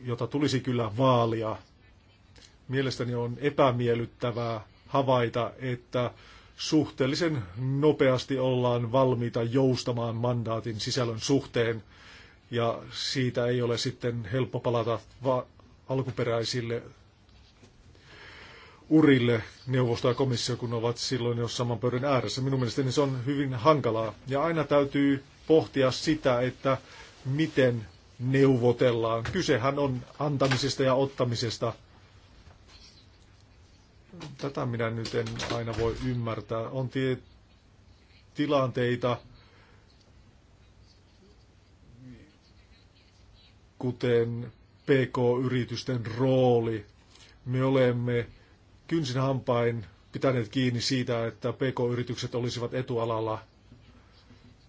jota tulisi kyllä vaalia. Mielestäni on epämiellyttävää havaita, että suhteellisen nopeasti ollaan valmiita joustamaan mandaatin sisällön suhteen, ja siitä ei ole sitten helppo palata alkuperäisille urille neuvosto ja komissio, kun ovat silloin jo saman pöydän ääressä. Minun mielestäni se on hyvin hankalaa. Ja aina täytyy pohtia sitä, että miten neuvotellaan. Kysehän on antamisesta ja ottamisesta. Tätä minä nyt en aina voi ymmärtää. On tie- tilanteita, kuten PK-yritysten rooli. Me olemme Kynsin hampain pitäneet kiinni siitä, että PK-yritykset olisivat etualalla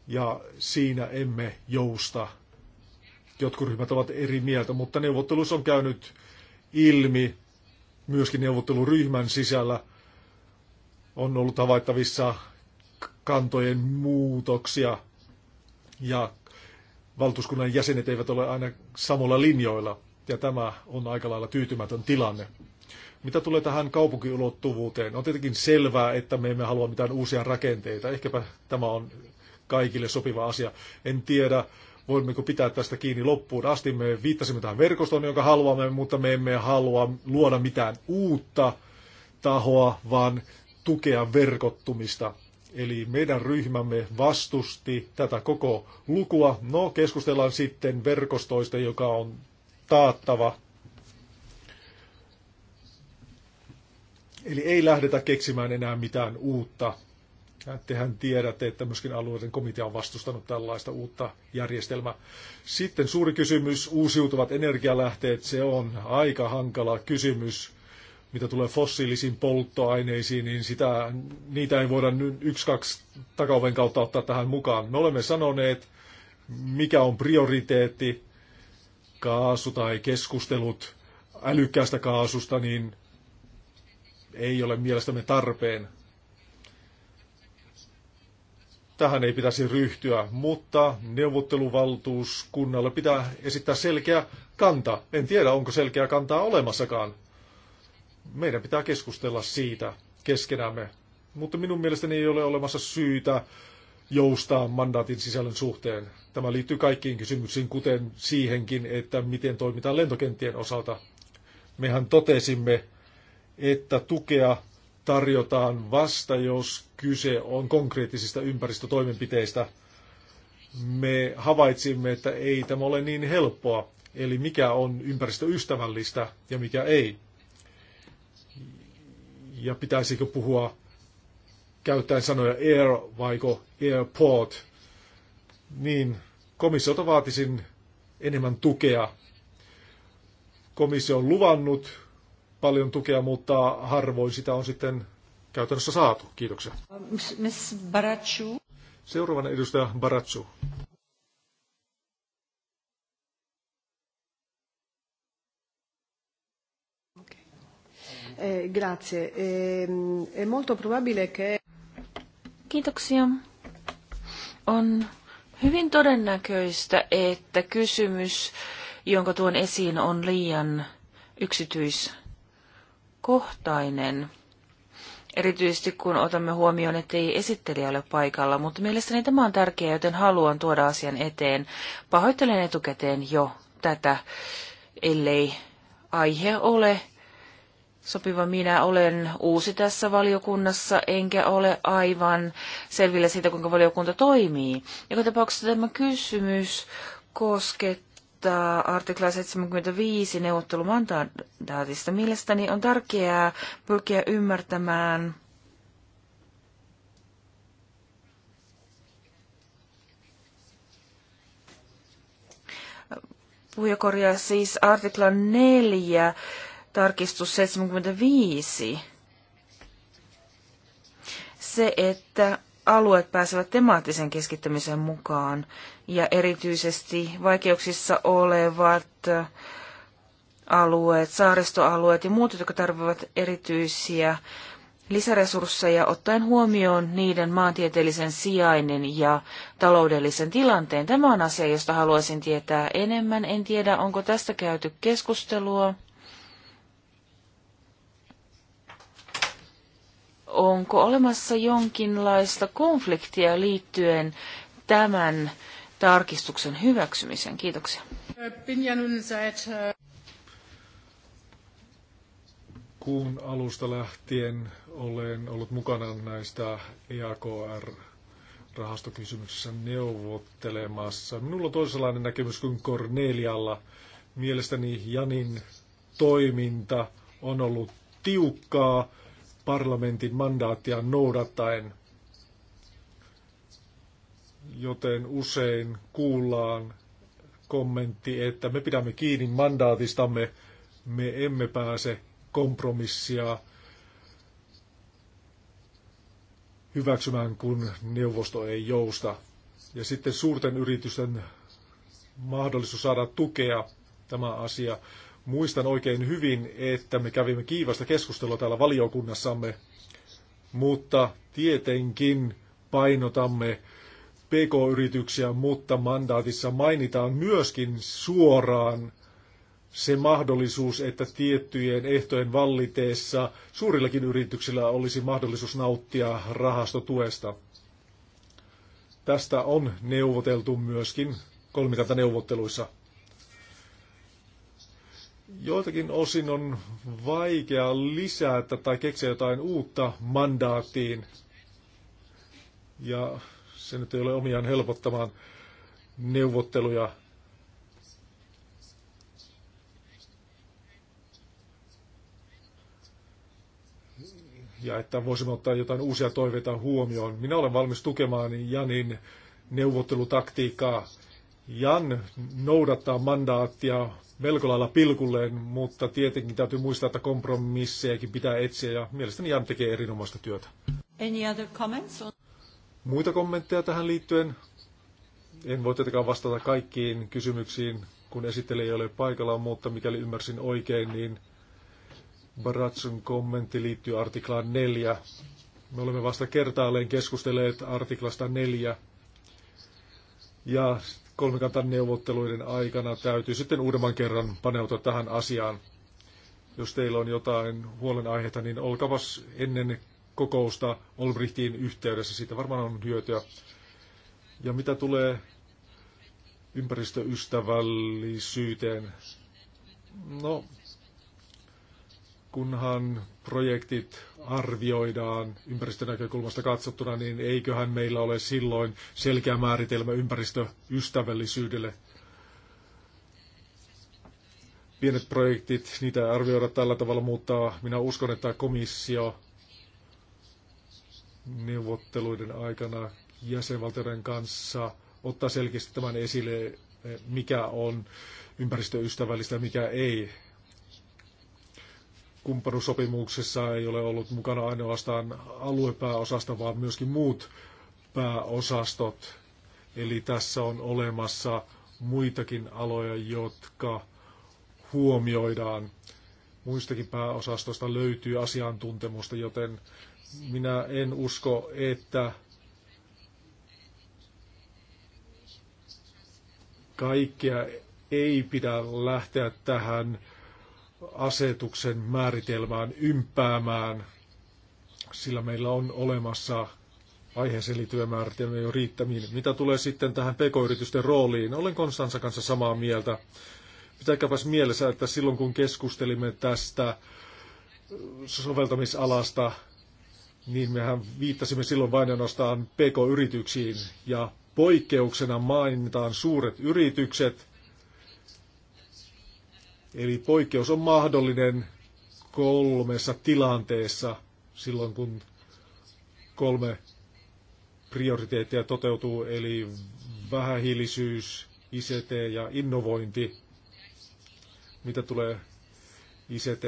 ja siinä emme jousta. Jotkut ryhmät ovat eri mieltä, mutta neuvotteluissa on käynyt ilmi myöskin neuvotteluryhmän sisällä on ollut havaittavissa kantojen muutoksia ja valtuuskunnan jäsenet eivät ole aina samalla linjoilla ja tämä on aika lailla tyytymätön tilanne. Mitä tulee tähän kaupunkiulottuvuuteen, on tietenkin selvää, että me emme halua mitään uusia rakenteita. Ehkäpä tämä on kaikille sopiva asia. En tiedä, voimmeko pitää tästä kiinni loppuun asti. Me viittasimme tähän verkostoon, jonka haluamme, mutta me emme halua luoda mitään uutta tahoa, vaan tukea verkottumista. Eli meidän ryhmämme vastusti tätä koko lukua. No, keskustellaan sitten verkostoista, joka on taattava Eli ei lähdetä keksimään enää mitään uutta. Tehän tiedätte, että myöskin alueiden komitea on vastustanut tällaista uutta järjestelmää. Sitten suuri kysymys, uusiutuvat energialähteet, se on aika hankala kysymys. Mitä tulee fossiilisiin polttoaineisiin, niin sitä, niitä ei voida nyt yksi, kaksi takauven kautta ottaa tähän mukaan. Me olemme sanoneet, mikä on prioriteetti, kaasu tai keskustelut älykkäästä kaasusta, niin ei ole mielestämme tarpeen. Tähän ei pitäisi ryhtyä, mutta neuvotteluvaltuuskunnalle pitää esittää selkeä kanta. En tiedä, onko selkeä kantaa olemassakaan. Meidän pitää keskustella siitä keskenämme. Mutta minun mielestäni ei ole olemassa syytä joustaa mandaatin sisällön suhteen. Tämä liittyy kaikkiin kysymyksiin, kuten siihenkin, että miten toimitaan lentokenttien osalta. Mehän totesimme, että tukea tarjotaan vasta, jos kyse on konkreettisista ympäristötoimenpiteistä. Me havaitsimme, että ei tämä ole niin helppoa, eli mikä on ympäristöystävällistä ja mikä ei. Ja pitäisikö puhua käyttäen sanoja air vaiko airport, niin komissiota vaatisin enemmän tukea. Komissio on luvannut paljon tukea, mutta harvoin sitä on sitten käytännössä saatu. Kiitoksia. Miss Baratsu. Seuraavana edustaja Baratsu. Eh, grazie. Ehm, è molto probabile che... Kiitoksia. On hyvin todennäköistä, että kysymys, jonka tuon esiin, on liian yksityis kohtainen. Erityisesti kun otamme huomioon, että ei esittelijä ole paikalla, mutta mielestäni tämä on tärkeää, joten haluan tuoda asian eteen. Pahoittelen etukäteen jo tätä, ellei aihe ole sopiva. Minä olen uusi tässä valiokunnassa, enkä ole aivan selvillä siitä, kuinka valiokunta toimii. Joka tapauksessa tämä kysymys kosket vastaa artikla 75 neuvottelumandaatista. Mielestäni on tärkeää pyrkiä ymmärtämään puhujakorjaa siis artikla 4, tarkistus 75. Se, että alueet pääsevät temaattisen keskittämisen mukaan ja erityisesti vaikeuksissa olevat äh, alueet, saaristoalueet ja muut, jotka tarvitsevat erityisiä lisäresursseja ottaen huomioon niiden maantieteellisen sijainnin ja taloudellisen tilanteen. Tämä on asia, josta haluaisin tietää enemmän. En tiedä, onko tästä käyty keskustelua. Onko olemassa jonkinlaista konfliktia liittyen tämän tarkistuksen hyväksymisen. Kiitoksia. Kuun alusta lähtien olen ollut mukana näistä EAKR rahastokysymyksessä neuvottelemassa. Minulla on toisenlainen näkemys kuin Cornelialla. Mielestäni Janin toiminta on ollut tiukkaa parlamentin mandaattia noudattaen – joten usein kuullaan kommentti, että me pidämme kiinni mandaatistamme, me emme pääse kompromissia hyväksymään, kun neuvosto ei jousta. Ja sitten suurten yritysten mahdollisuus saada tukea tämä asia. Muistan oikein hyvin, että me kävimme kiivasta keskustelua täällä valiokunnassamme, mutta tietenkin painotamme PK-yrityksiä, mutta mandaatissa mainitaan myöskin suoraan se mahdollisuus, että tiettyjen ehtojen valliteessa suurillakin yrityksillä olisi mahdollisuus nauttia rahastotuesta. Tästä on neuvoteltu myöskin kolmikantaneuvotteluissa. Joitakin osin on vaikea lisätä tai keksiä jotain uutta mandaattiin. Ja se nyt ei ole omiaan helpottamaan neuvotteluja. Ja että voisimme ottaa jotain uusia toiveita huomioon. Minä olen valmis tukemaan Janin neuvottelutaktiikkaa. Jan noudattaa mandaattia melko lailla pilkulleen, mutta tietenkin täytyy muistaa, että kompromissejakin pitää etsiä ja mielestäni Jan tekee erinomaista työtä. Any other comments on... Muita kommentteja tähän liittyen? En voi tietenkään vastata kaikkiin kysymyksiin, kun esittelijä ei ole paikalla, mutta mikäli ymmärsin oikein, niin Baratsun kommentti liittyy artiklaan 4. Me olemme vasta kertaalleen keskustelleet artiklasta 4. Ja kolmikantan neuvotteluiden aikana täytyy sitten uudemman kerran paneutua tähän asiaan. Jos teillä on jotain huolenaihetta, niin olkapas ennen kokousta Olbrichtin yhteydessä. Siitä varmaan on hyötyä. Ja mitä tulee ympäristöystävällisyyteen, no kunhan projektit arvioidaan ympäristönäkökulmasta katsottuna, niin eiköhän meillä ole silloin selkeä määritelmä ympäristöystävällisyydelle. Pienet projektit, niitä arvioida tällä tavalla, mutta minä uskon, että komissio neuvotteluiden aikana jäsenvaltioiden kanssa ottaa selkeästi tämän esille, mikä on ympäristöystävällistä ja mikä ei. Kumppanuussopimuksessa ei ole ollut mukana ainoastaan aluepääosasta, vaan myöskin muut pääosastot. Eli tässä on olemassa muitakin aloja, jotka huomioidaan. Muistakin pääosastosta löytyy asiantuntemusta, joten minä en usko, että kaikkea ei pidä lähteä tähän asetuksen määritelmään ympäämään, sillä meillä on olemassa aiheeseen liittyvä määritelmä jo riittämiin. Mitä tulee sitten tähän pk-yritysten rooliin, olen Konstansa kanssa samaa mieltä. Pitäkääpäs mielessä, että silloin kun keskustelimme tästä soveltamisalasta, niin mehän viittasimme silloin vain ainoastaan PK-yrityksiin ja poikkeuksena mainitaan suuret yritykset. Eli poikkeus on mahdollinen kolmessa tilanteessa silloin, kun kolme prioriteettia toteutuu, eli vähähiilisyys, ICT ja innovointi, mitä tulee ICT,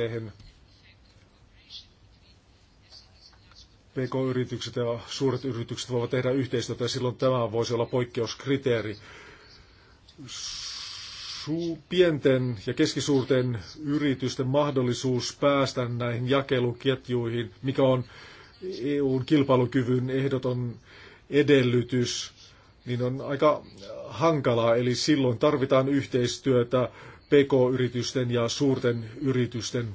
PK-yritykset ja suuret yritykset voivat tehdä yhteistyötä ja silloin tämä voisi olla poikkeuskriteeri. Su- pienten ja keskisuurten yritysten mahdollisuus päästä näihin jakeluketjuihin, mikä on EUn kilpailukyvyn ehdoton edellytys, niin on aika hankalaa. Eli silloin tarvitaan yhteistyötä PK-yritysten ja suurten yritysten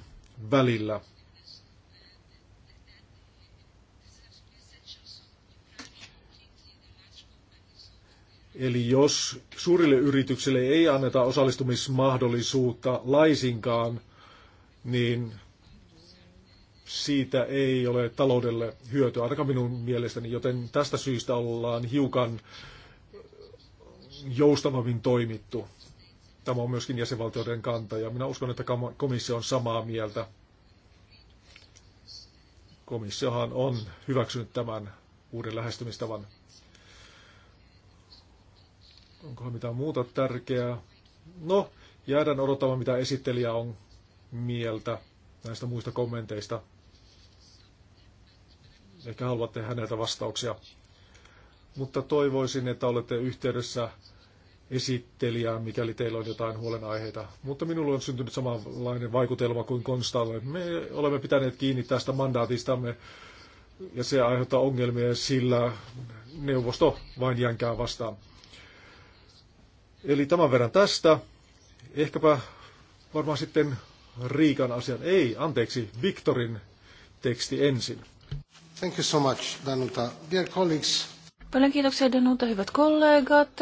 välillä. Eli jos suurille yrityksille ei anneta osallistumismahdollisuutta laisinkaan, niin siitä ei ole taloudelle hyötyä, ainakaan minun mielestäni, joten tästä syystä ollaan hiukan joustavammin toimittu. Tämä on myöskin jäsenvaltioiden kanta ja minä uskon, että komissio on samaa mieltä. Komissiohan on hyväksynyt tämän uuden lähestymistavan. Onko mitään muuta tärkeää? No, jäädään odottamaan, mitä esittelijä on mieltä näistä muista kommenteista. Ehkä haluatte häneltä vastauksia. Mutta toivoisin, että olette yhteydessä esittelijään, mikäli teillä on jotain huolenaiheita. Mutta minulle on syntynyt samanlainen vaikutelma kuin Konstalle. Me olemme pitäneet kiinni tästä mandaatistamme ja se aiheuttaa ongelmia, sillä neuvosto vain jänkää vastaan. Eli tämän verran tästä. Ehkäpä varmaan sitten Riikan asian. Ei, anteeksi, Viktorin teksti ensin. Thank you so much, Danuta. Dear colleagues. Paljon kiitoksia Danuta, hyvät kollegat.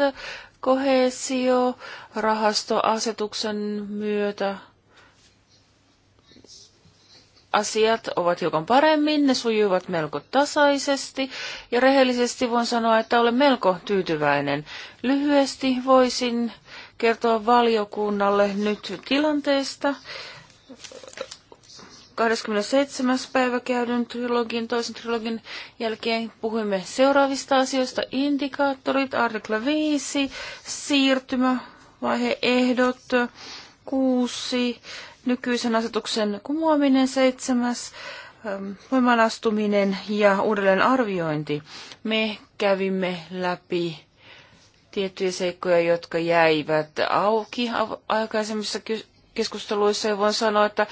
Kohesio, rahastoasetuksen myötä asiat ovat hiukan paremmin, ne sujuivat melko tasaisesti ja rehellisesti voin sanoa, että olen melko tyytyväinen. Lyhyesti voisin kertoa valiokunnalle nyt tilanteesta. 27. päivä käydyn trilogin, toisen trilogin jälkeen puhuimme seuraavista asioista. Indikaattorit, artikla 5, siirtymä, vaiheehdot, 6, nykyisen asetuksen kumoaminen, seitsemäs ähm, voimaanastuminen ja uudelleen arviointi. Me kävimme läpi tiettyjä seikkoja, jotka jäivät auki aikaisemmissa keskusteluissa ja voin sanoa, että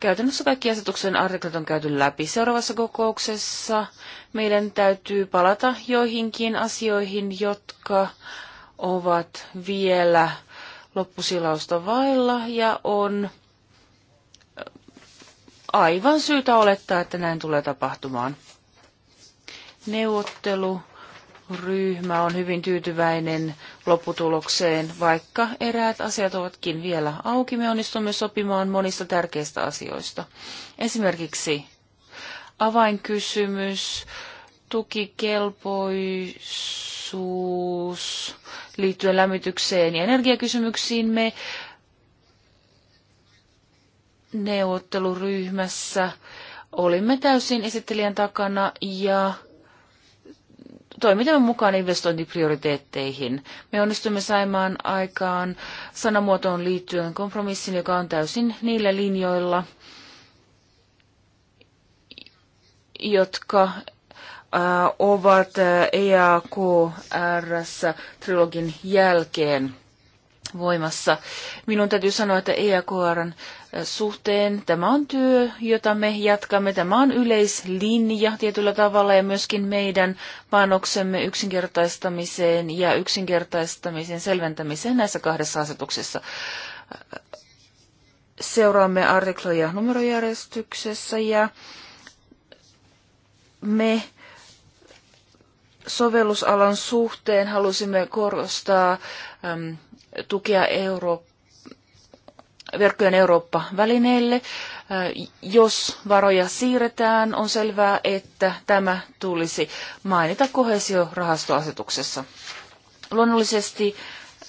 käytännössä kaikki asetuksen artiklat on käyty läpi. Seuraavassa kokouksessa meidän täytyy palata joihinkin asioihin, jotka ovat vielä loppusilausta vailla ja on aivan syytä olettaa, että näin tulee tapahtumaan. Neuvotteluryhmä on hyvin tyytyväinen lopputulokseen, vaikka eräät asiat ovatkin vielä auki. Me onnistumme sopimaan monista tärkeistä asioista. Esimerkiksi avainkysymys, tukikelpoisuus liittyen lämmitykseen ja energiakysymyksiin. Me neuvotteluryhmässä olimme täysin esittelijän takana ja toimitamme mukaan investointiprioriteetteihin. Me onnistumme saimaan aikaan sanamuotoon liittyen kompromissin, joka on täysin niillä linjoilla, jotka ovat EAKR-trilogin jälkeen voimassa. Minun täytyy sanoa, että EAKRn suhteen tämä on työ, jota me jatkamme. Tämä on yleislinja tietyllä tavalla ja myöskin meidän panoksemme yksinkertaistamiseen ja yksinkertaistamisen selventämiseen näissä kahdessa asetuksessa. Seuraamme artikloja numerojärjestyksessä ja me sovellusalan suhteen halusimme korostaa tukea euro, verkkojen Eurooppa-välineelle. Jos varoja siirretään, on selvää, että tämä tulisi mainita kohesiorahastoasetuksessa. Luonnollisesti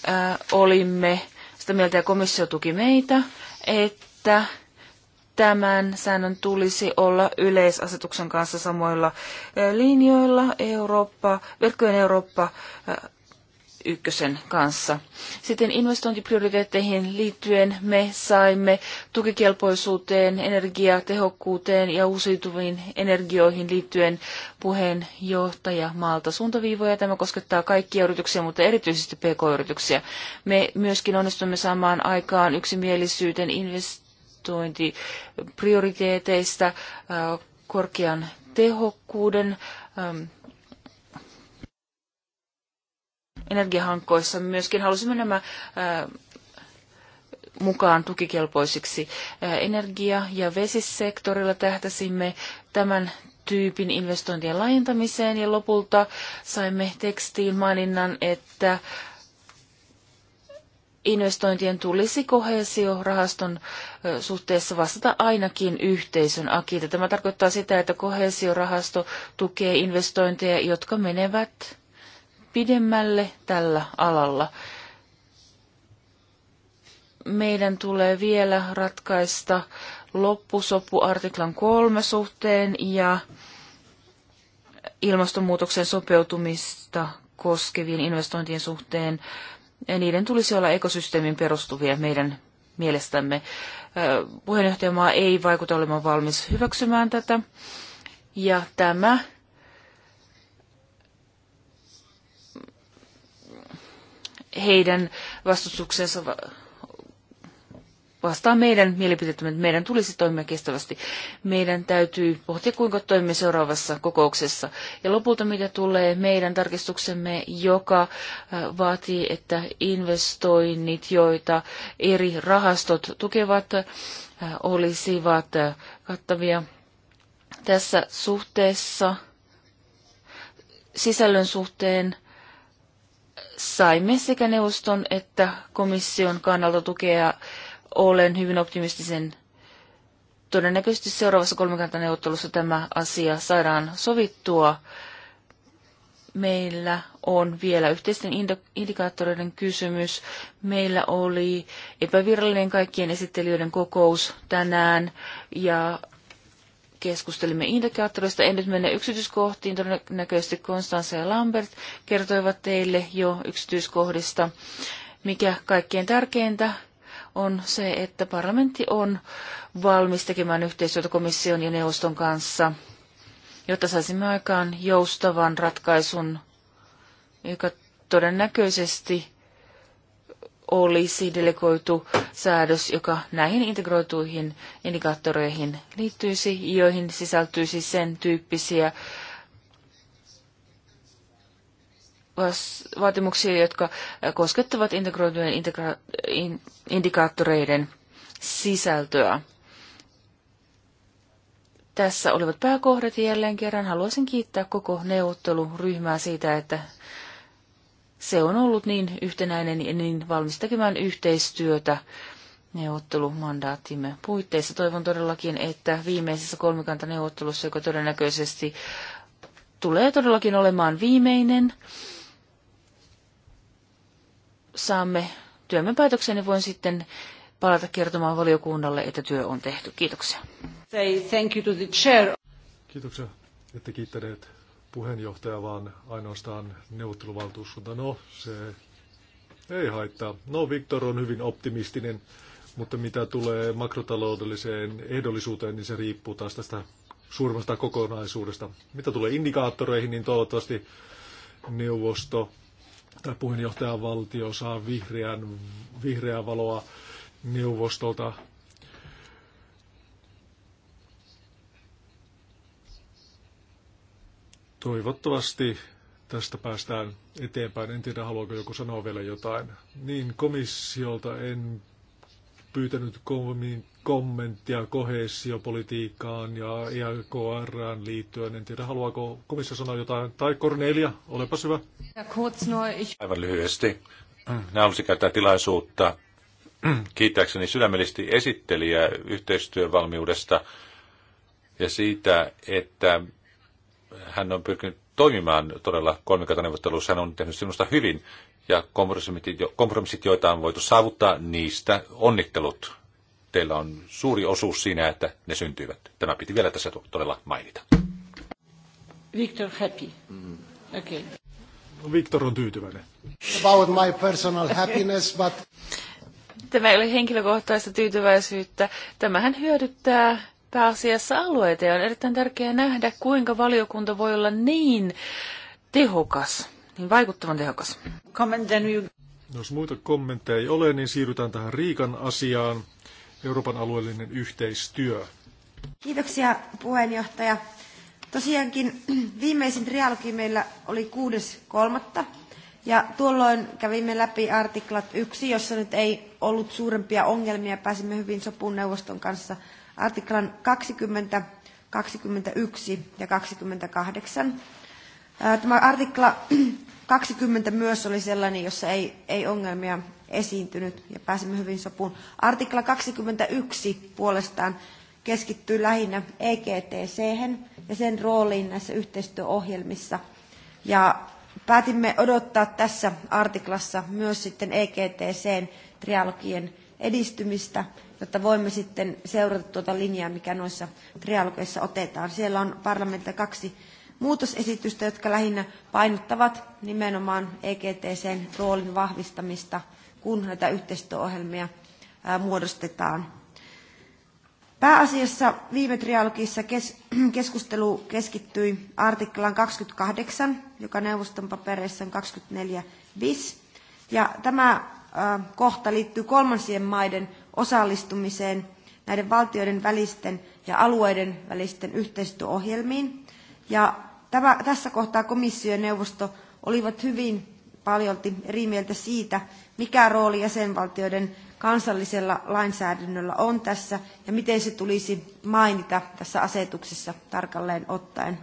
äh, olimme sitä mieltä, ja komissio tuki meitä, että tämän säännön tulisi olla yleisasetuksen kanssa samoilla linjoilla Eurooppa, verkkojen Eurooppa äh, ykkösen kanssa. Sitten investointiprioriteetteihin liittyen me saimme tukikelpoisuuteen, energiatehokkuuteen ja uusiutuviin energioihin liittyen puheenjohtaja maalta suuntaviivoja. Tämä koskettaa kaikkia yrityksiä, mutta erityisesti pk-yrityksiä. Me myöskin onnistumme saamaan aikaan yksimielisyyden investointiprioriteeteista, korkean tehokkuuden, energiahankkoissa myöskin halusimme nämä mukaan tukikelpoisiksi. Energia- ja vesisektorilla tähtäsimme tämän tyypin investointien laajentamiseen ja lopulta saimme tekstiin maininnan, että investointien tulisi kohesiorahaston suhteessa vastata ainakin yhteisön akiita. Tämä tarkoittaa sitä, että kohesiorahasto tukee investointeja, jotka menevät pidemmälle tällä alalla. Meidän tulee vielä ratkaista loppusopu artiklan kolme suhteen ja ilmastonmuutoksen sopeutumista koskevien investointien suhteen. Ja niiden tulisi olla ekosysteemin perustuvia meidän mielestämme. Puheenjohtajamaa ei vaikuta olemaan valmis hyväksymään tätä. Ja tämä heidän vastustuksensa vastaa meidän mielipiteettämme, että meidän tulisi toimia kestävästi. Meidän täytyy pohtia, kuinka toimimme seuraavassa kokouksessa. Ja lopulta mitä tulee meidän tarkistuksemme, joka äh, vaatii, että investoinnit, joita eri rahastot tukevat, äh, olisivat äh, kattavia tässä suhteessa sisällön suhteen – saimme sekä neuvoston että komission kannalta tukea. Olen hyvin optimistisen todennäköisesti seuraavassa kolmikantaneuvottelussa tämä asia saadaan sovittua. Meillä on vielä yhteisten indikaattoreiden kysymys. Meillä oli epävirallinen kaikkien esittelijöiden kokous tänään ja keskustelimme indikaattoreista. En nyt mene yksityiskohtiin. Todennäköisesti Konstanssa ja Lambert kertoivat teille jo yksityiskohdista. Mikä kaikkein tärkeintä on se, että parlamentti on valmis tekemään yhteistyötä komission ja neuvoston kanssa, jotta saisimme aikaan joustavan ratkaisun, joka todennäköisesti olisi delegoitu säädös, joka näihin integroituihin indikaattoreihin liittyisi, joihin sisältyisi sen tyyppisiä vaatimuksia, jotka koskettavat integroitujen integra- indikaattoreiden sisältöä. Tässä olivat pääkohdat ja jälleen kerran haluaisin kiittää koko neuvotteluryhmää siitä, että se on ollut niin yhtenäinen ja niin valmis tekemään yhteistyötä neuvottelumandaattimme puitteissa. Toivon todellakin, että viimeisessä kolmikantaneuvottelussa, joka todennäköisesti tulee todellakin olemaan viimeinen, saamme työmme päätökseen ja voin sitten palata kertomaan valiokunnalle, että työ on tehty. Kiitoksia. Thank you to the chair. Kiitoksia, että kiittäneet puheenjohtaja, vaan ainoastaan neuvotteluvaltuuskunta. No, se ei haittaa. No, Viktor on hyvin optimistinen, mutta mitä tulee makrotaloudelliseen ehdollisuuteen, niin se riippuu taas tästä suurimmasta kokonaisuudesta. Mitä tulee indikaattoreihin, niin toivottavasti neuvosto tai puheenjohtajavaltio saa vihreän, vihreää valoa neuvostolta Toivottavasti tästä päästään eteenpäin. En tiedä, haluaako joku sanoa vielä jotain. Niin, komissiolta en pyytänyt kommenttia kohesiopolitiikkaan ja EAKRään liittyen. En tiedä, haluaako komissio sanoa jotain. Tai Cornelia, olepa hyvä. Aivan lyhyesti. Nämä haluaisin käyttää tilaisuutta kiittääkseni sydämellisesti esittelijä yhteistyövalmiudesta ja siitä, että hän on pyrkinyt toimimaan todella kolmikantaneuvotteluissa. Hän on tehnyt sinusta hyvin ja kompromissit, joita on voitu saavuttaa, niistä onnittelut. Teillä on suuri osuus siinä, että ne syntyivät. Tämä piti vielä tässä todella mainita. Victor happy. Mm. Okay. Victor on tyytyväinen. About my personal happiness, but... Tämä ei ole henkilökohtaista tyytyväisyyttä. Tämähän hyödyttää pääasiassa alueita. Ja on erittäin tärkeää nähdä, kuinka valiokunta voi olla niin tehokas, niin vaikuttavan tehokas. No, jos muita kommentteja ei ole, niin siirrytään tähän Riikan asiaan. Euroopan alueellinen yhteistyö. Kiitoksia puheenjohtaja. Tosiaankin viimeisin trialogi meillä oli 6.3. Ja tuolloin kävimme läpi artiklat 1, jossa nyt ei ollut suurempia ongelmia. Pääsimme hyvin sopuun neuvoston kanssa artiklan 20, 21 ja 28. Tämä artikla 20 myös oli sellainen, jossa ei, ei ongelmia esiintynyt ja pääsimme hyvin sopuun. Artikla 21 puolestaan keskittyy lähinnä EGTC -hen ja sen rooliin näissä yhteistyöohjelmissa. Ja päätimme odottaa tässä artiklassa myös sitten EGTCn trialogien edistymistä jotta voimme sitten seurata tuota linjaa, mikä noissa trialogeissa otetaan. Siellä on parlamentti kaksi muutosesitystä, jotka lähinnä painottavat nimenomaan EGTCn roolin vahvistamista, kun näitä yhteistyöohjelmia muodostetaan. Pääasiassa viime trialogissa kes- keskustelu keskittyi artiklaan 28, joka neuvoston papereissa on 24 bis. Ja tämä kohta liittyy kolmansien maiden osallistumiseen näiden valtioiden välisten ja alueiden välisten yhteistyöohjelmiin. Ja tämä, tässä kohtaa komissio ja neuvosto olivat hyvin paljolti eri mieltä siitä, mikä rooli jäsenvaltioiden kansallisella lainsäädännöllä on tässä ja miten se tulisi mainita tässä asetuksessa tarkalleen ottaen.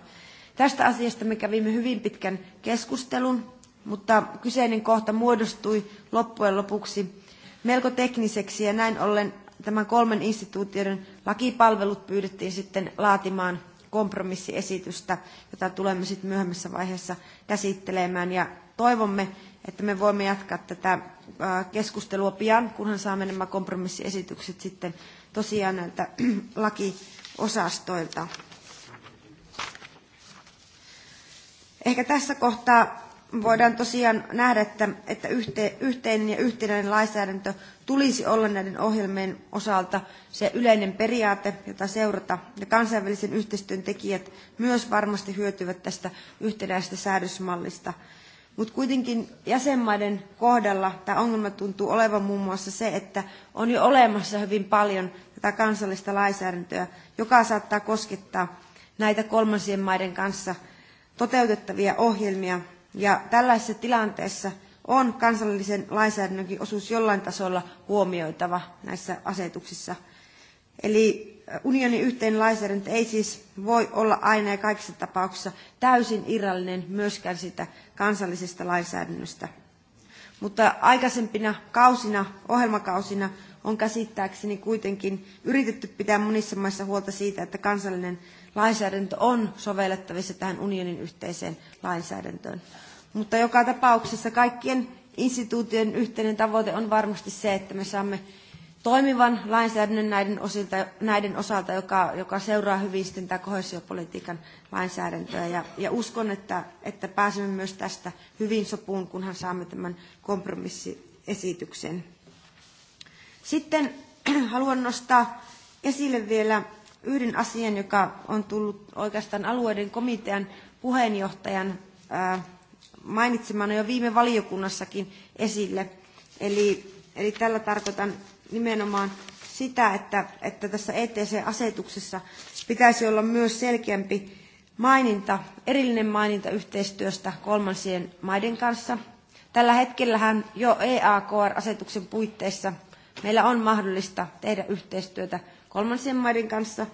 Tästä asiasta me kävimme hyvin pitkän keskustelun, mutta kyseinen kohta muodostui loppujen lopuksi melko tekniseksi ja näin ollen tämän kolmen instituutioiden lakipalvelut pyydettiin sitten laatimaan kompromissiesitystä, jota tulemme sitten myöhemmässä vaiheessa käsittelemään. Ja toivomme, että me voimme jatkaa tätä keskustelua pian, kunhan saamme nämä kompromissiesitykset sitten tosiaan näiltä lakiosastoilta. Ehkä tässä kohtaa voidaan tosiaan nähdä, että, että yhteinen ja yhtenäinen lainsäädäntö tulisi olla näiden ohjelmien osalta se yleinen periaate, jota seurata. Ja kansainvälisen yhteistyön tekijät myös varmasti hyötyvät tästä yhtenäisestä säädösmallista. Mutta kuitenkin jäsenmaiden kohdalla tämä ongelma tuntuu olevan muun muassa se, että on jo olemassa hyvin paljon tätä kansallista lainsäädäntöä, joka saattaa koskettaa näitä kolmansien maiden kanssa toteutettavia ohjelmia, ja tällaisessa tilanteessa on kansallisen lainsäädännönkin osuus jollain tasolla huomioitava näissä asetuksissa. Eli unionin yhteinen lainsäädäntö ei siis voi olla aina ja kaikissa tapauksissa täysin irrallinen myöskään siitä kansallisesta lainsäädännöstä. Mutta aikaisempina kausina, ohjelmakausina on käsittääkseni kuitenkin yritetty pitää monissa maissa huolta siitä, että kansallinen lainsäädäntö on sovellettavissa tähän unionin yhteiseen lainsäädäntöön. Mutta joka tapauksessa kaikkien instituutioiden yhteinen tavoite on varmasti se, että me saamme toimivan lainsäädännön näiden, osilta, näiden osalta, joka, joka seuraa hyvin sitten tämä kohesiopolitiikan lainsäädäntöä. Ja, ja uskon, että, että pääsemme myös tästä hyvin sopuun, kunhan saamme tämän kompromissiesityksen. Sitten haluan nostaa esille vielä yhden asian, joka on tullut oikeastaan alueiden komitean puheenjohtajan mainitsemana jo viime valiokunnassakin esille. Eli, eli tällä tarkoitan nimenomaan sitä, että, että tässä ETC-asetuksessa pitäisi olla myös selkeämpi maininta, erillinen maininta yhteistyöstä kolmansien maiden kanssa. Tällä hetkellähän jo EAKR-asetuksen puitteissa meillä on mahdollista tehdä yhteistyötä kolmansien maiden kanssa,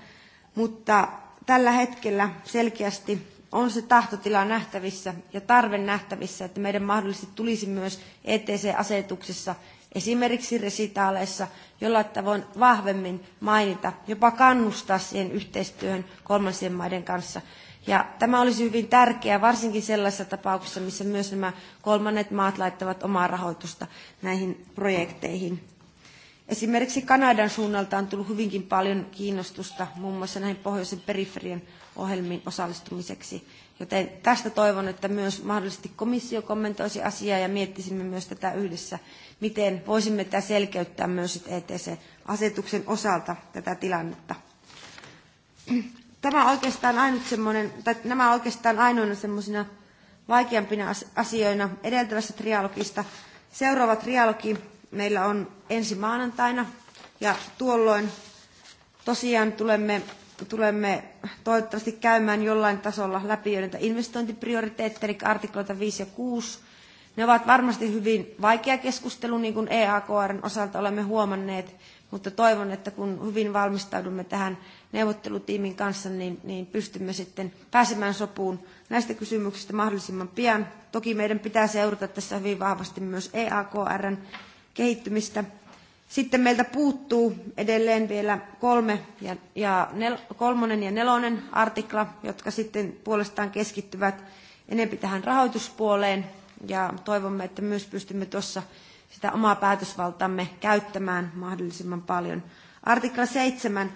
mutta tällä hetkellä selkeästi on se tahtotila nähtävissä ja tarve nähtävissä, että meidän mahdollisesti tulisi myös ETC-asetuksessa esimerkiksi resitaaleissa, jolla tavoin vahvemmin mainita, jopa kannustaa siihen yhteistyöhön kolmansien maiden kanssa. Ja tämä olisi hyvin tärkeää, varsinkin sellaisissa tapauksissa, missä myös nämä kolmannet maat laittavat omaa rahoitusta näihin projekteihin. Esimerkiksi Kanadan suunnalta on tullut hyvinkin paljon kiinnostusta muun muassa näihin pohjoisen periferian ohjelmiin osallistumiseksi. Joten tästä toivon, että myös mahdollisesti komissio kommentoisi asiaa ja miettisimme myös tätä yhdessä, miten voisimme tätä selkeyttää myös ETC-asetuksen osalta tätä tilannetta. Tämä oikeastaan ainut tai nämä oikeastaan ainoina semmoisina vaikeampina asioina edeltävästä trialogista. Seuraava trialogi meillä on ensi maanantaina ja tuolloin tosiaan tulemme tulemme toivottavasti käymään jollain tasolla läpi jo näitä investointiprioriteetteja, eli artikloita 5 ja 6. Ne ovat varmasti hyvin vaikea keskustelu, niin kuin EAKRn osalta olemme huomanneet, mutta toivon, että kun hyvin valmistaudumme tähän neuvottelutiimin kanssa, niin, niin pystymme sitten pääsemään sopuun näistä kysymyksistä mahdollisimman pian. Toki meidän pitää seurata tässä hyvin vahvasti myös EAKRn kehittymistä. Sitten meiltä puuttuu edelleen vielä kolme ja, ja nel, kolmonen ja nelonen artikla, jotka sitten puolestaan keskittyvät enempi tähän rahoituspuoleen. Ja toivomme, että myös pystymme tuossa sitä omaa päätösvaltamme käyttämään mahdollisimman paljon. Artikla 7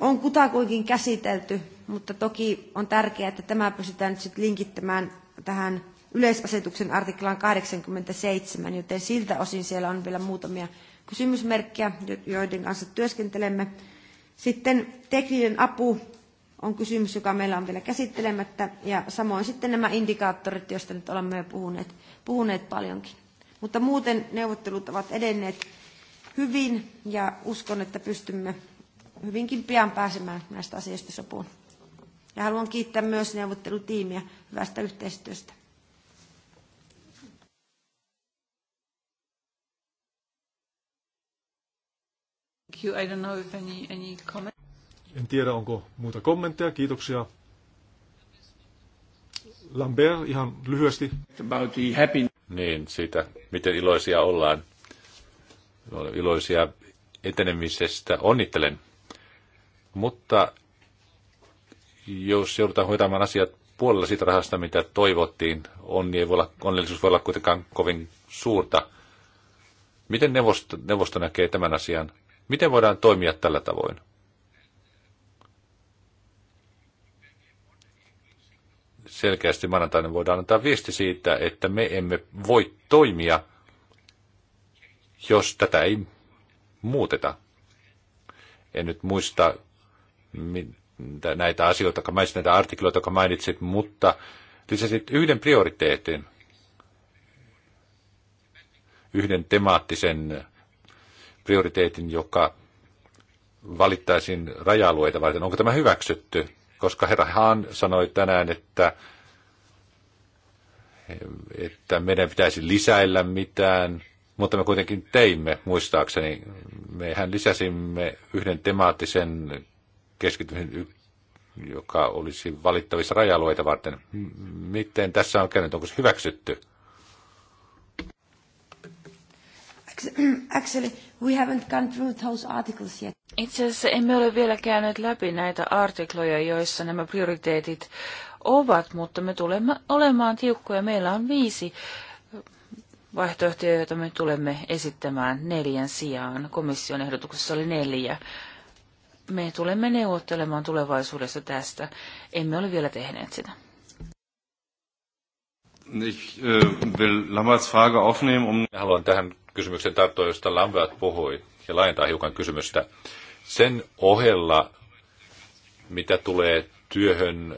on kutakuinkin käsitelty, mutta toki on tärkeää, että tämä pystytään nyt sitten linkittämään tähän yleisasetuksen artiklaan 87, joten siltä osin siellä on vielä muutamia kysymysmerkkejä, joiden kanssa työskentelemme. Sitten tekninen apu on kysymys, joka meillä on vielä käsittelemättä, ja samoin sitten nämä indikaattorit, joista nyt olemme jo puhuneet, puhuneet paljonkin. Mutta muuten neuvottelut ovat edenneet hyvin, ja uskon, että pystymme hyvinkin pian pääsemään näistä asioista sopuun. Ja haluan kiittää myös neuvottelutiimiä hyvästä yhteistyöstä. you. I don't know if any, any comment. En tiedä, onko muita kommentteja. Kiitoksia. Lambert, ihan lyhyesti. About the happy... Niin, siitä, miten iloisia ollaan. Iloisia etenemisestä onnittelen. Mutta jos joudutaan hoitamaan asiat puolella siitä rahasta, mitä toivottiin, onni ei voi olla, onnellisuus voi olla kuitenkaan kovin suurta. Miten neuvosto, neuvosto näkee tämän asian? Miten voidaan toimia tällä tavoin? Selkeästi maanantaina voidaan antaa viesti siitä, että me emme voi toimia, jos tätä ei muuteta. En nyt muista näitä asioita, jotka mainitsit, näitä artikloita, jotka mainitsit, mutta lisäsit yhden prioriteetin, yhden temaattisen prioriteetin, joka valittaisiin raja-alueita varten. Onko tämä hyväksytty? Koska herra Haan sanoi tänään, että, että meidän pitäisi lisäillä mitään, mutta me kuitenkin teimme, muistaakseni. Mehän lisäsimme yhden temaattisen keskittymisen, joka olisi valittavissa raja-alueita varten. Miten tässä on käynyt? Onko se hyväksytty? Actually, we haven't gone through those articles yet. Itse asiassa emme ole vielä käyneet läpi näitä artikloja, joissa nämä prioriteetit ovat, mutta me tulemme olemaan tiukkoja. Meillä on viisi vaihtoehtoja, joita me tulemme esittämään neljän sijaan. Komission ehdotuksessa oli neljä. Me tulemme neuvottelemaan tulevaisuudessa tästä. Emme ole vielä tehneet sitä. Ich äh, will Lamberts Frage aufnehmen, um... Haluan tähän kysymyksen tarttua, josta Lambert puhui, ja laajentaa hiukan kysymystä. Sen ohella, mitä tulee työhön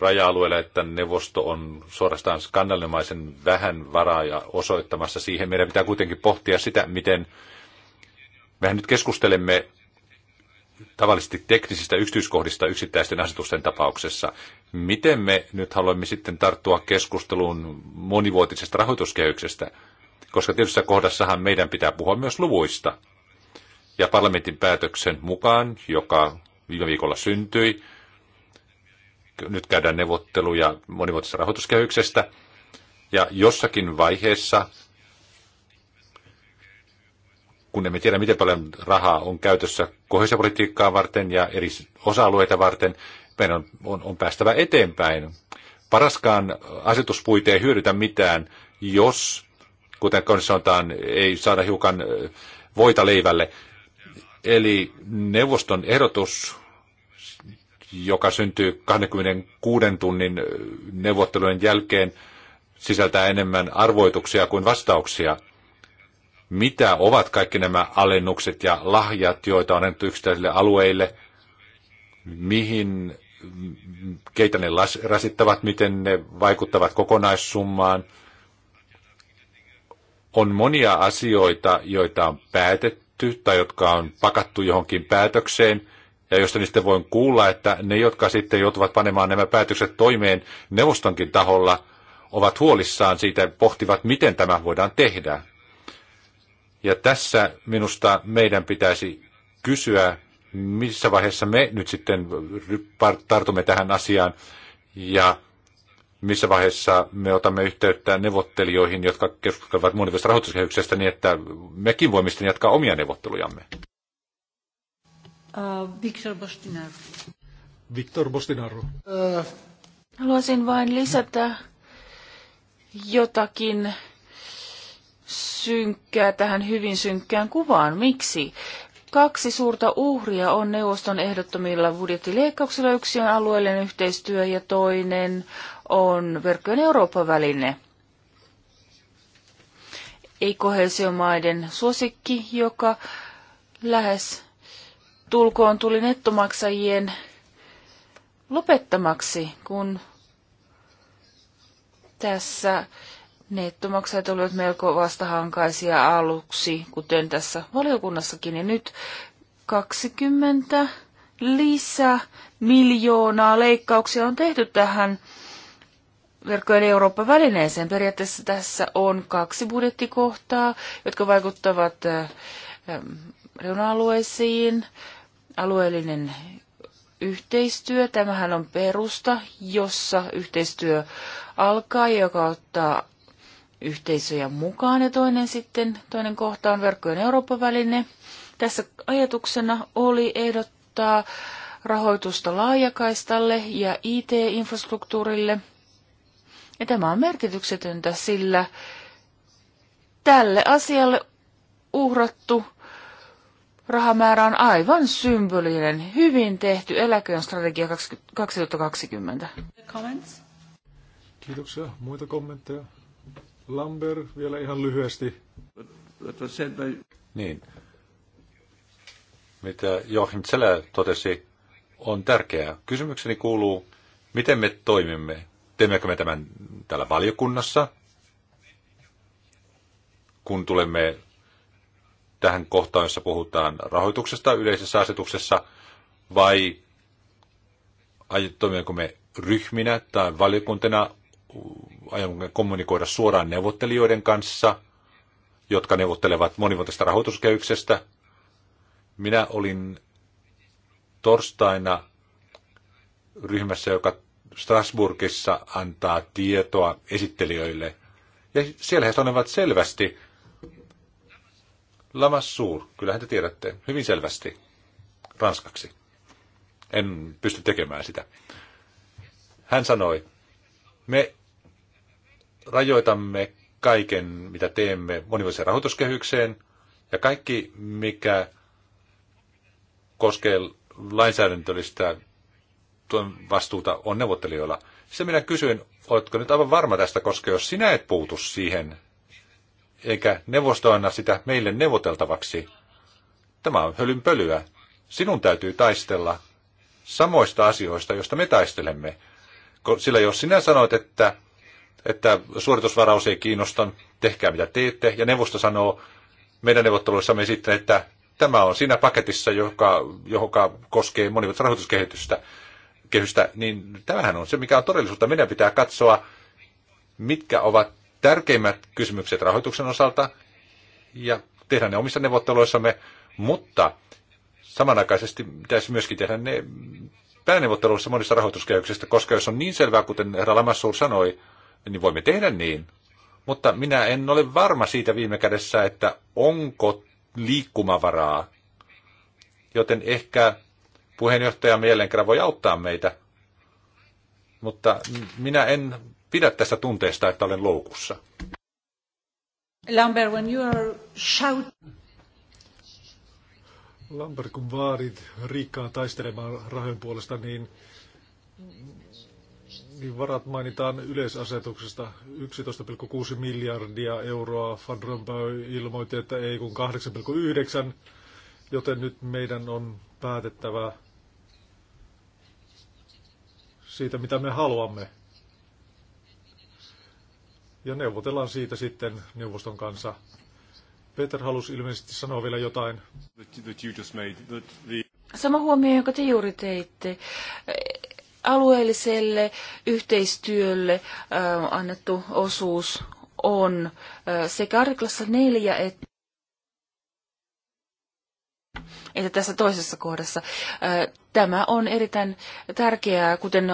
raja-alueella, että neuvosto on suorastaan skandalimaisen vähän varaa ja osoittamassa siihen. Meidän pitää kuitenkin pohtia sitä, miten mehän nyt keskustelemme tavallisesti teknisistä yksityiskohdista yksittäisten asetusten tapauksessa. Miten me nyt haluamme sitten tarttua keskusteluun monivuotisesta rahoituskehyksestä? koska tietyssä kohdassahan meidän pitää puhua myös luvuista. Ja parlamentin päätöksen mukaan, joka viime viikolla syntyi, nyt käydään neuvotteluja monivuotisesta rahoituskehyksestä, ja jossakin vaiheessa, kun emme tiedä, miten paljon rahaa on käytössä kohesiopolitiikkaa varten ja eri osa-alueita varten, meidän on, on, on päästävä eteenpäin. Paraskaan asetuspuite ei hyödytä mitään, jos kuten sanotaan, ei saada hiukan voita leivälle. Eli neuvoston ehdotus, joka syntyy 26 tunnin neuvottelujen jälkeen, sisältää enemmän arvoituksia kuin vastauksia. Mitä ovat kaikki nämä alennukset ja lahjat, joita on annettu yksittäisille alueille? Mihin, keitä ne rasittavat, miten ne vaikuttavat kokonaissummaan – on monia asioita, joita on päätetty tai jotka on pakattu johonkin päätökseen, ja josta niistä voin kuulla, että ne, jotka sitten joutuvat panemaan nämä päätökset toimeen neuvostonkin taholla, ovat huolissaan siitä ja pohtivat, miten tämä voidaan tehdä. Ja tässä minusta meidän pitäisi kysyä, missä vaiheessa me nyt sitten tartumme tähän asiaan ja missä vaiheessa me otamme yhteyttä neuvottelijoihin, jotka keskustelevat monivuotisesta rahoituskehyksestä, niin että mekin voimme sitten jatkaa omia neuvottelujamme. Uh, Viktor Bostinaru. Viktor Bostinaru. Uh. Haluaisin vain lisätä jotakin synkkää tähän hyvin synkkään kuvaan. Miksi? Kaksi suurta uhria on neuvoston ehdottomilla budjettileikkauksilla. Yksi on alueellinen yhteistyö ja toinen on verkkojen Euroopan väline. Ei kohesiomaiden suosikki, joka lähes tulkoon tuli nettomaksajien lopettamaksi, kun tässä nettomaksajat olivat melko vastahankaisia aluksi, kuten tässä valiokunnassakin. Ja nyt 20 lisää miljoonaa leikkauksia on tehty tähän verkkojen Eurooppa-välineeseen. Periaatteessa tässä on kaksi budjettikohtaa, jotka vaikuttavat reuna-alueisiin. Alueellinen yhteistyö, tämähän on perusta, jossa yhteistyö alkaa, joka ottaa yhteisöjä mukaan. Ja toinen sitten, toinen kohta on verkkojen Eurooppa-väline. Tässä ajatuksena oli ehdottaa rahoitusta laajakaistalle ja IT-infrastruktuurille – ja tämä on merkityksetöntä, sillä tälle asialle uhrattu rahamäärä on aivan symbolinen. Hyvin tehty eläköön strategia 2020. Comments? Kiitoksia. Muita kommentteja? Lambert vielä ihan lyhyesti. Niin. Mitä Joachim Zeller totesi, on tärkeää. Kysymykseni kuuluu, miten me toimimme? teemmekö me tämän täällä valiokunnassa, kun tulemme tähän kohtaan, jossa puhutaan rahoituksesta yleisessä asetuksessa, vai toimimmeko me ryhminä tai valiokuntana, aiomme kommunikoida suoraan neuvottelijoiden kanssa, jotka neuvottelevat monivuotisesta rahoituskehyksestä. Minä olin torstaina ryhmässä, joka Strasburgissa antaa tietoa esittelijöille. Ja siellä he sanovat selvästi, suur, kyllähän te tiedätte, hyvin selvästi, ranskaksi. En pysty tekemään sitä. Hän sanoi, me rajoitamme kaiken, mitä teemme monivuotiseen rahoituskehykseen, ja kaikki, mikä koskee lainsäädäntöllistä tuon vastuuta on neuvottelijoilla. Se minä kysyin, oletko nyt aivan varma tästä, koska jos sinä et puutu siihen, eikä neuvosto anna sitä meille neuvoteltavaksi, tämä on hölynpölyä. Sinun täytyy taistella samoista asioista, joista me taistelemme. Sillä jos sinä sanoit, että, että suoritusvaraus ei kiinnosta, tehkää mitä teette, ja neuvosto sanoo meidän neuvotteluissamme sitten, että tämä on siinä paketissa, joka, joka koskee monivuotista rahoituskehitystä kehystä, niin tämähän on se, mikä on todellisuutta. Meidän pitää katsoa, mitkä ovat tärkeimmät kysymykset rahoituksen osalta ja tehdä ne omissa neuvotteluissamme, mutta samanaikaisesti pitäisi myöskin tehdä ne pääneuvotteluissa monissa rahoituskehyksistä, koska jos on niin selvää, kuten herra Lamassuur sanoi, niin voimme tehdä niin. Mutta minä en ole varma siitä viime kädessä, että onko liikkumavaraa. Joten ehkä Puheenjohtaja mieleen kerran voi auttaa meitä, mutta minä en pidä tästä tunteesta, että olen loukussa. Lambert, when you are shout... Lambert, kun vaadit Riikkaa taistelemaan rahojen puolesta, niin, niin varat mainitaan yleisasetuksesta 11,6 miljardia euroa. Van Rompuy ilmoitti, että ei kun 8,9, joten nyt meidän on päätettävä siitä, mitä me haluamme. Ja neuvotellaan siitä sitten neuvoston kanssa. Peter halusi ilmeisesti sanoa vielä jotain. Sama huomio, jonka te juuri teitte. Alueelliselle yhteistyölle äh, annettu osuus on äh, sekä artiklassa 4 että että tässä toisessa kohdassa. Tämä on erittäin tärkeää, kuten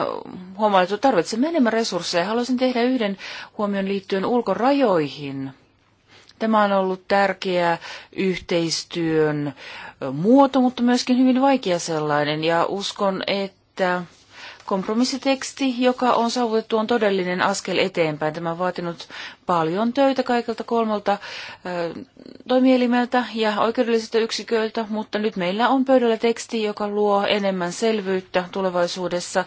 huomailtu, tarvitsemme enemmän resursseja. Haluaisin tehdä yhden huomion liittyen ulkorajoihin. Tämä on ollut tärkeä yhteistyön muoto, mutta myöskin hyvin vaikea sellainen, ja uskon, että Kompromissiteksti, joka on saavutettu, on todellinen askel eteenpäin. Tämä on vaatinut paljon töitä kaikilta kolmelta toimielimeltä ja oikeudellisilta yksiköiltä, mutta nyt meillä on pöydällä teksti, joka luo enemmän selvyyttä tulevaisuudessa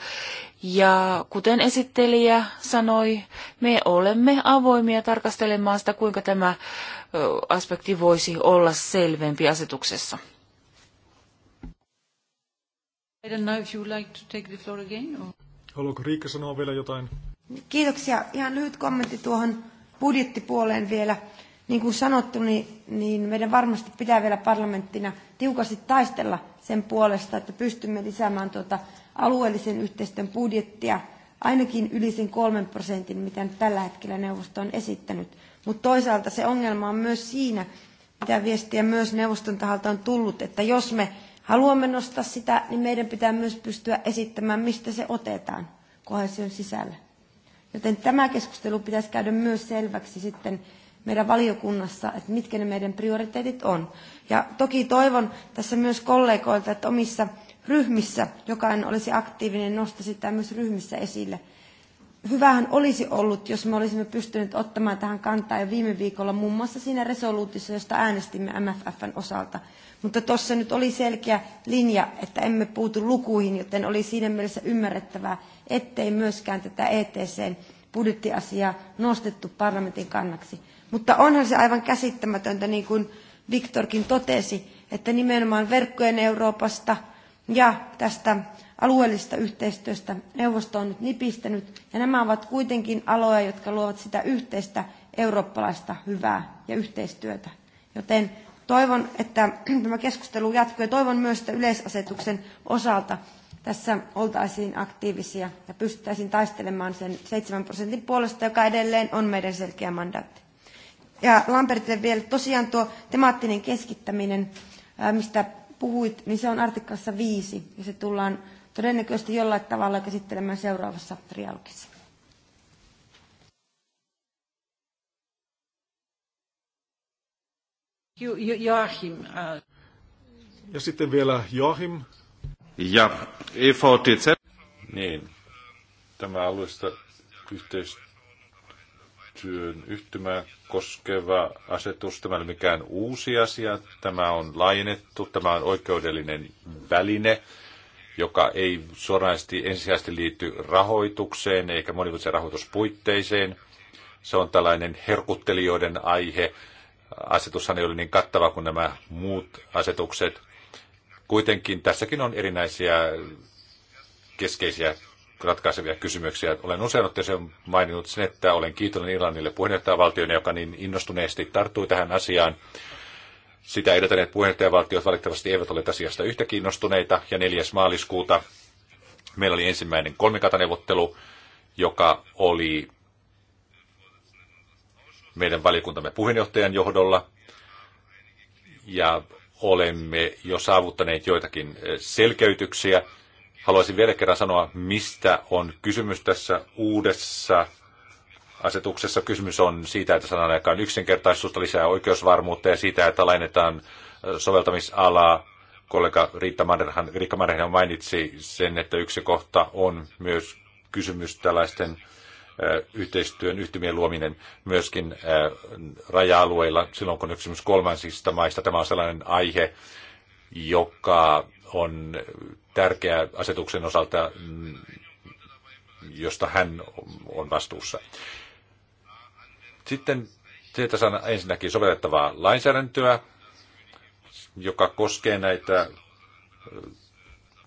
ja kuten esittelijä sanoi, me olemme avoimia tarkastelemaan sitä, kuinka tämä aspekti voisi olla selvempi asetuksessa. I don't know if you would like to take the floor again, or... Haluatko Riikka sanoa vielä jotain? Kiitoksia. Ihan lyhyt kommentti tuohon budjettipuoleen vielä. Niin kuin sanottu, niin, niin meidän varmasti pitää vielä parlamenttina tiukasti taistella sen puolesta, että pystymme lisäämään tuota alueellisen yhteistyön budjettia ainakin yli sen kolmen prosentin, mitä nyt tällä hetkellä neuvosto on esittänyt. Mutta toisaalta se ongelma on myös siinä, mitä viestiä myös neuvoston taholta on tullut, että jos me haluamme nostaa sitä, niin meidän pitää myös pystyä esittämään, mistä se otetaan kohesion sisällä. Joten tämä keskustelu pitäisi käydä myös selväksi sitten meidän valiokunnassa, että mitkä ne meidän prioriteetit on. Ja toki toivon tässä myös kollegoilta, että omissa ryhmissä jokainen olisi aktiivinen, nostaisi sitä myös ryhmissä esille – hyvähän olisi ollut, jos me olisimme pystyneet ottamaan tähän kantaa jo viime viikolla muun muassa siinä resoluutissa, josta äänestimme MFFn osalta. Mutta tuossa nyt oli selkeä linja, että emme puutu lukuihin, joten oli siinä mielessä ymmärrettävää, ettei myöskään tätä ETCn budjettiasiaa nostettu parlamentin kannaksi. Mutta onhan se aivan käsittämätöntä, niin kuin Viktorkin totesi, että nimenomaan verkkojen Euroopasta ja tästä Alueellisesta yhteistyöstä neuvosto on nyt nipistänyt, ja nämä ovat kuitenkin aloja, jotka luovat sitä yhteistä eurooppalaista hyvää ja yhteistyötä. Joten toivon, että tämä keskustelu jatkuu, ja toivon myös, että yleisasetuksen osalta tässä oltaisiin aktiivisia ja pystyttäisiin taistelemaan sen 7 prosentin puolesta, joka edelleen on meidän selkeä mandaatti. Ja Lambertille vielä tosiaan tuo temaattinen keskittäminen, mistä puhuit, niin se on artiklassa viisi, ja se tullaan todennäköisesti jollain tavalla käsittelemään seuraavassa trialogissa. Joachim. Äh. Ja sitten vielä Joachim. Ja EVTZ. Niin, tämä alueesta yhteistyön yhtymää koskeva asetus, tämä ei ole mikään uusi asia, tämä on laajennettu, tämä on oikeudellinen väline, joka ei suoranaisesti ensisijaisesti liity rahoitukseen eikä monivuotiseen rahoituspuitteiseen. Se on tällainen herkuttelijoiden aihe. Asetushan ei ole niin kattava kuin nämä muut asetukset. Kuitenkin tässäkin on erinäisiä keskeisiä ratkaisevia kysymyksiä. Olen usein otteeseen maininnut sen, että olen kiitollinen Irlannille puheenjohtajavaltioon, joka niin innostuneesti tarttui tähän asiaan. Sitä edeltäneet puheenjohtajavaltiot valitettavasti eivät ole asiasta yhtä kiinnostuneita. Ja 4. maaliskuuta meillä oli ensimmäinen kolmikantaneuvottelu, joka oli meidän valiokuntamme puheenjohtajan johdolla. Ja olemme jo saavuttaneet joitakin eh, selkeytyksiä. Haluaisin vielä kerran sanoa, mistä on kysymys tässä uudessa asetuksessa. Kysymys on siitä, että sanan aikaan yksinkertaisuutta, lisää oikeusvarmuutta ja siitä, että lainetaan soveltamisalaa. Kollega Riitta Mannerhan, Riikka Mannerhan mainitsi sen, että yksi kohta on myös kysymys tällaisten yhteistyön yhtymien luominen myöskin raja-alueilla silloin, kun kysymys kolmansista maista. Tämä on sellainen aihe, joka on tärkeä asetuksen osalta, mm, josta hän on vastuussa. Sitten sieltä saadaan ensinnäkin sovellettavaa lainsäädäntöä, joka koskee näitä,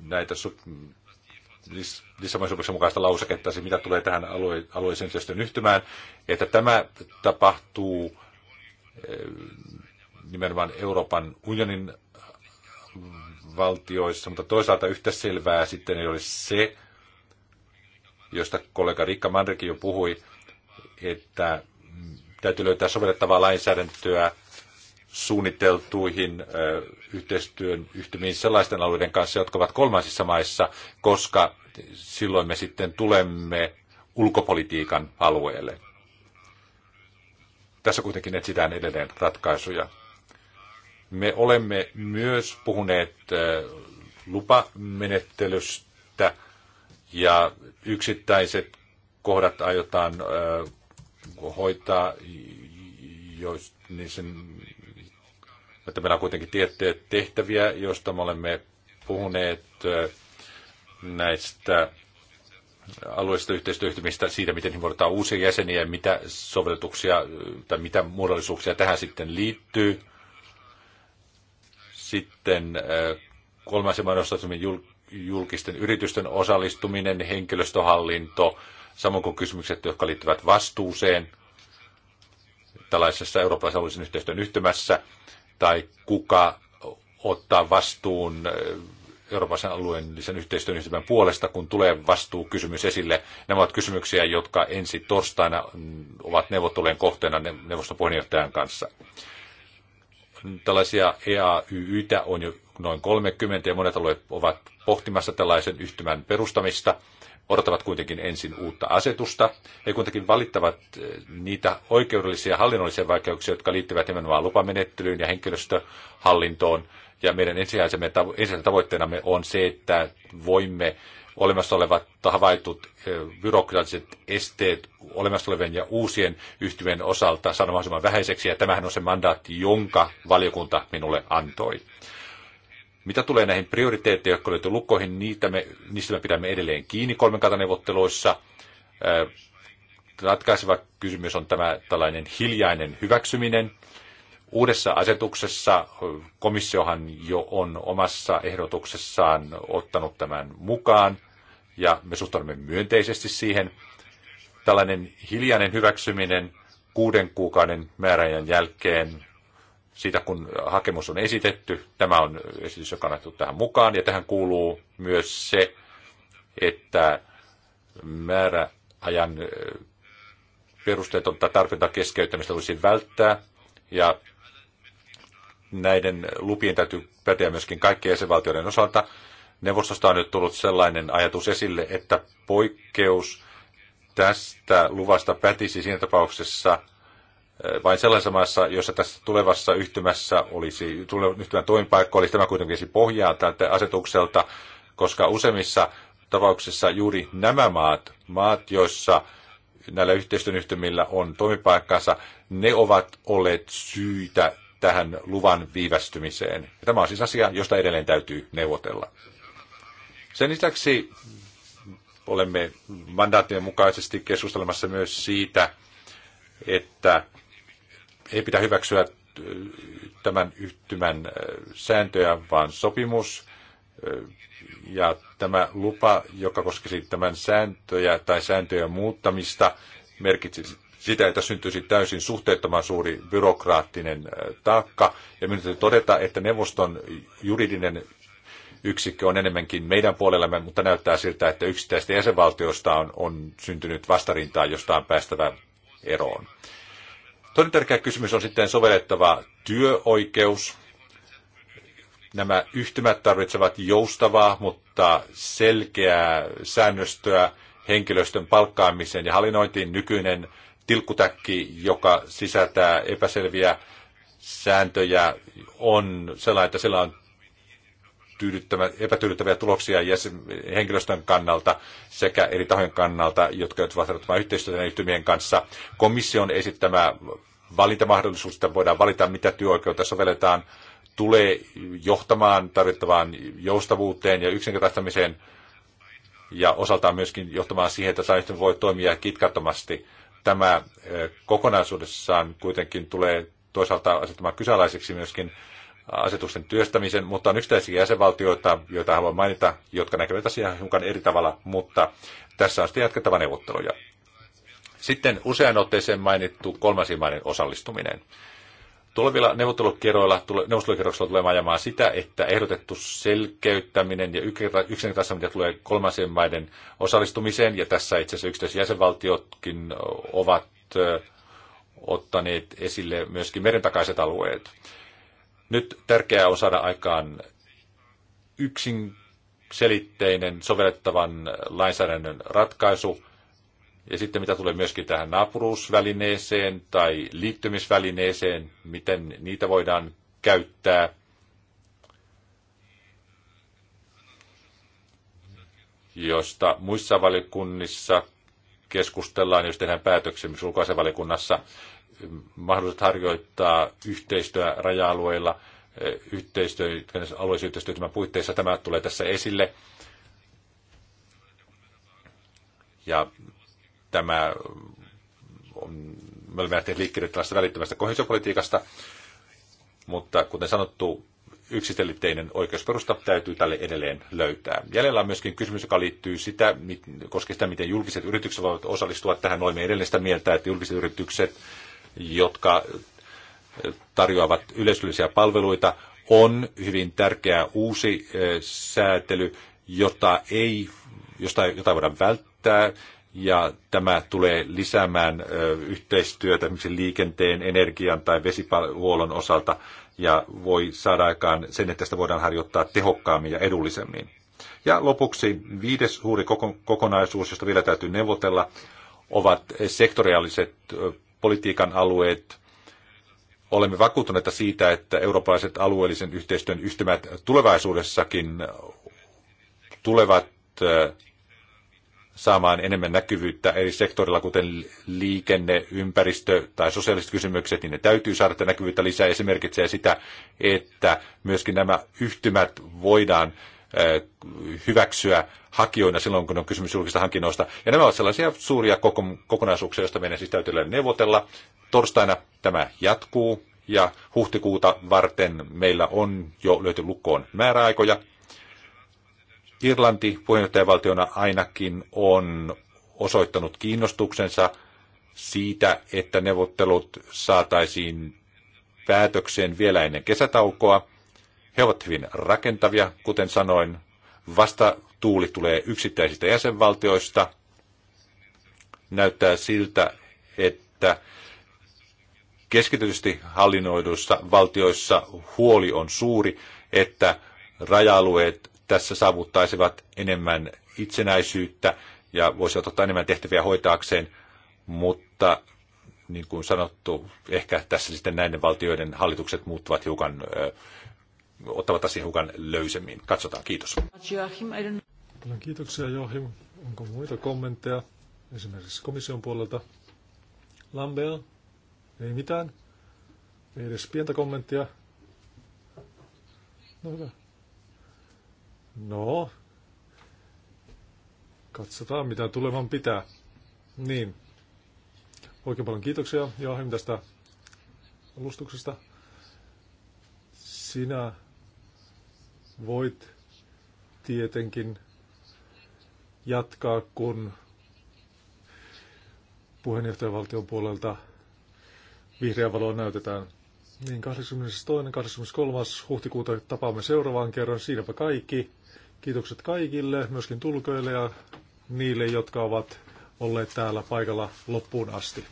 näitä Lissabonin sopimuksen mukaista lauseketta, siis mitä tulee tähän alue, alueellisen yhteistyön yhtymään, että tämä tapahtuu eh, nimenomaan Euroopan unionin valtioissa, mutta toisaalta yhtä selvää sitten ei ole se, josta kollega Rikka Mandrikin jo puhui, että täytyy löytää sovellettavaa lainsäädäntöä suunniteltuihin yhteistyön yhtymiin sellaisten alueiden kanssa, jotka ovat kolmansissa maissa, koska silloin me sitten tulemme ulkopolitiikan alueelle. Tässä kuitenkin etsitään edelleen ratkaisuja. Me olemme myös puhuneet lupamenettelystä ja yksittäiset kohdat aiotaan hoitaa, jos, niin sen, että meillä on kuitenkin tiettyjä tehtäviä, joista me olemme puhuneet näistä alueellisesta yhteistyöhtymistä siitä, miten voidaan uusia jäseniä ja mitä sovelluksia tai mitä muodollisuuksia tähän sitten liittyy. Sitten kolmas maiden julkisten yritysten osallistuminen, henkilöstöhallinto, samoin kuin kysymykset, jotka liittyvät vastuuseen tällaisessa eurooppalaisen alueellisen yhteistyön yhtymässä, tai kuka ottaa vastuun Euroopan alueellisen yhteistyön yhtymän puolesta, kun tulee vastuukysymys esille. Nämä ovat kysymyksiä, jotka ensi torstaina mm, ovat neuvottelujen kohteena neuvoston puheenjohtajan kanssa. Tällaisia EAYYtä on jo noin 30 ja monet alueet ovat pohtimassa tällaisen yhtymän perustamista odottavat kuitenkin ensin uutta asetusta. He kuitenkin valittavat eh, niitä oikeudellisia ja hallinnollisia vaikeuksia, jotka liittyvät nimenomaan lupamenettelyyn ja henkilöstöhallintoon. Ja meidän ensisijaisemme ensisijaisena tavoitteenamme on se, että voimme olemassa olevat havaitut eh, byrokraattiset esteet olemassa olevien ja uusien yhtymien osalta saada mahdollisimman vähäiseksi, ja tämähän on se mandaatti, jonka valiokunta minulle antoi. Mitä tulee näihin prioriteetteihin, jotka löytyy lukkoihin, niitä me, niistä me pidämme edelleen kiinni neuvotteluissa. Ratkaiseva kysymys on tämä tällainen hiljainen hyväksyminen. Uudessa asetuksessa komissiohan jo on omassa ehdotuksessaan ottanut tämän mukaan, ja me suhtaudumme myönteisesti siihen. Tällainen hiljainen hyväksyminen kuuden kuukauden määräajan jälkeen siitä, kun hakemus on esitetty. Tämä on esitys, joka on annettu tähän mukaan, ja tähän kuuluu myös se, että määräajan perusteetonta tarpeita keskeyttämistä tulisi välttää, ja näiden lupien täytyy päteä myöskin kaikkien jäsenvaltioiden osalta. Neuvostosta on nyt tullut sellainen ajatus esille, että poikkeus tästä luvasta pätisi siinä tapauksessa – vain sellaisessa maassa, jossa tässä tulevassa yhtymässä olisi, yhtymän toimipaikka olisi tämä kuitenkin pohjaa tältä asetukselta, koska useimmissa tapauksissa juuri nämä maat, maat, joissa näillä yhteistyön yhtymillä on toimipaikkansa, ne ovat olleet syytä tähän luvan viivästymiseen. Ja tämä on siis asia, josta edelleen täytyy neuvotella. Sen lisäksi olemme mandaattien mukaisesti keskustelemassa myös siitä, että ei pidä hyväksyä äh, tämän yhtymän äh, sääntöjä, vaan sopimus. Äh, ja tämä lupa, joka koskisi tämän sääntöjä tai sääntöjen muuttamista, merkitsi sitä, että syntyisi täysin suhteettoman suuri byrokraattinen taakka. Ja minun täytyy todeta, että neuvoston juridinen yksikkö on enemmänkin meidän puolellamme, mutta näyttää siltä, että yksittäistä jäsenvaltiosta on, on syntynyt vastarintaa, josta on päästävä eroon. Toinen tärkeä kysymys on sitten sovellettava työoikeus. Nämä yhtymät tarvitsevat joustavaa, mutta selkeää säännöstöä henkilöstön palkkaamiseen ja hallinnointiin nykyinen tilkkutäkki, joka sisältää epäselviä sääntöjä, on sellainen, että sillä on epätyydyttäviä tuloksia henkilöstön kannalta sekä eri tahojen kannalta, jotka joutuvat harjoittamaan yhteistyötä yhtymien kanssa. Komission esittämä valintamahdollisuus, että voidaan valita, mitä työoikeutta sovelletaan, tulee johtamaan tarvittavaan joustavuuteen ja yksinkertaistamiseen ja osaltaan myöskin johtamaan siihen, että säännöstö voi toimia kitkattomasti. Tämä eh, kokonaisuudessaan kuitenkin tulee toisaalta asettamaan kyseenalaiseksi myöskin asetusten työstämisen, mutta on yksittäisiä jäsenvaltioita, joita haluan mainita, jotka näkevät asiaa hiukan eri tavalla, mutta tässä on sitten jatkettava neuvotteluja. Sitten usean otteeseen mainittu kolmansien maiden osallistuminen. Tulevilla neuvottelukierroilla, neuvottelukierroksilla tulee ajamaan sitä, että ehdotettu selkeyttäminen ja yksinkertaistaminen, mitä tulee kolmansien maiden osallistumiseen, ja tässä itse asiassa yksittäiset jäsenvaltiotkin ovat ottaneet esille myöskin merentakaiset alueet. Nyt tärkeää on saada aikaan yksin selitteinen sovellettavan lainsäädännön ratkaisu. Ja sitten mitä tulee myöskin tähän naapuruusvälineeseen tai liittymisvälineeseen, miten niitä voidaan käyttää. josta muissa valiokunnissa keskustellaan, jos tehdään päätöksiä myös ulkoasevalikunnassa, mahdollisuudet harjoittaa yhteistyötä raja-alueilla, eh, yhteistyö, alueisyhteistyötymän puitteissa, tämä tulee tässä esille. Ja tämä on, me olemme lähteneet liikkeelle tällaista välittömästä kohesiopolitiikasta, mutta kuten sanottu, yksiselitteinen oikeusperusta täytyy tälle edelleen löytää. Jäljellä on myöskin kysymys, joka liittyy sitä, koskee sitä, miten julkiset yritykset voivat osallistua tähän. Olemme edelleen sitä mieltä, että julkiset yritykset, jotka tarjoavat yleisöllisiä palveluita, on hyvin tärkeä uusi e, säätely, jota ei, josta, jota voidaan välttää, ja tämä tulee lisäämään e, yhteistyötä esimerkiksi liikenteen, energian tai vesihuollon osalta ja voi saada aikaan sen, että sitä voidaan harjoittaa tehokkaammin ja edullisemmin. Ja lopuksi viides suuri kokonaisuus, josta vielä täytyy neuvotella, ovat sektoriaaliset politiikan alueet. Olemme vakuuttuneita siitä, että eurooppalaiset alueellisen yhteistyön yhtymät tulevaisuudessakin tulevat saamaan enemmän näkyvyyttä eri sektorilla, kuten liikenne, ympäristö tai sosiaaliset kysymykset, niin ne täytyy saada näkyvyyttä lisää. Ja se merkitsee sitä, että myöskin nämä yhtymät voidaan hyväksyä hakijoina silloin, kun on kysymys julkista hankinnoista. Ja nämä ovat sellaisia suuria kokonaisuuksia, joista meidän siis täytyy neuvotella. Torstaina tämä jatkuu ja huhtikuuta varten meillä on jo löyty lukkoon määräaikoja. Irlanti puheenjohtajavaltiona ainakin on osoittanut kiinnostuksensa siitä, että neuvottelut saataisiin päätökseen vielä ennen kesätaukoa. He ovat hyvin rakentavia, kuten sanoin. Vasta tuuli tulee yksittäisistä jäsenvaltioista. Näyttää siltä, että keskitytysti hallinnoiduissa valtioissa huoli on suuri, että raja-alueet tässä saavuttaisivat enemmän itsenäisyyttä ja voisivat ottaa enemmän tehtäviä hoitaakseen, mutta niin kuin sanottu, ehkä tässä sitten näiden valtioiden hallitukset muuttuvat hiukan, ö, ottavat asian hiukan löysemmin. Katsotaan, kiitos. kiitoksia Joachim. Onko muita kommentteja esimerkiksi komission puolelta? Lambea? Ei mitään? Ei edes pientä kommenttia? No hyvä. No, katsotaan mitä tulevan pitää. Niin, oikein paljon kiitoksia Joahim tästä alustuksesta. Sinä voit tietenkin jatkaa, kun puheenjohtajavaltion puolelta vihreä valoa näytetään. Niin 82. 83. huhtikuuta tapaamme seuraavaan kerran. Siinäpä kaikki. Kiitokset kaikille, myöskin tulkoille ja niille, jotka ovat olleet täällä paikalla loppuun asti.